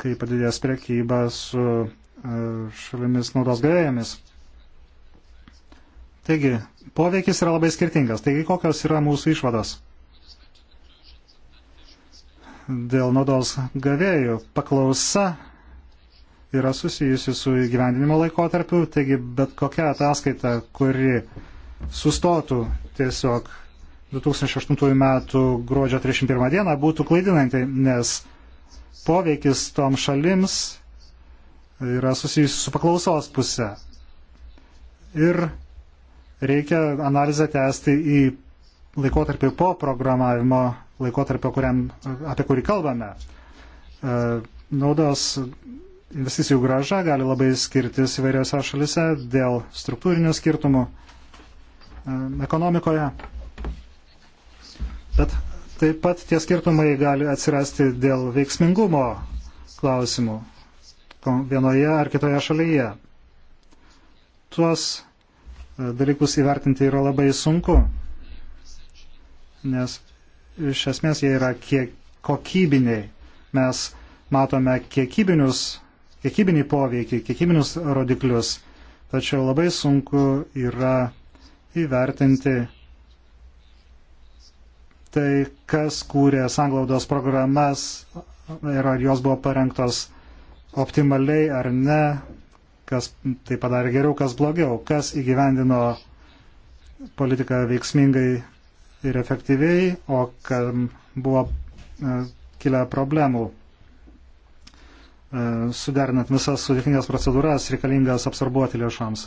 kai padidės priekyba su e, šalimis naudos gavėjomis. Taigi, poveikis yra labai skirtingas. Taigi, kokios yra mūsų išvados? Dėl naudos gavėjų paklausa yra susijusi su įgyvendinimo laikotarpiu, taigi bet kokia ataskaita, kuri sustotų tiesiog 2008 m. gruodžio 31 d. būtų klaidinanti, nes poveikis tom šalims yra susijusi su paklausos puse. Ir reikia analizę tęsti į laikotarpį po programavimo laikotarpio, kuriam, apie kurį kalbame. E, naudos investicijų graža gali labai skirtis įvairiose šalise dėl struktūrinių skirtumų e, ekonomikoje. Bet Taip pat tie skirtumai gali atsirasti dėl veiksmingumo klausimų vienoje ar kitoje šalyje. Tuos e, dalykus įvertinti yra labai sunku, nes iš esmės jie yra kiek kokybiniai. Mes matome kiekybinius, kiekybinį poveikį, kiekybinius rodiklius, tačiau labai sunku yra įvertinti tai, kas kūrė sanglaudos programas ir ar jos buvo parengtos optimaliai ar ne, kas tai padarė geriau, kas blogiau, kas įgyvendino politiką veiksmingai ir efektyviai, o kam buvo e, kilę problemų e, suderinant visas sudėtingas procedūras reikalingas absorbuoti lėšoms.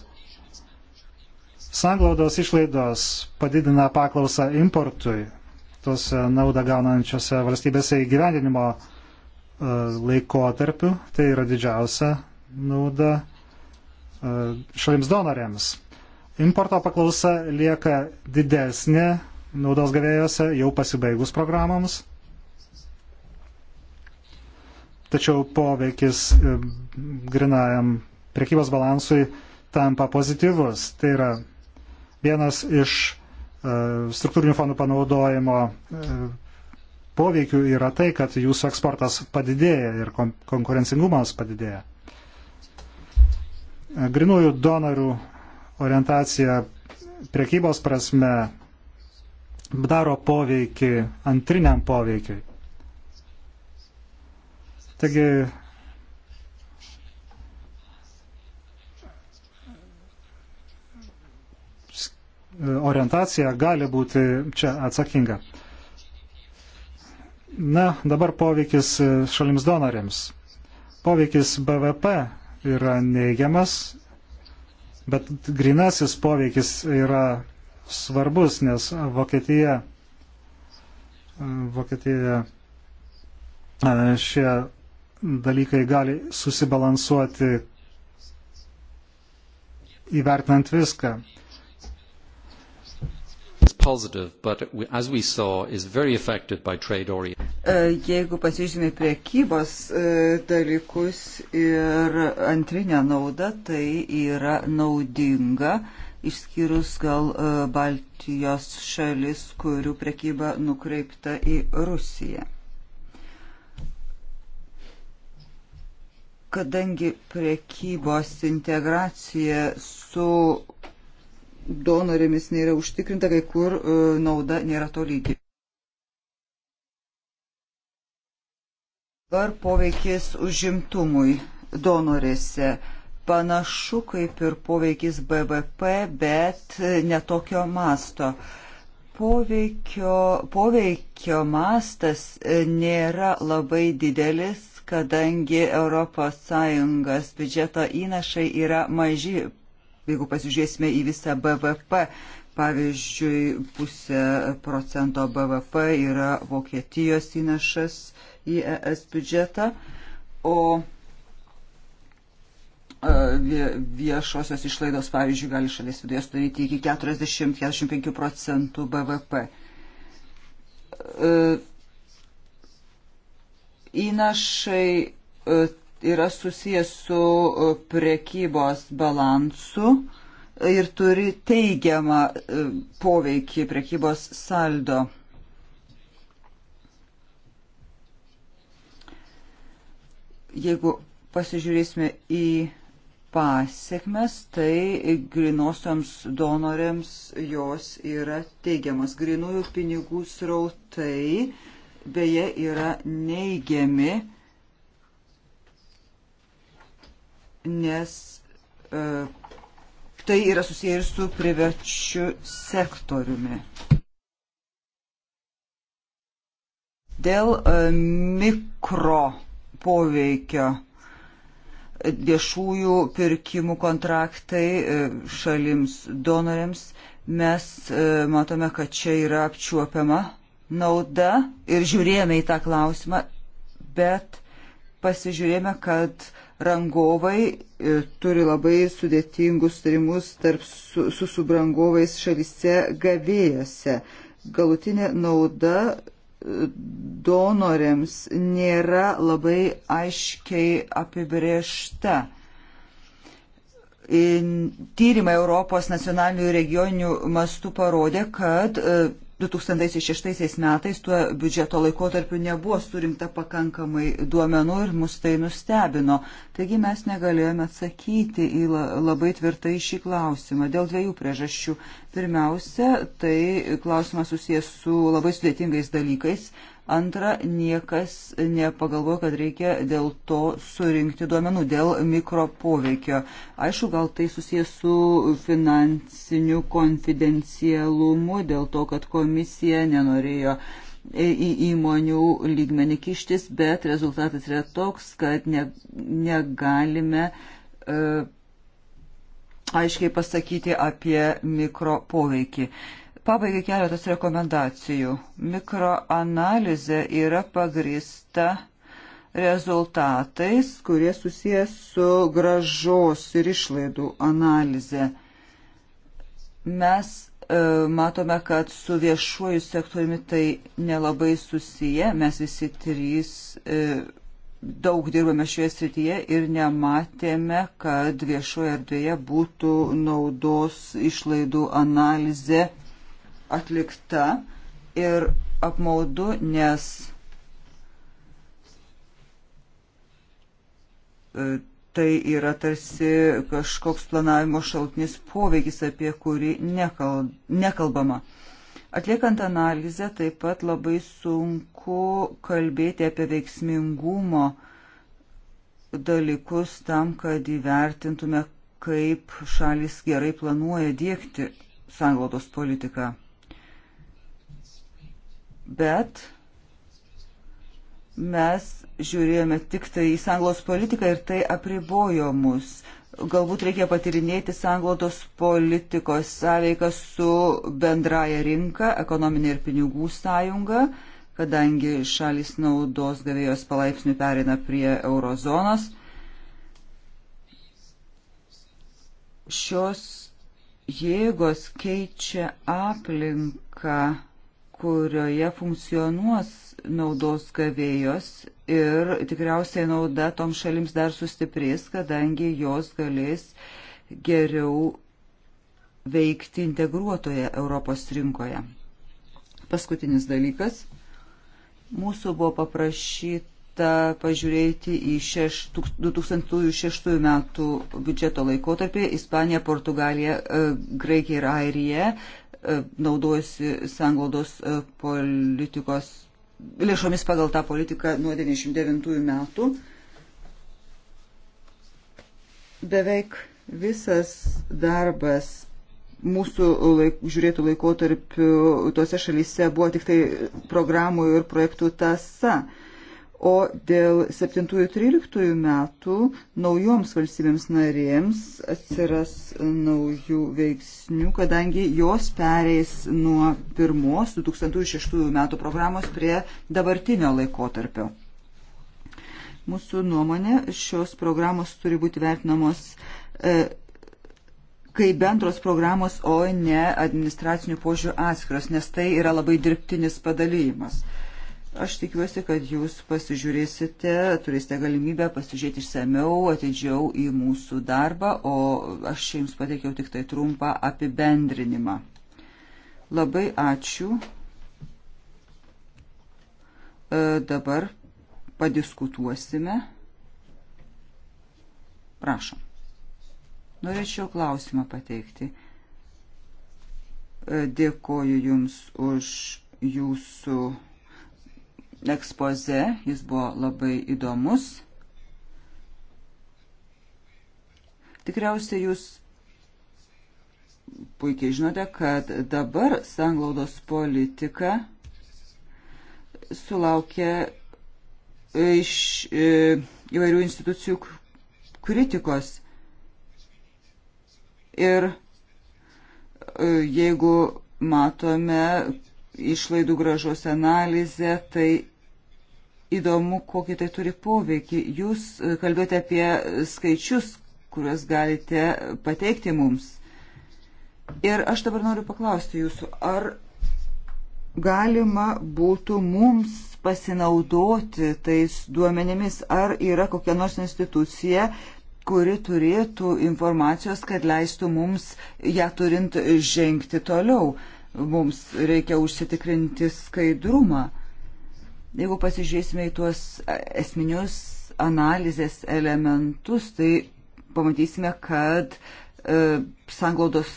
Sanglaudos išlaidos padidina paklausą importui tose naudą gaunančiose valstybėse įgyvendinimo e, laikotarpiu. Tai yra didžiausia nauda e, šalims donorėms. Importo paklausa lieka didesnė naudos gavėjose jau pasibaigus programoms. Tačiau poveikis e, grinajam prekybos balansui tampa pozityvus. Tai yra vienas iš E, struktūrinių fondų panaudojimo e, poveikių yra tai, kad jūsų eksportas padidėja ir konkurencingumas padidėja. E, grinųjų donorių orientacija priekybos prasme daro poveikį antriniam poveikiai. Taigi orientacija gali būti čia atsakinga. Na, dabar poveikis e, šalims donorėms. Poveikis BVP yra neigiamas, bet grinasis poveikis yra svarbus, nes Vokietija, e, Vokietija e, šie dalykai gali susibalansuoti įvertinant viską positive, but as we saw, is very affected by trade orientation. Jeigu pasižiūrime priekybos e, dalykus ir antrinę naudą, tai yra naudinga, išskyrus gal e, Baltijos šalis, kurių priekyba nukreipta į Rusiją. Kadangi priekybos integracija su donorėmis nėra užtikrinta, kai kur e, nauda nėra tolygi. Dabar poveikis užimtumui donorėse panašu kaip ir poveikis BVP, bet netokio masto. Poveikio, poveikio mastas e, nėra labai didelis, kadangi ES biudžeto įnašai yra maži jeigu pasižiūrėsime į visą BVP, pavyzdžiui, pusę procento BVP yra Vokietijos įnašas į ES biudžetą, o e, viešosios išlaidos, pavyzdžiui, gali šalies viduje sudaryti iki 40-45 procentų BVP. E, įnašai e, yra susijęs su e, prekybos balansu ir turi teigiamą e, poveikį prekybos saldo. Jeigu pasižiūrėsime į pasiekmes, tai grinosioms donoriams jos yra teigiamas. Grinųjų pinigų srautai beje yra neigiami nes e, tai yra susiję ir su privačiu sektoriumi. Dėl e, mikro poveikio e, viešųjų pirkimų kontraktai e, šalims donoriams, mes e, matome, kad čia yra apčiuopiama nauda ir žiūrėjome į tą klausimą, bet pasižiūrėjome, kad rangovai e, turi labai sudėtingus tarimus tarp su, su subrangovais šalyse gavėjose. Galutinė nauda e, donoriams nėra labai aiškiai apibriešta. E, tyrimai Europos nacionalinių ir regioninių mastų parodė, kad 2006 metais tuo biudžeto laikotarpiu nebuvo surinkta pakankamai duomenų ir mus tai nustebino. Taigi mes negalėjome atsakyti į labai tvirtai šį klausimą dėl dviejų priežasčių. Pirmiausia, tai klausimas susijęs su labai sudėtingais dalykais Antra, niekas nepagalvoja, kad reikia dėl to surinkti duomenų, dėl mikropoveikio. Aišku, gal tai susijęs su finansiniu konfidencialumu, dėl to, kad komisija nenorėjo į įmonių lygmenį kištis, bet rezultatas yra toks, kad ne, negalime. Uh, aiškiai pasakyti apie mikropoveikį. Uh, Pabaigai keletas rekomendacijų. Mikroanalizė yra pagrįsta rezultatais, kurie susijęs su gražos ir išlaidų analize. Mes e, matome, kad su viešuoju sektoriumi tai nelabai susiję. Mes visi trys e, daug dirbame šioje srityje ir nematėme, kad viešoje erdvėje būtų naudos išlaidų analizė atlikta ir apmaudu, nes e, tai yra tarsi kažkoks planavimo šaltinis poveikis, apie kurį nekal, nekalbama. Atliekant analizę taip pat labai sunku kalbėti apie veiksmingumo dalykus tam, kad įvertintume, kaip šalis gerai planuoja dėkti sanglodos politiką bet mes žiūrėjome tik tai į sanglos politiką ir tai apribojo mus. Galbūt reikia patirinėti sanglotos politikos sąveiką su bendraja rinka, ekonominė ir pinigų sąjunga, kadangi šalis naudos gavėjos palaipsniui pereina prie eurozonos. Šios jėgos keičia aplinką kurioje funkcionuos naudos gavėjos ir tikriausiai nauda tom šalims dar sustiprės, kadangi jos galės geriau veikti integruotoje Europos rinkoje. Paskutinis dalykas. Mūsų buvo paprašyta pažiūrėti į šeš, 2006 metų biudžeto laikotarpį Ispaniją, Portugaliją, e, Graikiją ir Airiją E, naudojasi sanglaudos e, politikos lėšomis pagal tą politiką nuo 99 metų. Beveik visas darbas mūsų laik, žiūrėtų laikotarpiu tose šalyse buvo tik tai programų ir projektų tasa. O dėl 7-13 metų naujoms valstybėms narėms atsiras naujų veiksnių, kadangi jos pereis nuo pirmos 2006 metų programos prie dabartinio laikotarpio. Mūsų nuomonė, šios programos turi būti vertinamos e, kaip bendros programos, o ne administracinių požiūrių atskiros, nes tai yra labai dirbtinis padalymas. E, Aš tikiuosi, kad jūs pasižiūrėsite, turėsite galimybę pasižiūrėti išsameu, atidžiau į mūsų darbą, o aš jums pateikiau tik tai trumpą apibendrinimą. Labai ačiū. E, dabar padiskutuosime. Prašom. Norėčiau klausimą pateikti. E, dėkoju Jums už Jūsų ekspoze, jis buvo labai įdomus. Tikriausiai jūs puikiai žinote, kad dabar sanglaudos politika sulaukia iš e, įvairių institucijų kritikos. Ir e, jeigu matome, išlaidų gražos analizę, tai įdomu, kokį tai turi poveikį. Jūs e, kalbėjote apie skaičius, kuriuos galite pateikti mums. Ir aš dabar noriu paklausti jūsų, ar galima būtų mums pasinaudoti tais duomenimis, ar yra kokia nors institucija, kuri turėtų informacijos, kad leistų mums ją turint žengti toliau. Uh, mums reikia užsitikrinti skaidrumą. Jeigu pasižiūrėsime į tuos esminius analizės elementus, tai pamatysime, kad e, sanglaudos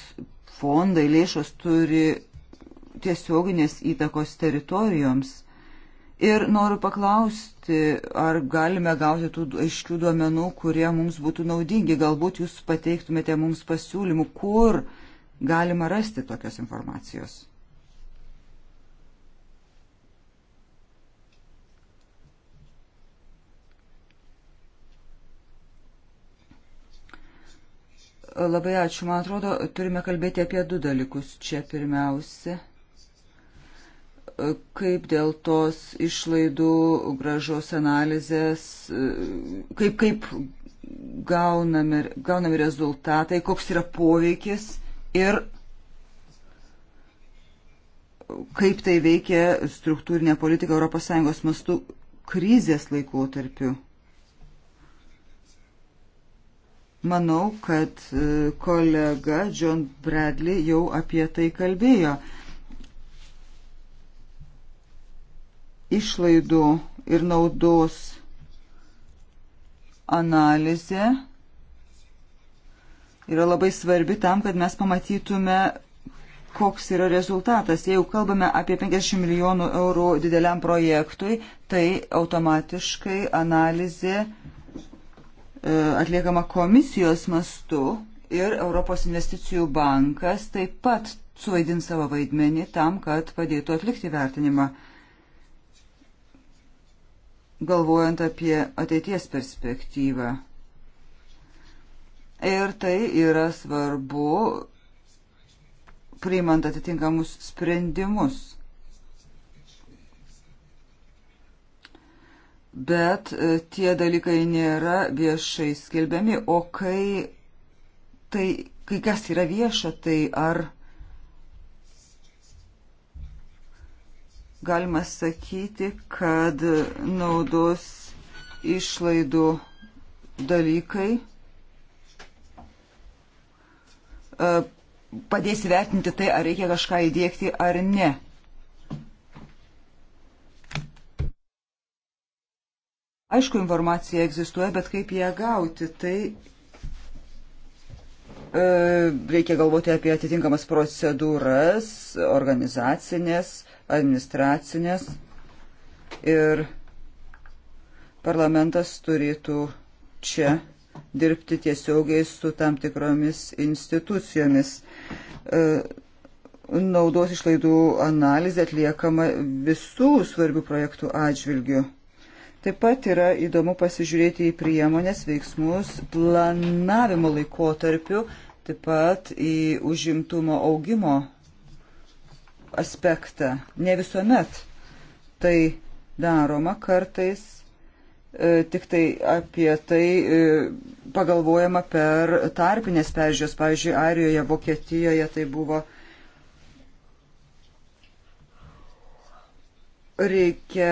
fondai lėšos turi tiesioginės įtakos teritorijoms. Ir noriu paklausti, ar galime gauti tų aiškių duomenų, kurie mums būtų naudingi. Galbūt jūs pateiktumėte mums pasiūlymų, kur uh, galima rasti tokios informacijos. Labai ačiū. Man atrodo, turime kalbėti apie du dalykus. Čia pirmiausia, kaip dėl tos išlaidų gražos analizės, kaip, kaip gaunami, gaunami rezultatai, koks yra poveikis ir kaip tai veikia struktūrinė politika ES mastu krizės laikotarpiu. Manau, kad e, kolega John Bradley jau apie tai kalbėjo. Išlaidų ir naudos analizė yra labai svarbi tam, kad mes pamatytume, koks yra rezultatas. Jeigu kalbame apie 50 milijonų eurų dideliam projektui, tai automatiškai analizė e, atliekama komisijos mastu ir Europos investicijų bankas taip pat suvaidins savo vaidmenį tam, kad padėtų atlikti vertinimą, galvojant apie ateities perspektyvą. Ir tai yra svarbu priimant atitinkamus sprendimus. Bet e, tie dalykai nėra viešai skelbiami, o kai, tai, kai kas yra vieša, tai ar galima sakyti, kad naudos išlaidų dalykai E, padės vertinti tai, ar reikia kažką įdėkti ar ne. Aišku, informacija egzistuoja, bet kaip ją gauti, tai e, reikia galvoti apie atitinkamas procedūras, organizacinės, administracinės. Ir parlamentas turėtų čia dirbti tiesiogiai su tam tikromis institucijomis. E, naudos išlaidų analizė atliekama visų svarbių projektų atžvilgių. Taip pat yra įdomu pasižiūrėti į priemonės veiksmus planavimo laikotarpiu, taip pat į užimtumo augimo aspektą. Ne visuomet tai daroma kartais E, tik tai apie tai e, pagalvojama per tarpinės peržiūros. Pavyzdžiui, Arijoje, Vokietijoje tai buvo reikia,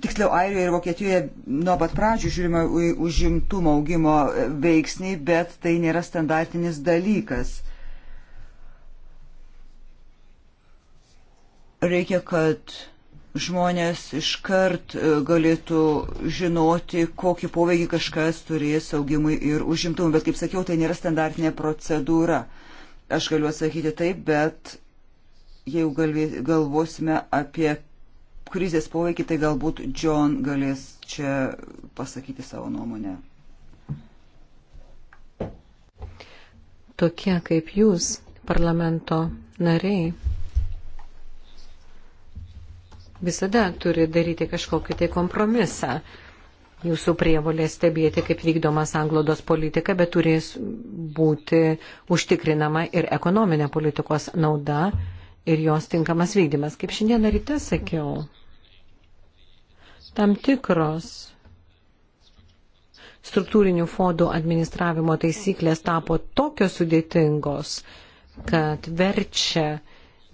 tiksliau, Airijoje ir Vokietijoje nuo pat pradžių žiūrima užimtumo augimo veiksniai, bet tai nėra standartinis dalykas. Reikia, kad žmonės iškart e, galėtų žinoti, kokį poveikį kažkas turės augimui ir užimtumui. Bet, kaip sakiau, tai nėra standartinė procedūra. Aš galiu atsakyti taip, bet jeigu galvosime apie krizės poveikį, tai galbūt John galės čia pasakyti savo nuomonę. Tokie kaip jūs, parlamento nariai, visada turi daryti kažkokį tai kompromisą. Jūsų prievolė stebėti, kaip vykdomas anglodos politika, bet turės būti užtikrinama ir ekonominė politikos nauda ir jos tinkamas vykdymas. Kaip šiandieną ryte sakiau, tam tikros struktūrinių fondų administravimo taisyklės tapo tokios sudėtingos, kad verčia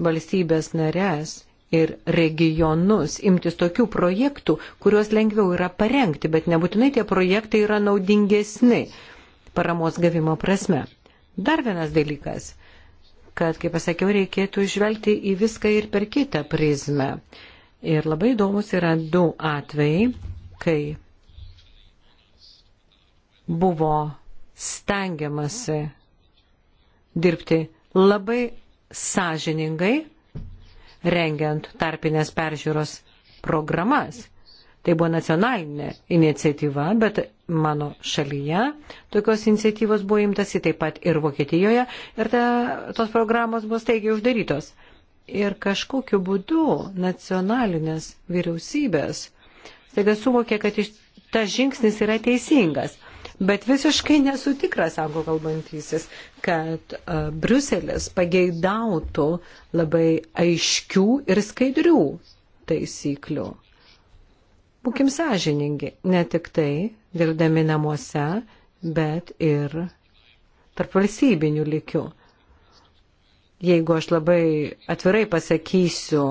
valstybės narės ir regionus imtis tokių projektų, kuriuos lengviau yra parengti, bet nebūtinai tie projektai yra naudingesni paramos gavimo prasme. Dar vienas dalykas, kad, kaip pasakiau, reikėtų žvelgti į viską ir per kitą prizmę. Ir labai įdomus yra du atvejai, kai buvo stengiamasi dirbti labai sąžiningai rengiant tarpinės peržiūros programas. Tai buvo nacionalinė iniciatyva, bet mano šalyje tokios iniciatyvos buvo imtasi taip pat ir Vokietijoje ir ta, tos programos buvo staigiai uždarytos. Ir kažkokiu būdu nacionalinės vyriausybės staiga suvokė, kad iš, tas žingsnis yra teisingas. Bet visiškai nesu tikras, sako kalbantysis, kad uh, Bruselis pageidautų labai aiškių ir skaidrių taisyklių. Būkim sąžiningi, ne tik tai dirbdami namuose, bet ir tarp valstybinių lygių. Jeigu aš labai atvirai pasakysiu,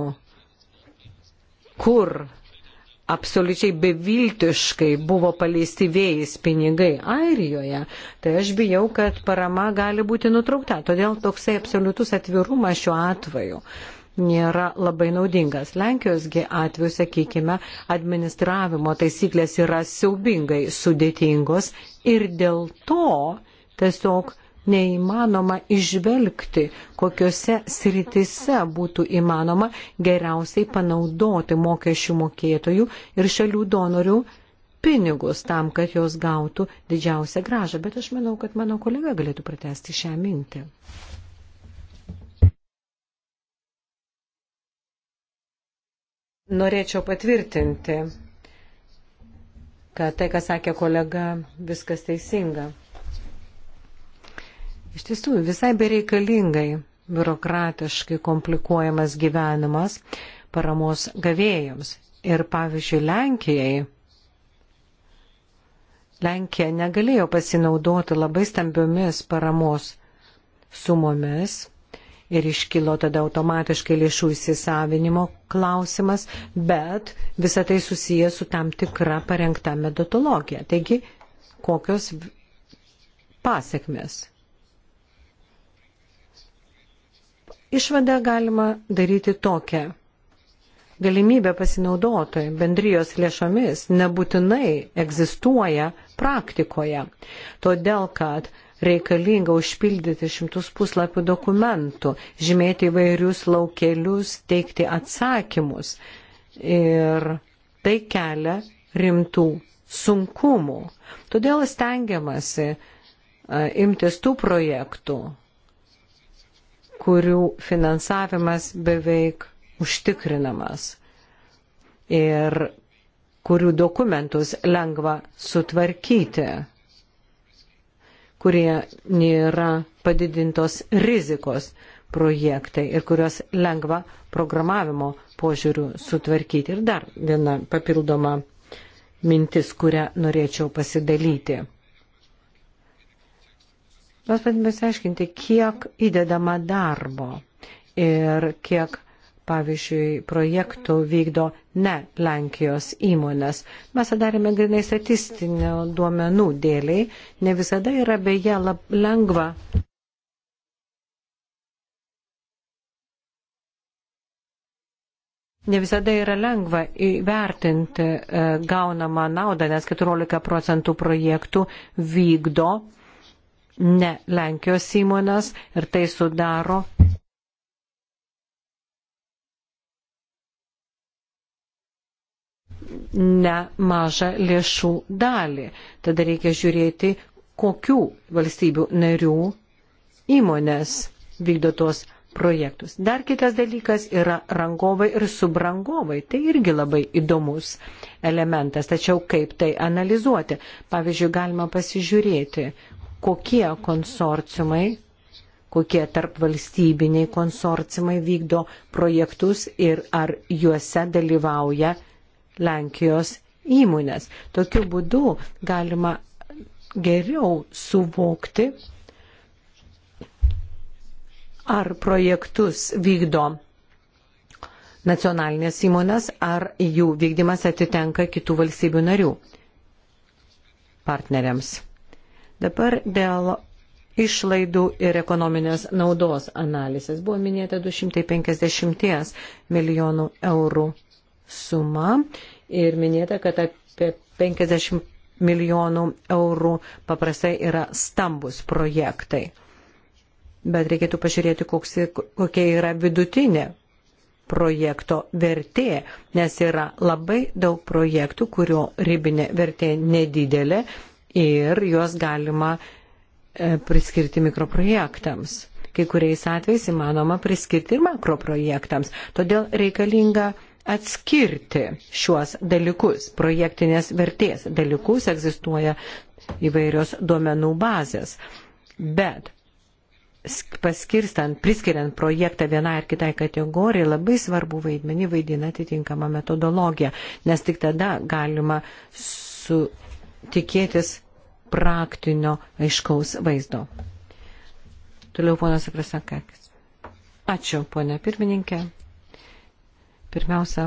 kur absoliučiai beviltiškai buvo paleisti vėjais pinigai Airijoje, tai aš bijau, kad parama gali būti nutraukta. Todėl toksai absoliutus atvirumas šiuo atveju nėra labai naudingas. Lenkijosgi atveju, sakykime, administravimo taisyklės yra siaubingai sudėtingos ir dėl to tiesiog neįmanoma išvelgti, kokiuose sritise būtų įmanoma geriausiai panaudoti mokesčių mokėtojų ir šalių donorių pinigus tam, kad jos gautų didžiausią gražą. Bet aš manau, kad mano kolega galėtų pratesti šią mintį. Norėčiau patvirtinti, kad tai, ką sakė kolega, viskas teisinga. Iš tiesų, visai bereikalingai biurokratiškai komplikuojamas gyvenimas paramos gavėjams. Ir pavyzdžiui, Lenkijai. Lenkija negalėjo pasinaudoti labai stambiomis paramos sumomis ir iškilo tada automatiškai lėšų įsisavinimo klausimas, bet visa tai susiję su tam tikra parengta metodologija. Taigi, kokios pasiekmes Išvadą galima daryti tokią. Galimybė pasinaudoti bendrijos lėšomis nebūtinai egzistuoja praktikoje, todėl kad reikalinga užpildyti šimtus puslapių dokumentų, žymėti įvairius laukelius, teikti atsakymus. Ir tai kelia rimtų sunkumų. Todėl stengiamasi e, imtis tų projektų, kurių finansavimas beveik užtikrinamas ir kurių dokumentus lengva sutvarkyti, kurie nėra padidintos rizikos projektai ir kuriuos lengva programavimo požiūrių sutvarkyti. Ir dar viena papildoma mintis, kurią norėčiau pasidalyti. Mes bandėme išsiaiškinti, kiek įdedama darbo ir kiek, pavyzdžiui, projektų vykdo ne Lenkijos įmonės. Mes padarėme grinai statistinio duomenų dėliai. Ne visada yra beje lab, lengva. Ne visada yra lengva įvertinti e, gaunamą naudą, nes 14 procentų projektų vykdo e, ne Lenkijos įmonės ir tai sudaro nemažą lėšų dalį. Tada reikia žiūrėti, kokių valstybių narių įmonės vykdo tuos projektus. Dar kitas dalykas yra rangovai ir subrangovai. Tai irgi labai įdomus elementas. Tačiau kaip tai analizuoti? Pavyzdžiui, galima pasižiūrėti, kokie konsorciumai, kokie tarp valstybiniai konsorciumai vykdo projektus ir ar juose dalyvauja Lenkijos įmonės. Tokiu būdu galima geriau suvokti, ar projektus vykdo nacionalinės įmonės, ar jų vykdymas atitenka kitų valstybių narių partneriams. Dabar dėl išlaidų ir ekonominės naudos analizės buvo minėta 250 milijonų eurų suma ir minėta, kad apie 50 milijonų eurų paprastai yra stambus projektai. Bet reikėtų pažiūrėti, koks, kokia yra vidutinė projekto vertė, nes yra labai daug projektų, kurio ribinė vertė nedidelė ir juos galima e, priskirti mikroprojektams. Kai kuriais atvejais įmanoma priskirti ir makroprojektams. Todėl reikalinga atskirti šiuos dalykus, projektinės vertės dalykus egzistuoja įvairios duomenų bazės. Bet paskirstant, priskiriant projektą vienai ar kitai kategorijai, labai svarbu vaidmenį vaidina atitinkama metodologija, nes tik tada galima su tikėtis praktinio aiškaus vaizdo. Toliau ponas Akrasakakis. Ačiū, ponė pirmininkė. Pirmiausia,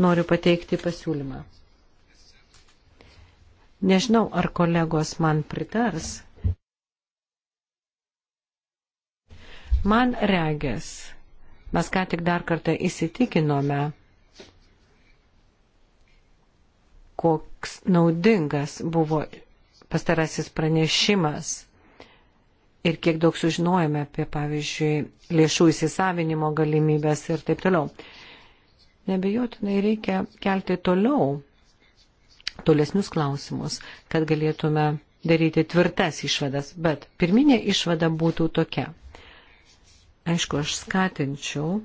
noriu pateikti pasiūlymą. Nežinau, ar kolegos man pritars. Man regės, mes ką tik dar kartą įsitikinome, kokį koks naudingas buvo pastarasis pranešimas ir kiek daug sužinojame apie, pavyzdžiui, lėšų įsisavinimo galimybės ir taip toliau. Nebejotinai reikia kelti toliau tolesnius klausimus, kad galėtume daryti tvirtas išvadas. Bet pirminė išvada būtų tokia. Aišku, aš skatinčiau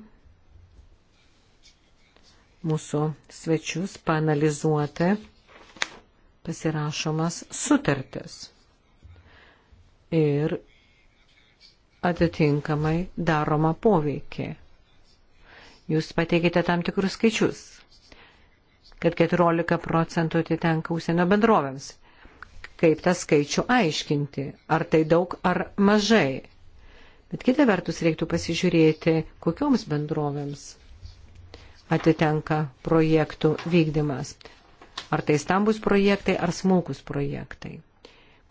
mūsų svečius panalizuoti pasirašomas sutartis ir atitinkamai daroma poveikiai. Jūs pateikite tam tikrus skaičius, kad 14 procentų atitenka užsienio bendrovėms. Kaip tą skaičių aiškinti? Ar tai daug ar mažai? Bet kitą vertus reiktų pasižiūrėti, kokioms bendrovėms atitenka projektų vykdymas. Ar tai stambus projektai, ar smulkus projektai.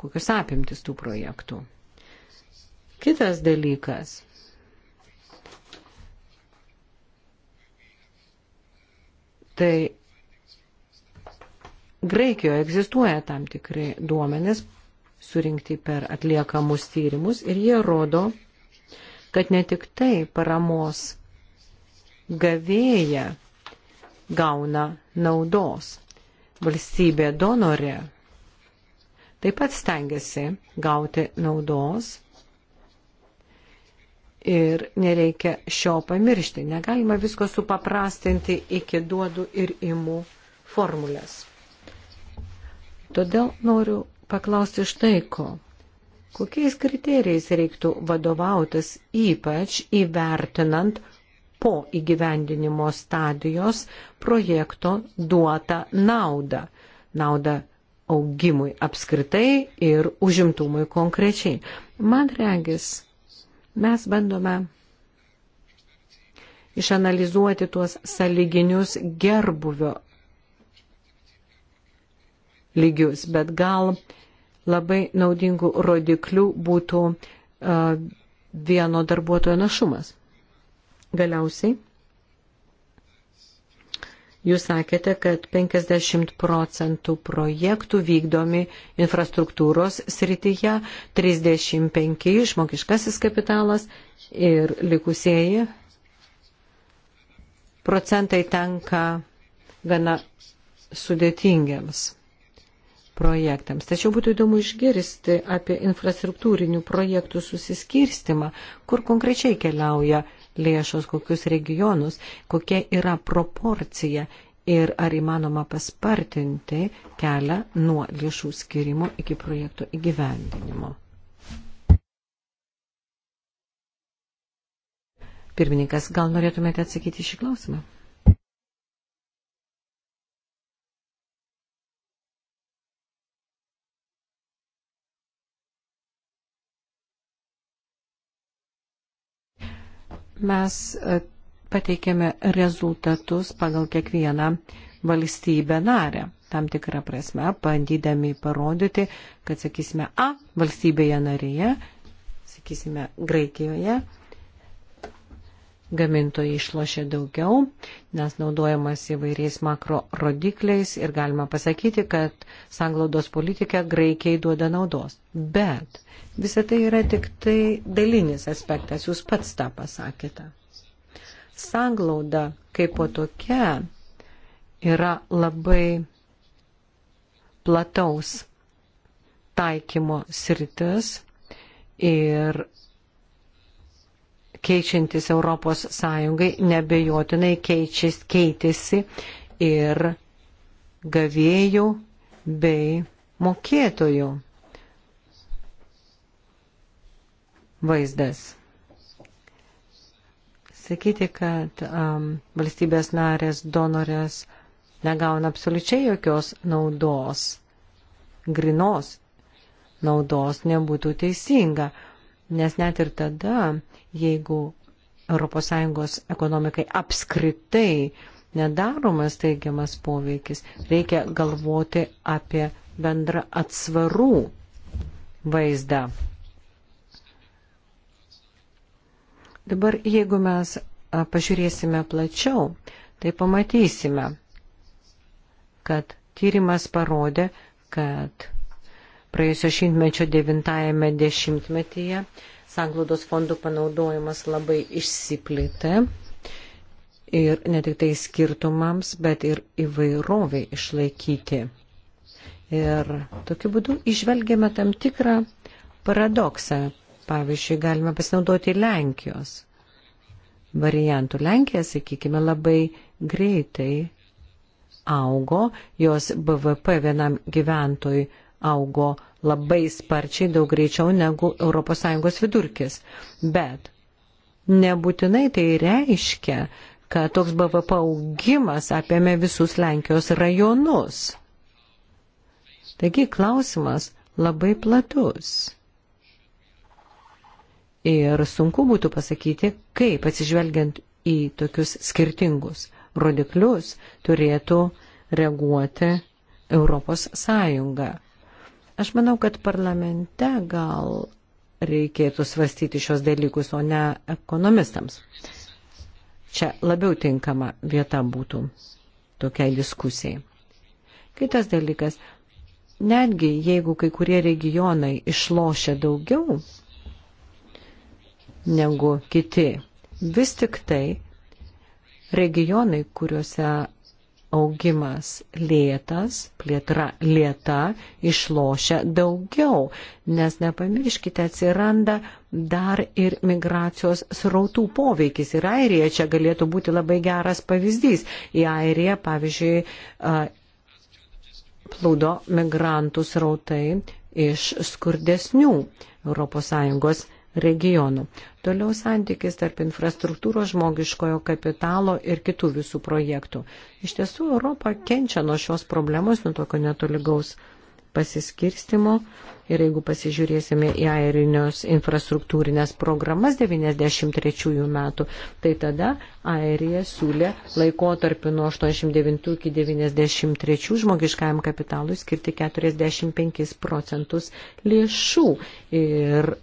Kokius apimtis tų projektų. Kitas dalykas. Tai Graikijoje egzistuoja tam tikrai duomenis surinkti per atliekamus tyrimus ir jie rodo, kad ne tik tai paramos gavėja gauna naudos, valstybė donorė taip pat stengiasi gauti naudos ir nereikia šio pamiršti. Negalima visko supaprastinti iki duodų ir imų formulės. Todėl noriu paklausti štai ko. Kokiais kriterijais reiktų vadovautis ypač įvertinant po įgyvendinimo stadijos projekto duotą naudą. Naudą augimui apskritai ir užimtumui konkrečiai. Man regis, mes bandome išanalizuoti tuos saliginius gerbuvio lygius, bet gal labai naudingų rodiklių būtų uh, vieno darbuotojo našumas. Galiausiai, jūs sakėte, kad 50 procentų projektų vykdomi infrastruktūros srityje, 35 žmogiškasis kapitalas ir likusieji procentai tenka gana sudėtingiams projektams. Tačiau būtų įdomu išgirsti apie infrastruktūrinių projektų susiskirstimą, kur konkrečiai keliauja lėšos, kokius regionus, kokia yra proporcija ir ar įmanoma paspartinti kelią nuo lėšų skirimo iki projekto įgyvendinimo. Pirmininkas, gal norėtumėte atsakyti šį klausimą? mes e, pateikėme rezultatus pagal kiekvieną valstybę narę, tam tikrą prasme, bandydami parodyti, kad, sakysime, A valstybėje narėje, sakysime, Graikijoje gamintojai išlošia daugiau, nes naudojamas įvairiais makro rodikliais ir galima pasakyti, kad sanglaudos politika Graikijai duoda naudos. Bet visa tai yra tik tai dalinis aspektas, jūs pats tą pasakėte. Sanglauda kaip po tokia yra labai plataus taikymo sritis ir keičiantis Europos Sąjungai, nebejotinai keičis, keitėsi ir gavėjų bei mokėtojų vaizdas. Sakyti, kad um, valstybės narės donorės negauna absoliučiai jokios naudos, grinos naudos nebūtų teisinga, nes net ir tada, jeigu ES ekonomikai apskritai nedaromas teigiamas poveikis, reikia galvoti apie bendrą atsvarų vaizdą. Dabar, jeigu mes pažiūrėsime plačiau, tai pamatysime, kad tyrimas parodė, kad praėjusio šimtmečio devintajame dešimtmetyje sanglaudos fondų panaudojimas labai išsiplėtė ir ne tik tai skirtumams, bet ir įvairoviai išlaikyti. Ir tokiu būdu išvelgėme tam tikrą paradoksą. Pavyzdžiui, galime pasinaudoti Lenkijos variantų. Lenkija, sakykime, labai greitai augo, jos BVP vienam gyventojui augo labai sparčiai, daug greičiau negu ES vidurkis. Bet nebūtinai tai reiškia, kad toks BVP augimas apėmė visus Lenkijos rajonus. Taigi klausimas labai platus. Ir sunku būtų pasakyti, kaip atsižvelgiant į tokius skirtingus rodiklius turėtų reaguoti Europos Sąjunga. Aš manau, kad parlamente gal reikėtų svarstyti šios dalykus, o ne ekonomistams. Čia labiau tinkama vieta būtų tokiai diskusijai. Kitas dalykas, netgi jeigu kai kurie regionai išlošia daugiau negu kiti, vis tik tai regionai, kuriuose augimas lėtas, plėtra lėta, išlošia daugiau, nes nepamirškite, atsiranda dar ir migracijos srautų poveikis. Ir Airija čia galėtų būti labai geras pavyzdys. Į Airiją, pavyzdžiui, plūdo migrantų srautai iš skurdesnių ES regionų. Toliau santykis tarp infrastruktūros žmogiškojo kapitalo ir kitų visų projektų. Iš tiesų, Europa kenčia nuo šios problemos, nuo tokio netolygaus pasiskirstimo. Ir jeigu pasižiūrėsime į airinios infrastruktūrinės programas 93 metų, tai tada Airija siūlė laikotarpį nuo 89 iki 93 žmogiškajam kapitalui skirti 45 procentus lėšų. Ir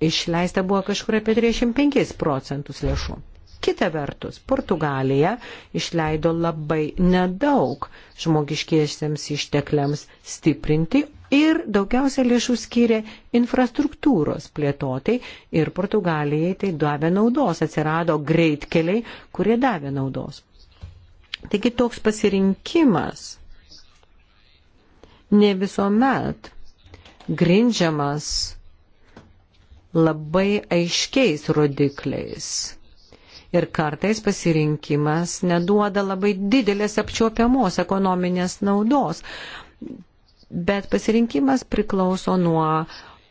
išleista buvo kažkur apie 35 procentus lėšų. Kita vertus, Portugalija išleido labai nedaug žmogiškiesiems ištekliams stiprinti ir daugiausia lėšų skyrė infrastruktūros plėtotai ir Portugalijai tai davė naudos, atsirado greitkeliai, kurie davė naudos. Taigi toks pasirinkimas ne visuomet grindžiamas labai aiškiais rodikliais. Ir kartais pasirinkimas neduoda labai didelės apčiopiamos ekonominės naudos. Bet pasirinkimas priklauso nuo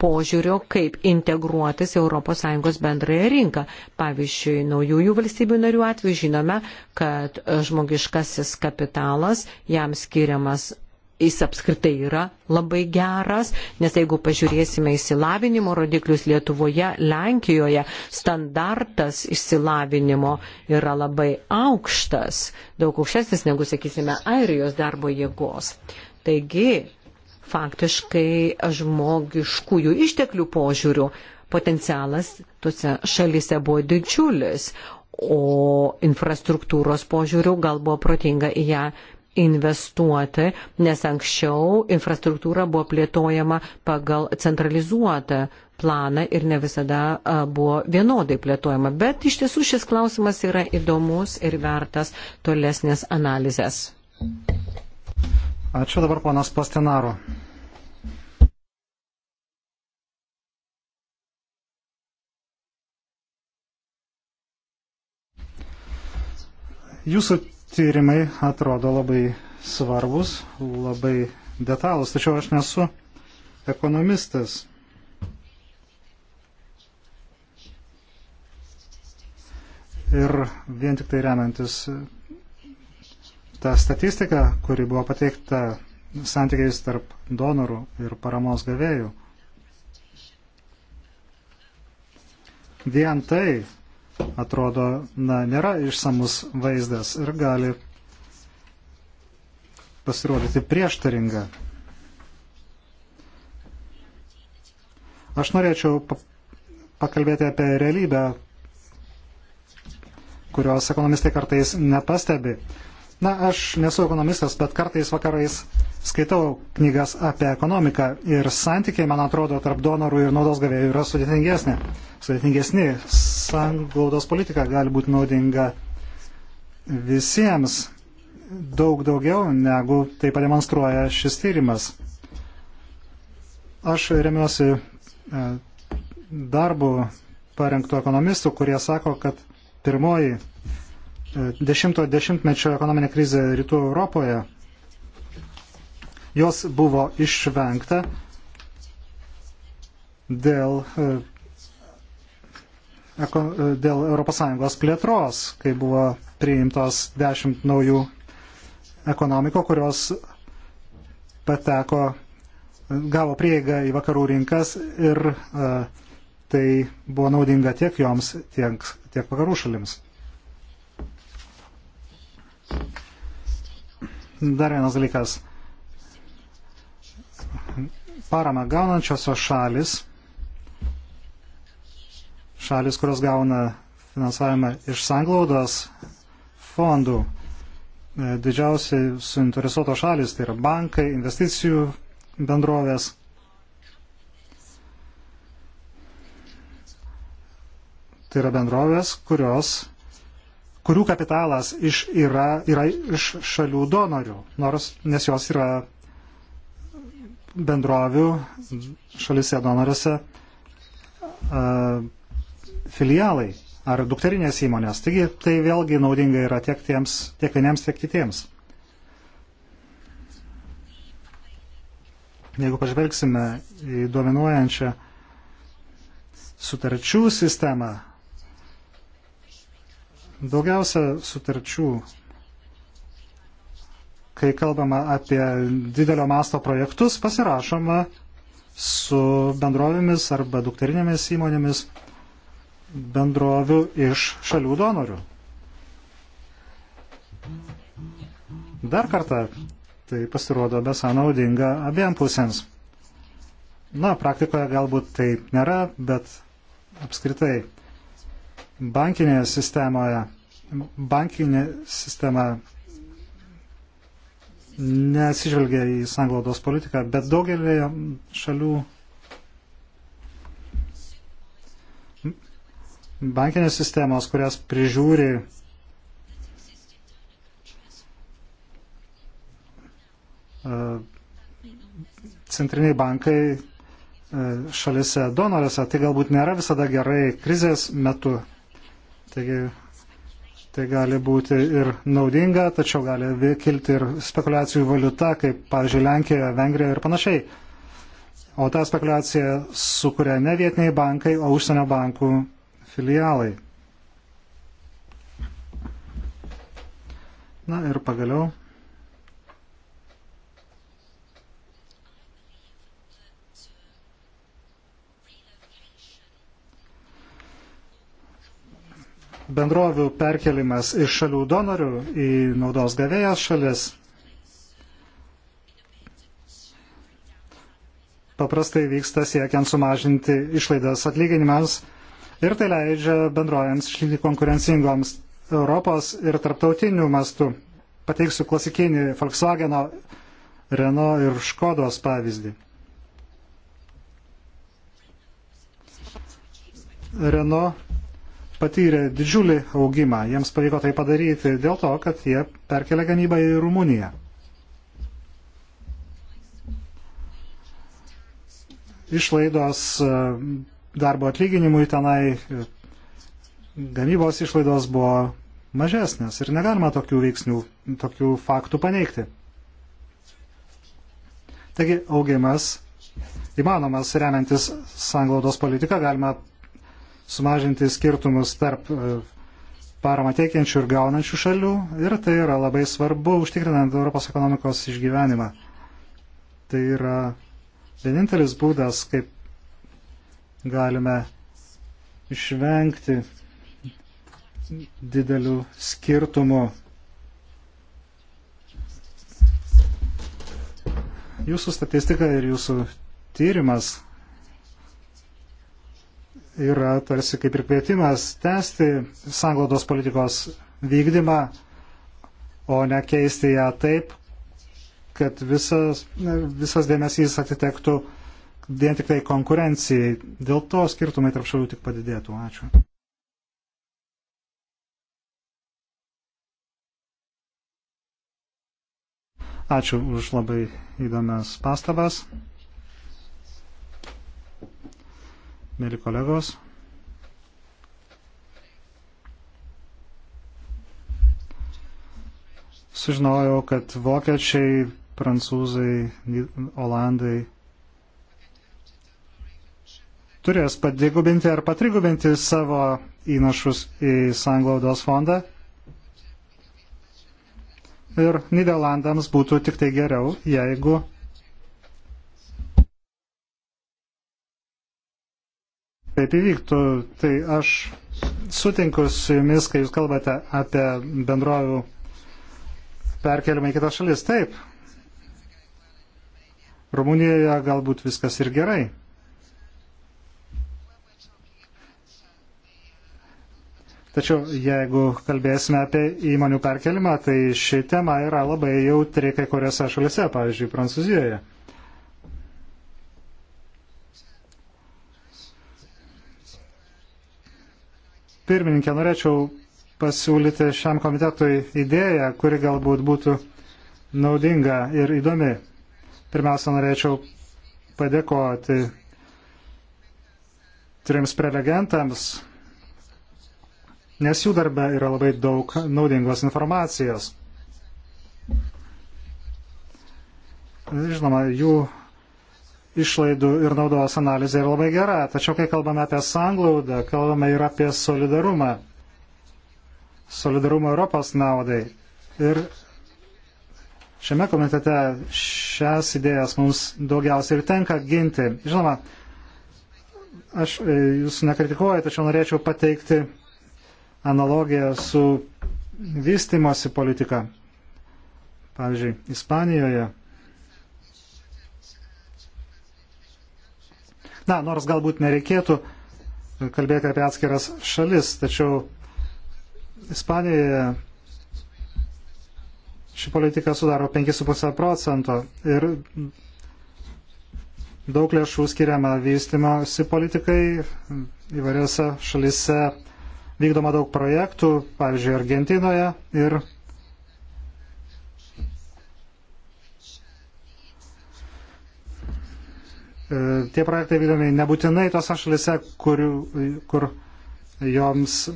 požiūrio, kaip integruotis ES bendrąją rinką. Pavyzdžiui, naujųjų valstybių narių atveju žinome, kad žmogiškasis kapitalas jam skiriamas jis apskritai yra labai geras, nes jeigu pažiūrėsime įsilavinimo rodiklius Lietuvoje, Lenkijoje, standartas įsilavinimo yra labai aukštas, daug aukštesnis negu, sakysime, Airijos darbo jėgos. Taigi, faktiškai žmogiškųjų išteklių požiūrių potencialas tuose šalise buvo didžiulis, o infrastruktūros požiūrių gal buvo protinga į ją investuoti, nes anksčiau infrastruktūra buvo plėtojama pagal centralizuotą planą ir ne visada buvo vienodai plėtojama. Bet iš tiesų šis klausimas yra įdomus ir vertas tolesnės analizės. Ačiū dabar ponas Pastenaro. Jūsų tyrimai atrodo labai svarbus, labai detalus, tačiau aš nesu ekonomistas. Ir vien tik tai remiantis tą statistiką, kuri buvo pateikta santykiais tarp donorų ir paramos gavėjų. Vien tai atrodo, na, nėra išsamus vaizdas ir gali pasirodyti prieštaringa. Aš norėčiau pakalbėti apie realybę, kurios ekonomistai kartais nepastebi. Na, aš nesu ekonomistas, bet kartais vakarais skaitau knygas apie ekonomiką ir santykiai, man atrodo, tarp donorų ir naudos gavėjų yra sudėtingesnė. Sudėtingesni. Sanglaudos politika gali būti naudinga visiems daug daugiau, negu tai pademonstruoja šis tyrimas. Aš remiuosi e, darbų parengtų ekonomistų, kurie sako, kad pirmoji e, dešimto dešimtmečio ekonominė krizė rytų Europoje Jos buvo išvengta dėl, e, e, dėl ES plėtros, kai buvo priimtos dešimt naujų ekonomiko, kurios pateko, gavo prieigą į vakarų rinkas ir e, tai buvo naudinga tiek joms, tiek, tiek vakarų šalims. Dar vienas dalykas paramą gaunančiosios šalis, šalis, kurios gauna finansavimą iš sanglaudos fondų, e, didžiausiai suinteresuotos šalis, tai yra bankai, investicijų bendrovės. Tai yra bendrovės, kurios, kurių kapitalas iš, yra, yra iš šalių donorių, nors nes jos yra bendrovių šalise donorėse e, filialai ar dukterinės įmonės. Taigi tai vėlgi naudinga yra tiek, tiems, tiek vieniems, tiek kitiems. Jeigu pažvelgsime į dominuojančią sutarčių sistemą, daugiausia sutarčių kai kalbama apie didelio masto projektus, pasirašoma su bendrovėmis arba dukterinėmis įmonėmis bendrovių iš šalių donorių. Dar kartą, tai pasirodo besą naudinga abiem pusėms. Na, praktikoje galbūt taip nėra, bet apskritai bankinėje sistemoje, bankinė sistema nesižvelgia į sanglaudos politiką, bet daugelį šalių bankinės sistemos, kurias prižiūri e, centriniai bankai e, šalise donorėse, tai galbūt nėra visada gerai krizės metu. Taigi Tai gali būti ir naudinga, tačiau gali kilti ir spekulacijų valiuta, kaip pavyzdžiui Lenkija, Vengrija ir panašiai. O tą spekulaciją sukuria ne vietiniai bankai, o užsienio bankų filialai. Na ir pagaliau. bendrovių perkelimas iš šalių donorių į naudos gavėjas šalis paprastai vyksta siekiant sumažinti išlaidas atlyginimams ir tai leidžia bendrojams išlikti konkurencingoms Europos ir tarptautinių mastų. Pateiksiu klasikinį Volkswageno, Renault ir Škodos pavyzdį. Renault patyrė didžiulį augimą. Jiems pavyko tai padaryti dėl to, kad jie perkelė gamybą į Rumuniją. Išlaidos e, darbo atlyginimui tenai e, gamybos išlaidos buvo mažesnės ir negalima tokių veiksnių, tokių faktų paneigti. Taigi augimas įmanomas remiantis sanglaudos politiką, galima sumažinti skirtumus tarp e, paramą teikiančių ir gaunančių šalių ir tai yra labai svarbu užtikrinant Europos ekonomikos išgyvenimą. Tai yra vienintelis būdas, kaip galime išvengti didelių skirtumų. Jūsų statistika ir jūsų tyrimas yra tarsi kaip ir kvietimas tęsti sanglaudos politikos vykdymą, o ne keisti ją taip, kad visas, visas dėmesys atitektų vien tik tai konkurencijai. Dėl to skirtumai tarp šalių tik padidėtų. Ačiū. Ačiū už labai įdomias pastabas. mėly kolegos. Sužinojau, kad vokiečiai, prancūzai, olandai turės padvigubinti ar patrigubinti savo įnašus į sanglaudos fondą. Ir Niderlandams būtų tik tai geriau, jeigu taip įvyktų, tai aš sutinku su jumis, kai jūs kalbate apie bendrovių perkelimą į kitas šalis. Taip. Rumunijoje galbūt viskas ir gerai. Tačiau jeigu kalbėsime apie įmonių perkelimą, tai ši tema yra labai jautri kai kuriuose šalise, pavyzdžiui, Prancūzijoje. pirmininkė, norėčiau pasiūlyti šiam komitetui idėją, kuri galbūt būtų naudinga ir įdomi. Pirmiausia, norėčiau padėkoti trims prelegentams, nes jų darbe yra labai daug naudingos informacijos. Žinoma, jų išlaidų ir naudos analizė yra labai gera, tačiau kai kalbame apie sanglaudą, kalbame ir apie solidarumą. Solidarumą Europos naudai. Ir šiame komitete šias idėjas mums daugiausiai ir tenka ginti. Žinoma, aš e, jūsų nekritikuoju, tačiau norėčiau pateikti analogiją su vystimosi politika. Pavyzdžiui, Ispanijoje Na, nors galbūt nereikėtų kalbėti apie atskiras šalis, tačiau Ispanijoje ši politika sudaro 5,5 procento ir daug lėšų skiriama vystimosi politikai įvairiose šalise vykdoma daug projektų, pavyzdžiui, Argentinoje ir E, tie projektai vykdomi nebūtinai tose šalise, kur, kur joms e,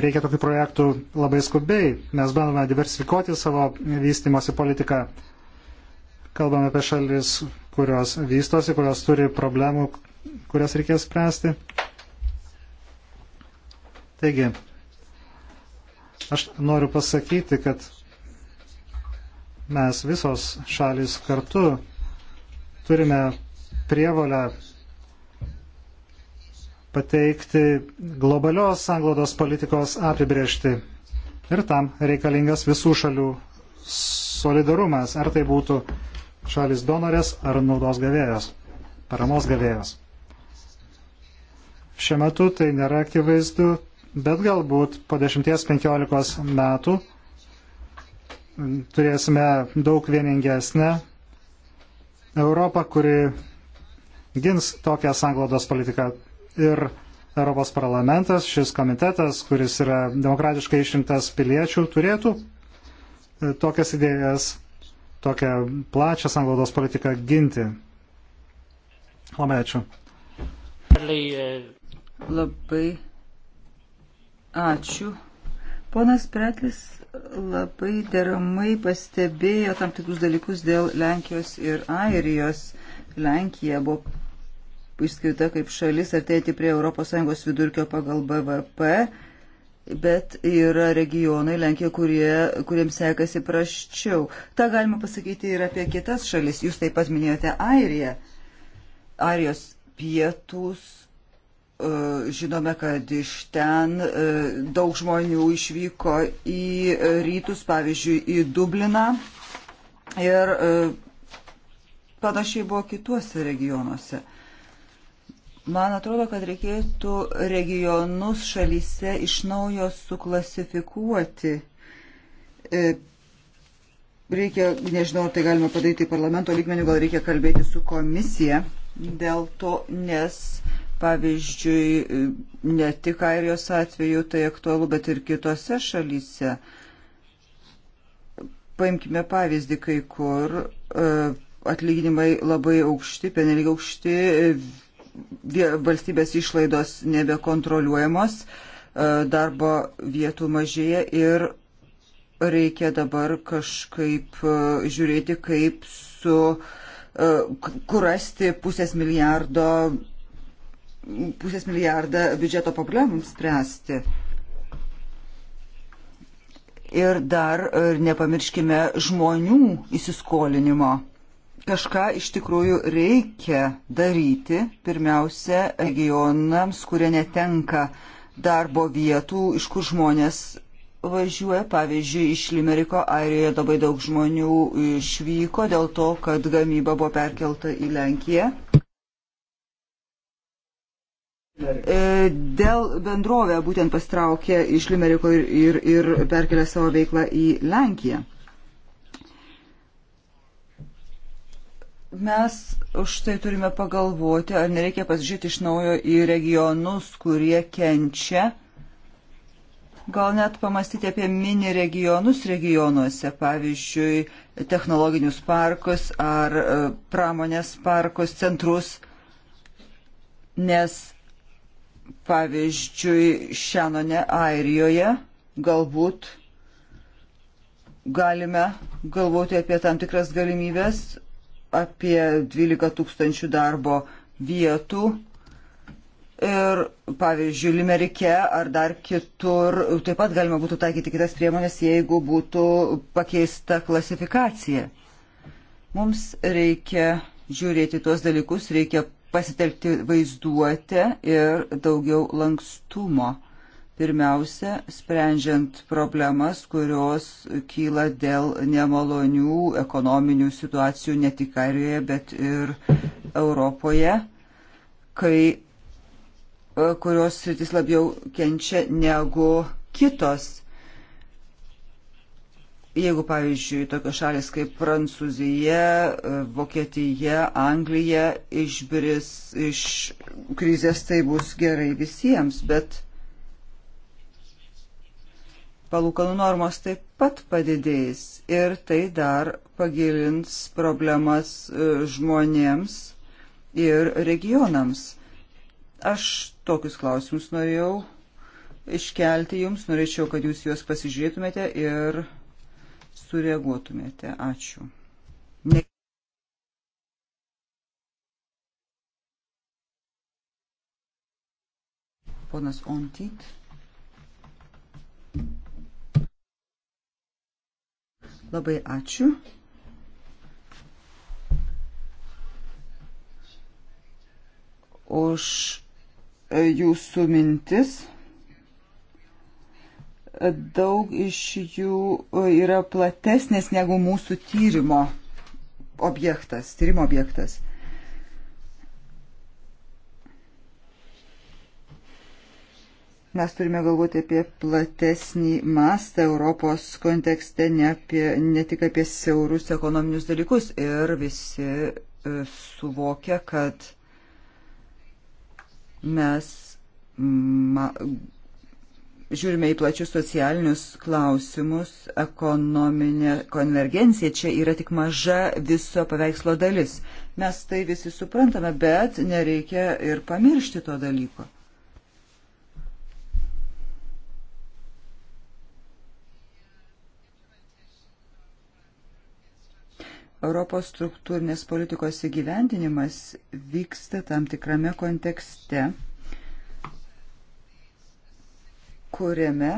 reikia tokių projektų labai skubiai. Mes bandome diversifikuoti savo vystimosi politiką. Kalbame apie šalis, kurios vystosi, kurios turi problemų, kurias reikės spręsti. Taigi, aš noriu pasakyti, kad mes visos šalis kartu turime prievalę pateikti globalios anglodos politikos apibriešti. Ir tam reikalingas visų šalių solidarumas, ar tai būtų šalis donorės ar naudos gavėjas, paramos gavėjas. Šiuo metu tai nėra akivaizdu, bet galbūt po 10-15 metų turėsime daug vieningesnę Europą, kuri gins tokią sanglaudos politiką ir Europos parlamentas, šis komitetas, kuris yra demokratiškai išrinktas piliečių, turėtų e, tokias idėjas, tokią plačią sanglaudos politiką ginti. Labai ačiū. E, labai ačiū. Ponas Pretlis labai deramai pastebėjo tam tikrus dalykus dėl Lenkijos ir Airijos. Lenkija buvo išskirta kaip šalis artėti prie ES vidurkio pagal BVP, bet yra regionai Lenkija, kurie, kuriems sekasi praščiau. Ta galima pasakyti ir apie kitas šalis. Jūs taip pat minėjote Airiją. Airijos pietus. E, žinome, kad iš ten e, daug žmonių išvyko į rytus, pavyzdžiui, į Dubliną. Ir e, panašiai buvo kituose regionuose. Man atrodo, kad reikėtų regionus šalyse iš naujo suklasifikuoti. E, reikia, nežinau, ar tai galima padaryti parlamento lygmenių, gal reikia kalbėti su komisija dėl to, nes pavyzdžiui, ne tik Airijos atveju tai aktualu, bet ir kitose šalyse. Paimkime pavyzdį, kai kur e, atlyginimai labai aukšti, penelgi aukšti, valstybės išlaidos nebekontroliuojamos, e, darbo vietų mažėja ir reikia dabar kažkaip e, žiūrėti, kaip su e, kur rasti pusės milijardo pusės milijardą biudžeto problemams spręsti. Ir dar ir nepamirškime žmonių įsiskolinimo kažką iš tikrųjų reikia daryti, pirmiausia, regionams, kurie netenka darbo vietų, iš kur žmonės važiuoja. Pavyzdžiui, iš Limeriko Airijoje labai daug žmonių išvyko dėl to, kad gamyba buvo perkelta į Lenkiją. E, dėl bendrovė būtent pastraukė iš Limeriko ir, ir, ir perkelė savo veiklą į Lenkiją. Mes už tai turime pagalvoti, ar nereikia pasižiūrėti iš naujo į regionus, kurie kenčia. Gal net pamastyti apie mini regionus regionuose, pavyzdžiui, technologinius parkus ar e, pramonės parkus, centrus, nes, pavyzdžiui, Šianone, Airijoje galbūt galime galvoti apie tam tikras galimybės apie 12 tūkstančių darbo vietų. Ir, pavyzdžiui, Limerike ar dar kitur taip pat galima būtų taikyti kitas priemonės, jeigu būtų pakeista klasifikacija. Mums reikia žiūrėti tuos dalykus, reikia pasitelkti vaizduotę ir daugiau lankstumo. Pirmiausia, sprendžiant problemas, kurios kyla dėl nemalonių ekonominių situacijų ne tik Airijoje, bet ir Europoje, kai e, kurios sritis labiau kenčia negu kitos jeigu, pavyzdžiui, tokios šalis kaip Prancūzija, e, Vokietija, Anglija išbris iš krizės, tai bus gerai visiems, bet palūkanų normos taip pat padidės ir tai dar pagilins problemas e, žmonėms ir regionams. Aš tokius klausimus norėjau iškelti jums, norėčiau, kad jūs juos pasižiūrėtumėte ir sureaguotumėte. Ačiū. Ne... Ponas Ontit. Labai ačiū. Už e, jūsų mintis. Daug iš jų e, yra platesnės negu mūsų tyrimo objektas, tyrimo objektas. Mes turime galvoti apie platesnį mastą Europos kontekste, ne, apie, ne tik apie siaurus ekonominius dalykus. Ir visi e, suvokia, kad mes ma, žiūrime į plačius socialinius klausimus, ekonominė konvergencija čia yra tik maža viso paveikslo dalis. Mes tai visi suprantame, bet nereikia ir pamiršti to dalyko. Europos struktūrinės politikos įgyvendinimas vyksta tam tikrame kontekste, kuriame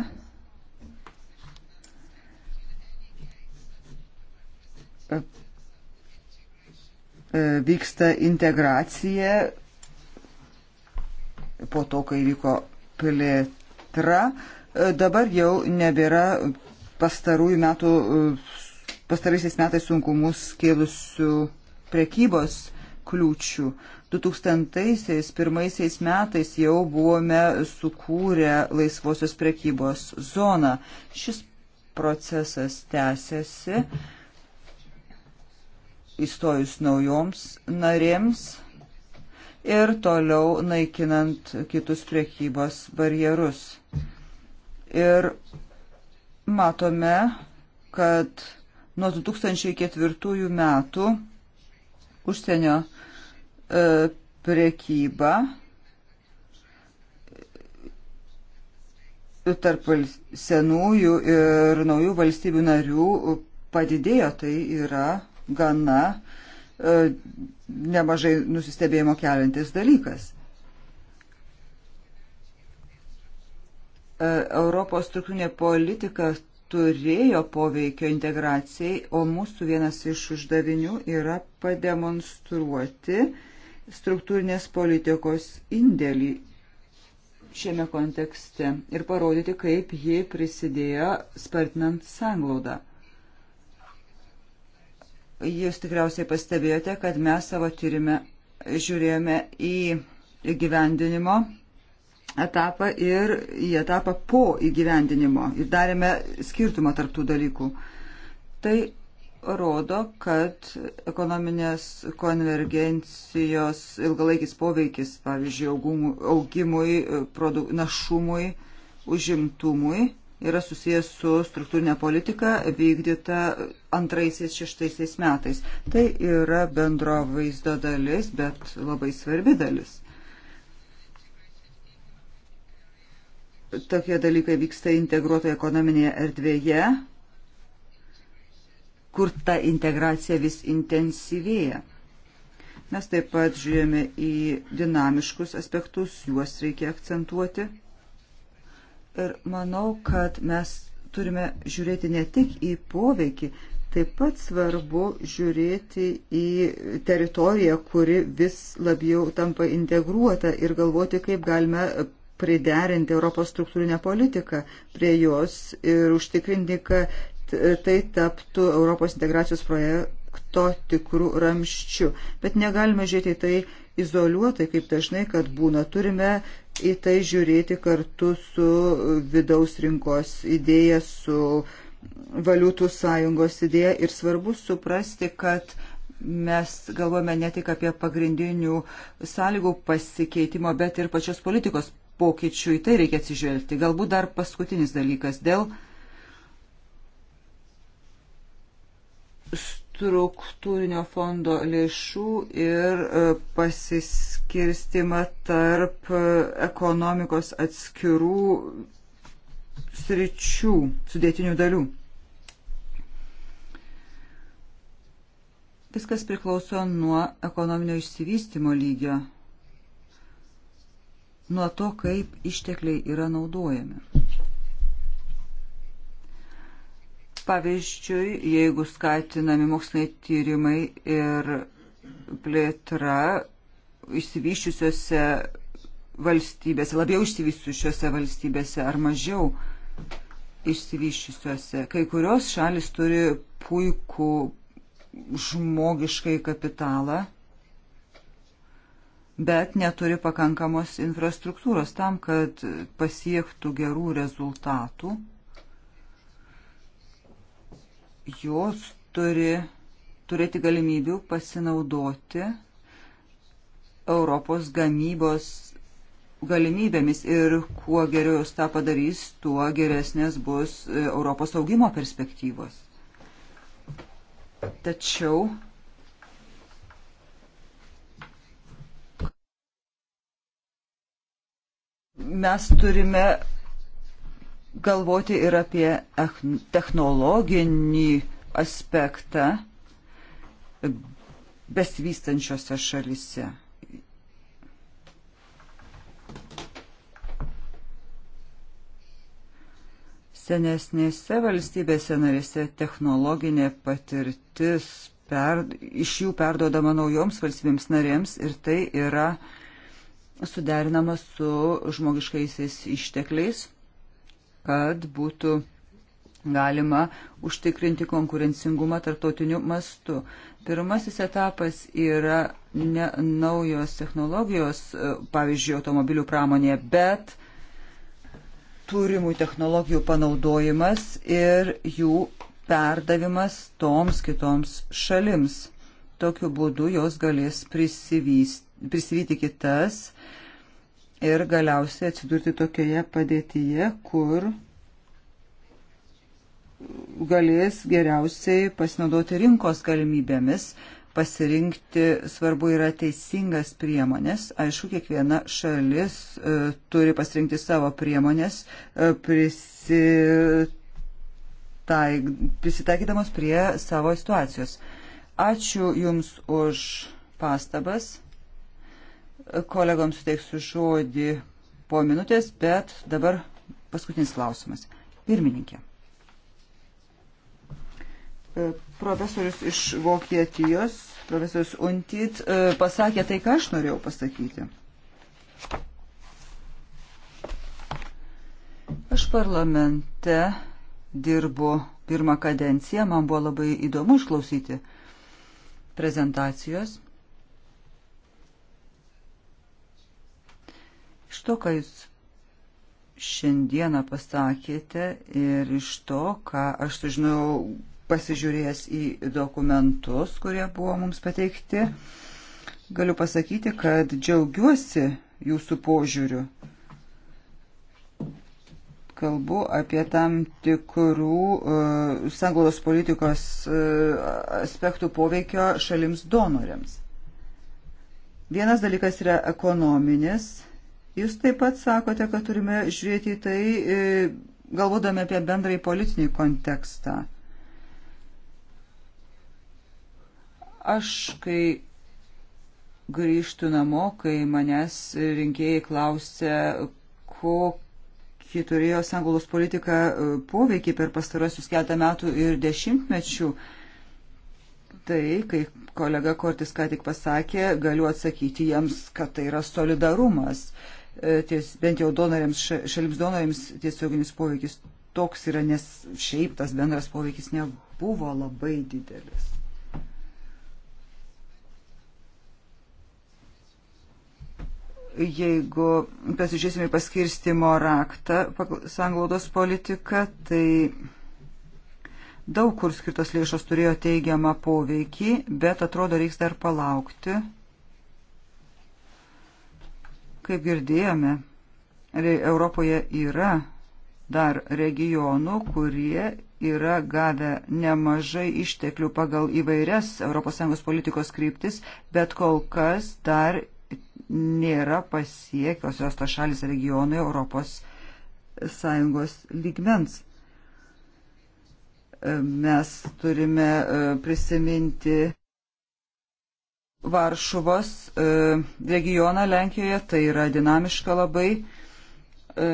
vyksta integracija po to, kai vyko plėtra. Dabar jau nebėra pastarųjų metų pastaraisiais metais sunkumus kėlusių prekybos kliūčių. 2001 metais jau buvome sukūrę laisvosios prekybos zoną. Šis procesas tęsiasi įstojus naujoms narėms ir toliau naikinant kitus prekybos barjerus. Ir matome, kad Nuo 2004 metų užsienio e, prekyba e, tarp senųjų ir naujų valstybių narių padidėjo, tai yra gana e, nemažai nusistebėjimo keliantis dalykas. E, Europos struktūrinė politika turėjo poveikio integracijai, o mūsų vienas iš uždavinių yra pademonstruoti struktūrinės politikos indėlį šiame kontekste ir parodyti, kaip ji prisidėjo spartinant sanglaudą. Jūs tikriausiai pastebėjote, kad mes savo tyrimę žiūrėjome į įgyvendinimo etapą ir į etapą po įgyvendinimo ir darėme skirtumą tarptų dalykų. Tai rodo, kad ekonominės konvergencijos ilgalaikis poveikis, pavyzdžiui, augimui, našumui, užimtumui yra susijęs su struktūrinė politika vykdyta antraisiais šeštaisiais metais. Tai yra bendro vaizdo dalis, bet labai svarbi dalis. tokie dalykai vyksta integruotoje ekonominėje erdvėje, kur ta integracija vis intensyvėja. Mes taip pat žiūrėjome į dinamiškus aspektus, juos reikia akcentuoti. Ir manau, kad mes turime žiūrėti ne tik į poveikį, taip pat svarbu žiūrėti į teritoriją, kuri vis labiau tampa integruota ir galvoti, kaip galime priderinti Europos struktūrinę politiką prie jos ir užtikrinti, kad tai taptų Europos integracijos projekto tikrų ramščių. Bet negalime žiūrėti į tai izoliuotai, kaip dažnai, kad būna. Turime į tai žiūrėti kartu su vidaus rinkos idėja, su valiutų sąjungos idėja ir svarbu suprasti, kad mes galvojame ne tik apie pagrindinių sąlygų pasikeitimo, bet ir pačios politikos pokyčių, į tai reikia atsižvelgti. Galbūt dar paskutinis dalykas dėl struktūrinio fondo lėšų ir e, pasiskirstimą tarp e, ekonomikos atskirų sričių, sudėtinių dalių. Viskas priklauso nuo ekonominio išsivystimo lygio nuo to, kaip ištekliai yra naudojami. Pavyzdžiui, jeigu skatinami moksliniai tyrimai ir plėtra išsivyščiusiuose valstybėse, labiau išsivyščiusiuose valstybėse ar mažiau išsivyščiusiuose. Kai kurios šalis turi puikų žmogiškai kapitalą bet neturi pakankamos infrastruktūros tam, kad pasiektų gerų rezultatų. Jos turi turėti galimybių pasinaudoti Europos gamybos galimybėmis ir kuo geriau jūs tą padarys, tuo geresnės bus Europos augimo perspektyvos. Tačiau Mes turime galvoti ir apie technologinį aspektą besivystančiose šalise. Senesnėse valstybėse narėse technologinė patirtis per, iš jų perdodama naujoms valstybėms narėms ir tai yra uh, suderinamas su žmogiškaisiais ištekliais, kad būtų galima užtikrinti konkurencingumą tartotiniu mastu. Pirmasis etapas yra ne naujos technologijos, pavyzdžiui, automobilių pramonėje, bet turimų technologijų panaudojimas ir jų perdavimas toms kitoms šalims. Tokiu būdu jos galės prisivysti prisivyti kitas ir galiausiai atsidurti tokioje padėtyje, kur galės geriausiai pasinaudoti rinkos galimybėmis, pasirinkti svarbu yra teisingas priemonės. Aišku, kiekviena šalis e, turi pasirinkti savo priemonės, e, prisitaik, prisitaikydamos prie savo situacijos. Ačiū Jums už pastabas. Kolegoms suteiksiu žodį po minutės, bet dabar paskutinis klausimas. Pirmininkė. E, profesorius iš Vokietijos, profesorius Untit, e, pasakė tai, ką aš norėjau pasakyti. Aš parlamente dirbu pirmą kadenciją, man buvo labai įdomu išklausyti prezentacijos. Iš to, ką jūs šiandieną pasakėte ir iš to, ką aš sužinojau pasižiūrėjęs į dokumentus, kurie buvo mums pateikti, galiu pasakyti, kad džiaugiuosi jūsų požiūriu. Kalbu apie tam tikrų uh, e, sanglaudos politikos uh, aspektų poveikio šalims donoriams. Vienas dalykas yra ekonominis Jūs taip pat sakote, kad turime žiūrėti į tai, e, galvodami apie bendrai politinį kontekstą. Aš, kai grįžtų namo, kai manęs rinkėjai klausė, kokį turėjo sangulos politika e, poveikį per pastarosius keletą metų ir dešimtmečių, tai, kai kolega Kortis ką tik pasakė, galiu atsakyti jiems, kad tai yra solidarumas. E, ties, bent jau donoriams, šalims donoriams tiesioginis poveikis toks yra, nes šiaip tas bendras poveikis nebuvo labai didelis. Jeigu pasižiūrėsime paskirstimo raktą sanglaudos politiką, tai daug kur skirtos lėšos turėjo teigiamą poveikį, bet atrodo reiks dar palaukti Kaip girdėjome, Europoje yra dar regionų, kurie yra gavę nemažai išteklių pagal įvairias ES politikos kryptis, bet kol kas dar nėra pasiekiosios tos šalis regionai ES lygmens. Mes turime e, prisiminti Varšuvos e, regioną Lenkijoje, tai yra dinamiška labai e,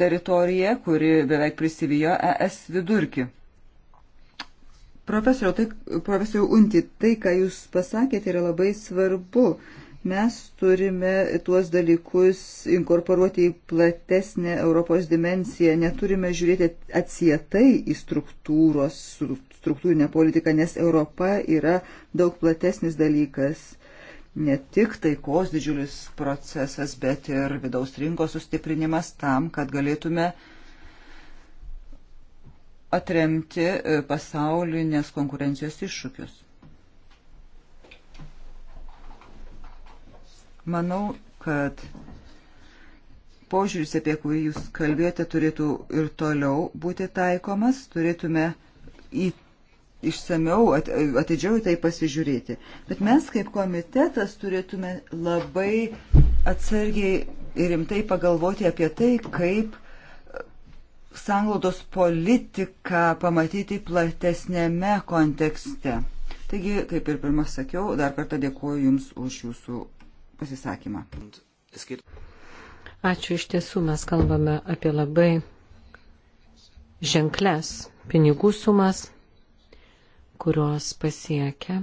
teritorija, kuri beveik prisivijo ES vidurkį. Profesoriau, tai, profesoriau Unti, tai, ką Jūs pasakėte, yra labai svarbu. Mes turime tuos dalykus inkorporuoti į platesnę Europos dimenciją, neturime žiūrėti atsietai į struktūros, struktūrinę politiką, nes Europa yra daug platesnis dalykas. Ne tik taikos didžiulis procesas, bet ir vidaus rinkos sustiprinimas tam, kad galėtume atremti e, pasaulinės konkurencijos iššūkius. Manau, kad požiūris, apie kurį jūs kalbėjote, turėtų ir toliau būti taikomas. Turėtume į išsameu, atidžiau į tai pasižiūrėti. Bet mes kaip komitetas turėtume labai atsargiai ir rimtai pagalvoti apie tai, kaip sanglaudos politiką pamatyti platesnėme kontekste. Taigi, kaip ir pirmas sakiau, dar kartą dėkuoju Jums už Jūsų pasisakymą. Ačiū, iš tiesų mes kalbame apie labai ženkles pinigų sumas, kurios pasiekia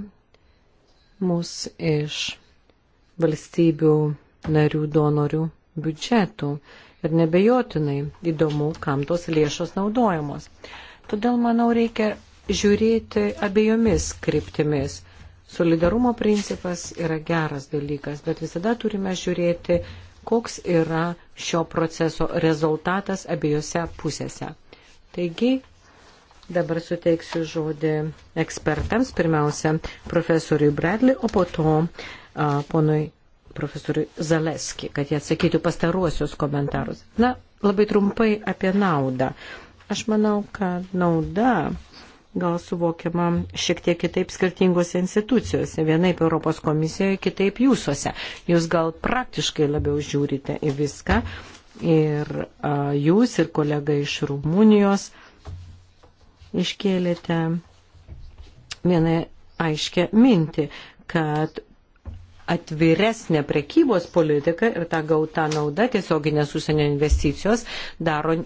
mus iš valstybių narių donorių biudžetų. Ir nebejotinai įdomu, kam tos lėšos naudojamos. Todėl, manau, reikia žiūrėti abiejomis kryptimis. Solidarumo principas yra geras dalykas, bet visada turime žiūrėti, koks yra šio proceso rezultatas abiejose pusėse. Taigi, Dabar suteiksiu žodį ekspertams, pirmiausia, profesoriui Bradley, o po to a, ponui profesoriui Zaleski, kad jie atsakytų pastaruosius komentarus. Na, labai trumpai apie naudą. Aš manau, kad nauda gal suvokiama šiek tiek kitaip skirtingose institucijose, vienaip Europos komisijoje, kitaip jūsuose. Jūs gal praktiškai labiau žiūrite į viską ir a, jūs ir kolega iš Rumunijos a, iškėlėte vieną aiškę mintį, kad atviresnė prekybos politika ir ta gauta nauda tiesioginės užsienio investicijos daro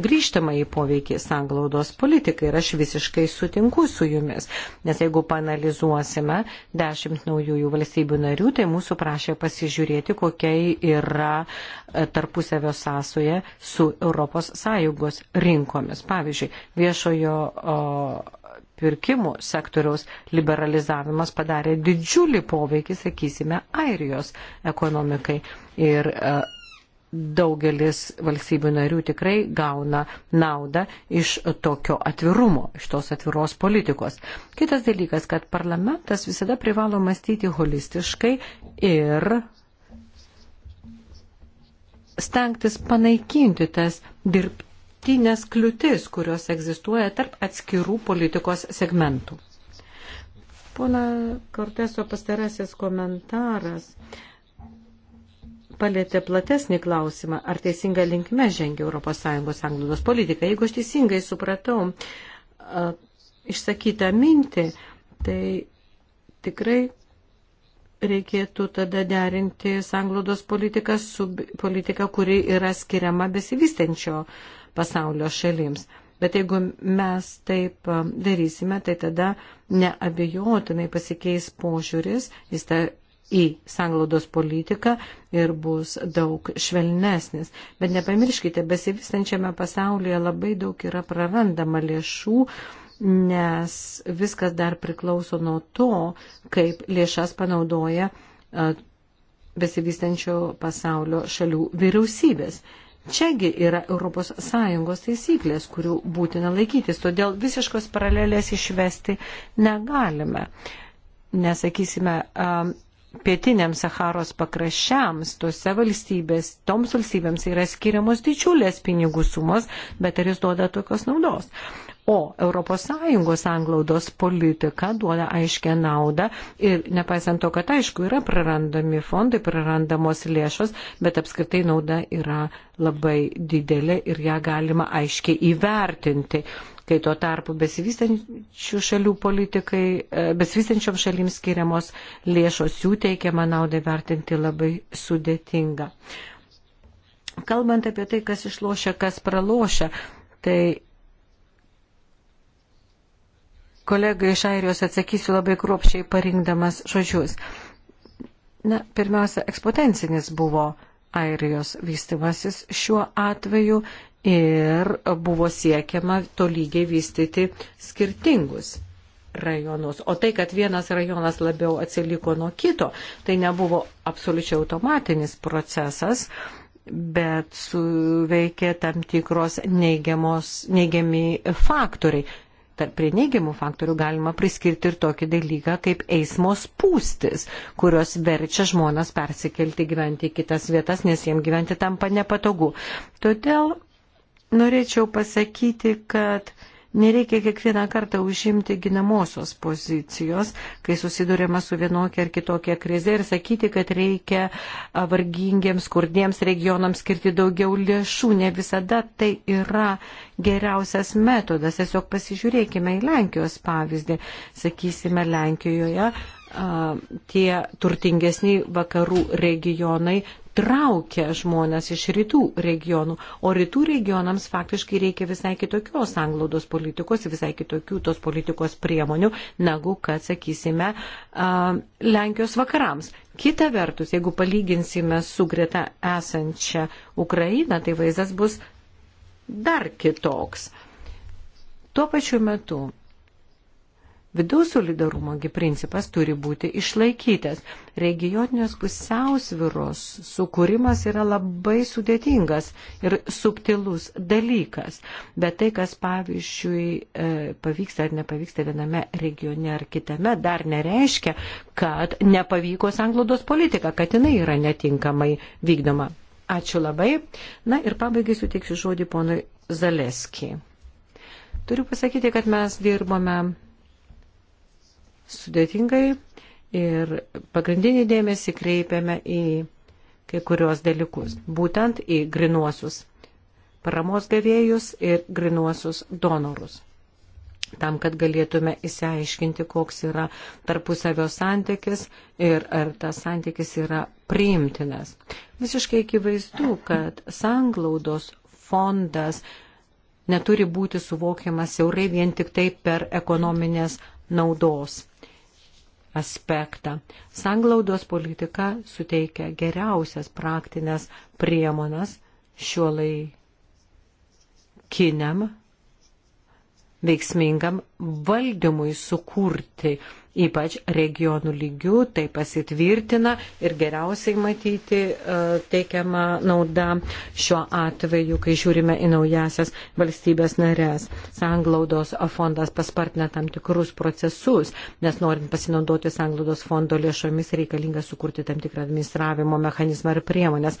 grįžtamą į poveikį sanglaudos politikai ir aš visiškai sutinku su jumis, nes jeigu panalizuosime dešimt naujųjų valstybių narių, tai mūsų prašė pasižiūrėti, kokia yra e, tarpusavio sąsoje su ES rinkomis. Pavyzdžiui, viešojo o, pirkimų sektoriaus liberalizavimas padarė didžiulį poveikį, sakysime, Airijos ekonomikai. Ir, uh, daugelis valstybių narių tikrai gauna naudą iš tokio atvirumo, iš tos atviros politikos. Kitas dalykas, kad parlamentas visada privalo mąstyti holistiškai ir stengtis panaikinti tas dirbtinės kliūtis, kurios egzistuoja tarp atskirų politikos segmentų. Pona Korteso pastarasis komentaras palėtė platesnį klausimą, ar teisinga linkme žengia ES anglos politika. Jeigu aš teisingai supratau a, išsakytą mintį, tai tikrai reikėtų tada derinti sanglodos politiką su politika, kuri yra skiriama besivystenčio pasaulio šalims. Bet jeigu mes taip darysime, tai tada neabejotinai pasikeis požiūris, jis ta, į sanglaudos politiką ir bus daug švelnesnis. Bet nepamirškite, besivystančiame pasaulyje labai daug yra prarandama lėšų, nes viskas dar priklauso nuo to, kaip lėšas panaudoja besivystančio pasaulio šalių vyriausybės. Čiagi yra ES taisyklės, kurių būtina laikytis, todėl visiškos paralelės išvesti negalime. Nesakysime, pietiniams Saharos pakraščiams, tose valstybės, toms valstybėms yra skiriamos didžiulės pinigų sumos, bet ar jis duoda tokios naudos. O ES anglaudos politika duoda aiškę naudą ir nepaisant to, kad aišku yra prarandami fondai, prarandamos lėšos, bet apskritai nauda yra labai didelė ir ją galima aiškiai įvertinti kai tuo tarpu besivystančių šalių politikai, e, besivystančiom šalims skiriamos lėšos jų teikiamą naudą vertinti labai sudėtinga. Kalbant apie tai, kas išlošia, kas pralošia, tai kolegai iš Airijos atsakysiu labai kruopščiai parinkdamas žodžius. Na, pirmiausia, ekspotencinis buvo Airijos vystimasis šiuo atveju ir buvo siekiama tolygiai vystyti skirtingus rajonus. O tai, kad vienas rajonas labiau atsiliko nuo kito, tai nebuvo absoliučiai automatinis procesas, bet suveikė tam tikros neigiamos, neigiami faktoriai. Tarp prie neigiamų faktorių galima priskirti ir tokį dalyką kaip eismo spūstis, kurios verčia žmonas persikelti gyventi į kitas vietas, nes jiem gyventi tampa nepatogu. Todėl norėčiau pasakyti, kad nereikia kiekvieną kartą užimti ginamosios pozicijos, kai susidurėma su vienokia ar kitokia krize ir sakyti, kad reikia vargingiems, skurdiems regionams skirti daugiau lėšų. Ne visada tai yra geriausias metodas. Tiesiog pasižiūrėkime į Lenkijos pavyzdį. Sakysime, Lenkijoje tie turtingesniai vakarų regionai traukia žmonės iš rytų regionų, o rytų regionams faktiškai reikia visai kitokios anglaudos politikos, visai kitokių tos politikos priemonių, negu kad, sakysime, Lenkijos vakarams. Kita vertus, jeigu palyginsime su greta esančia Ukraina, tai vaizdas bus dar kitoks. Tuo pačiu metu Vidaus solidarumogi principas turi būti išlaikytas. Regioninės pusiausviros sukūrimas yra labai sudėtingas ir subtilus dalykas. Bet tai, kas pavyzdžiui e, pavyksta ar nepavyksta viename regione ar kitame, dar nereiškia, kad nepavyko sanglodos politika, kad jinai yra netinkamai vykdoma. Ačiū labai. Na ir pabaigai suteiksiu žodį ponui Zaleski. Turiu pasakyti, kad mes dirbome sudėtingai ir pagrindinį dėmesį kreipiame į kai kurios dalykus, būtent į grinuosius paramos gavėjus ir grinuosius donorus. Tam, kad galėtume įsiaiškinti, koks yra tarpusavio santykis ir ar tas santykis yra priimtinas. Visiškai akivaizdu, kad sanglaudos fondas neturi būti suvokiamas siaurai vien tik tai per ekonominės naudos aspektą. Sanglaudos politika suteikia geriausias praktinės priemonas šiuolai kiniam veiksmingam valdymui sukurti ypač regionų lygių, tai pasitvirtina ir geriausiai matyti e, teikiama nauda šiuo atveju, kai žiūrime į naujasias valstybės narės. Sanglaudos fondas paspartina tam tikrus procesus, nes norint pasinaudoti Sanglaudos fondo lėšomis reikalinga sukurti tam tikrą administravimo mechanizmą ir priemonės.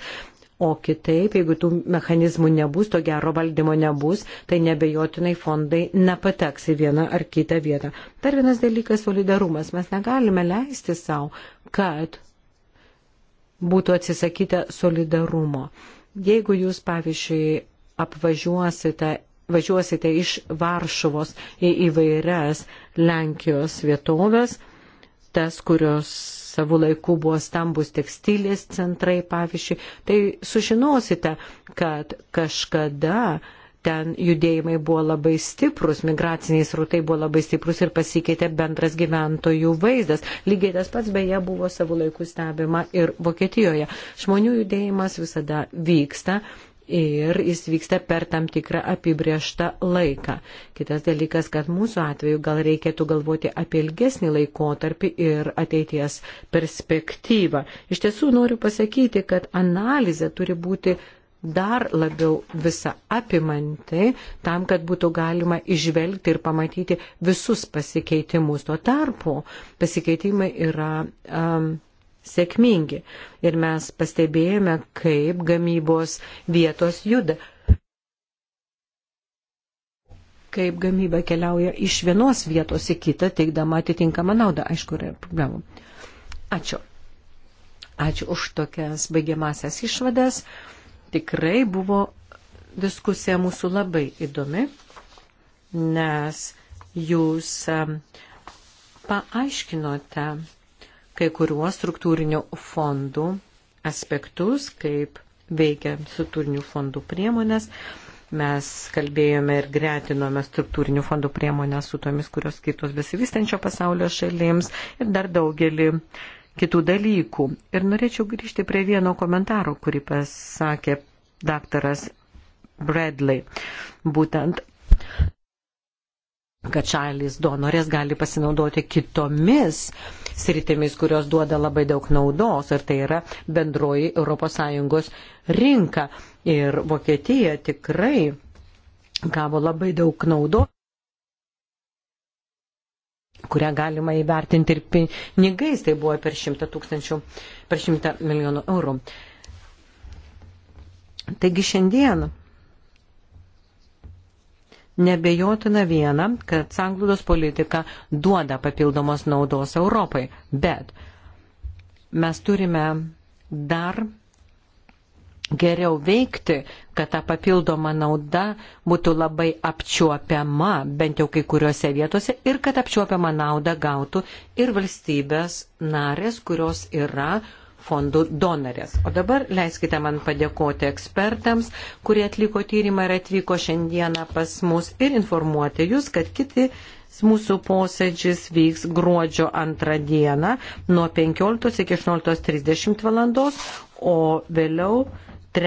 O kitaip, jeigu tų mechanizmų nebus, to gero valdymo nebus, tai nebejotinai fondai nepateks į vieną ar kitą vietą. Dar vienas dalykas - solidarumas. Mes negalime leisti savo, kad būtų atsisakyta solidarumo. Jeigu jūs, pavyzdžiui, apvažiuosite važiuosite iš Varšuvos į įvairias Lenkijos vietovės, tas, kurios savų laikų buvo stambus tekstilės centrai, pavyzdžiui, tai sužinosite, kad kažkada ten judėjimai buvo labai stiprus, migraciniai srautai buvo labai stiprus ir pasikeitė bendras gyventojų vaizdas. Lygiai tas pats beje buvo savo laikų stebima ir Vokietijoje. Žmonių judėjimas visada vyksta ir jis vyksta per tam tikrą apibrieštą laiką. Kitas dalykas, kad mūsų atveju gal reikėtų galvoti apie ilgesnį laikotarpį ir ateities perspektyvą. Iš tiesų noriu pasakyti, kad analizė turi būti dar labiau visą apimanti, tam, kad būtų galima išvelgti ir pamatyti visus pasikeitimus. Tuo tarpu pasikeitimai yra um, sėkmingi. Ir mes pastebėjome, kaip gamybos vietos juda kaip gamyba keliauja iš vienos vietos į kitą, teikdama atitinkamą naudą. Aišku, yra problemų. Ačiū. Ačiū už tokias baigiamasias išvadas. Tikrai buvo diskusija mūsų labai įdomi, nes jūs um, paaiškinote kai kuriuos struktūrinių fondų aspektus, kaip veikia struktūrinių fondų priemonės. Mes kalbėjome ir gretinome struktūrinių fondų priemonę su tomis, kurios skirtos besivystančio pasaulio šalims ir dar daugelį kitų dalykų. Ir norėčiau grįžti prie vieno komentaro, kurį pasakė daktaras Bradley. Būtent kad šalis donorės gali pasinaudoti kitomis uh, sritimis, kurios duoda labai daug naudos, ir tai yra bendroji ES rinka. Ir Vokietija tikrai gavo labai daug naudos kurią galima įvertinti ir pinigais, tai buvo per 100 tūkstančių, per 100 milijonų eurų. Taigi šiandien Nebejotina viena, kad sanglūdos politika duoda papildomos naudos Europai, bet mes turime dar geriau veikti, kad ta papildoma nauda būtų labai apčiuopiama, bent jau kai kuriuose vietose, ir kad apčiuopiama nauda gautų ir valstybės narės, kurios yra fondų donorės. O dabar leiskite man padėkoti ekspertams, kurie atliko tyrimą ir atvyko šiandieną pas mus ir informuoti jūs, kad kiti mūsų posėdžis vyks gruodžio antrą dieną nuo 15 iki 18.30 valandos, o vėliau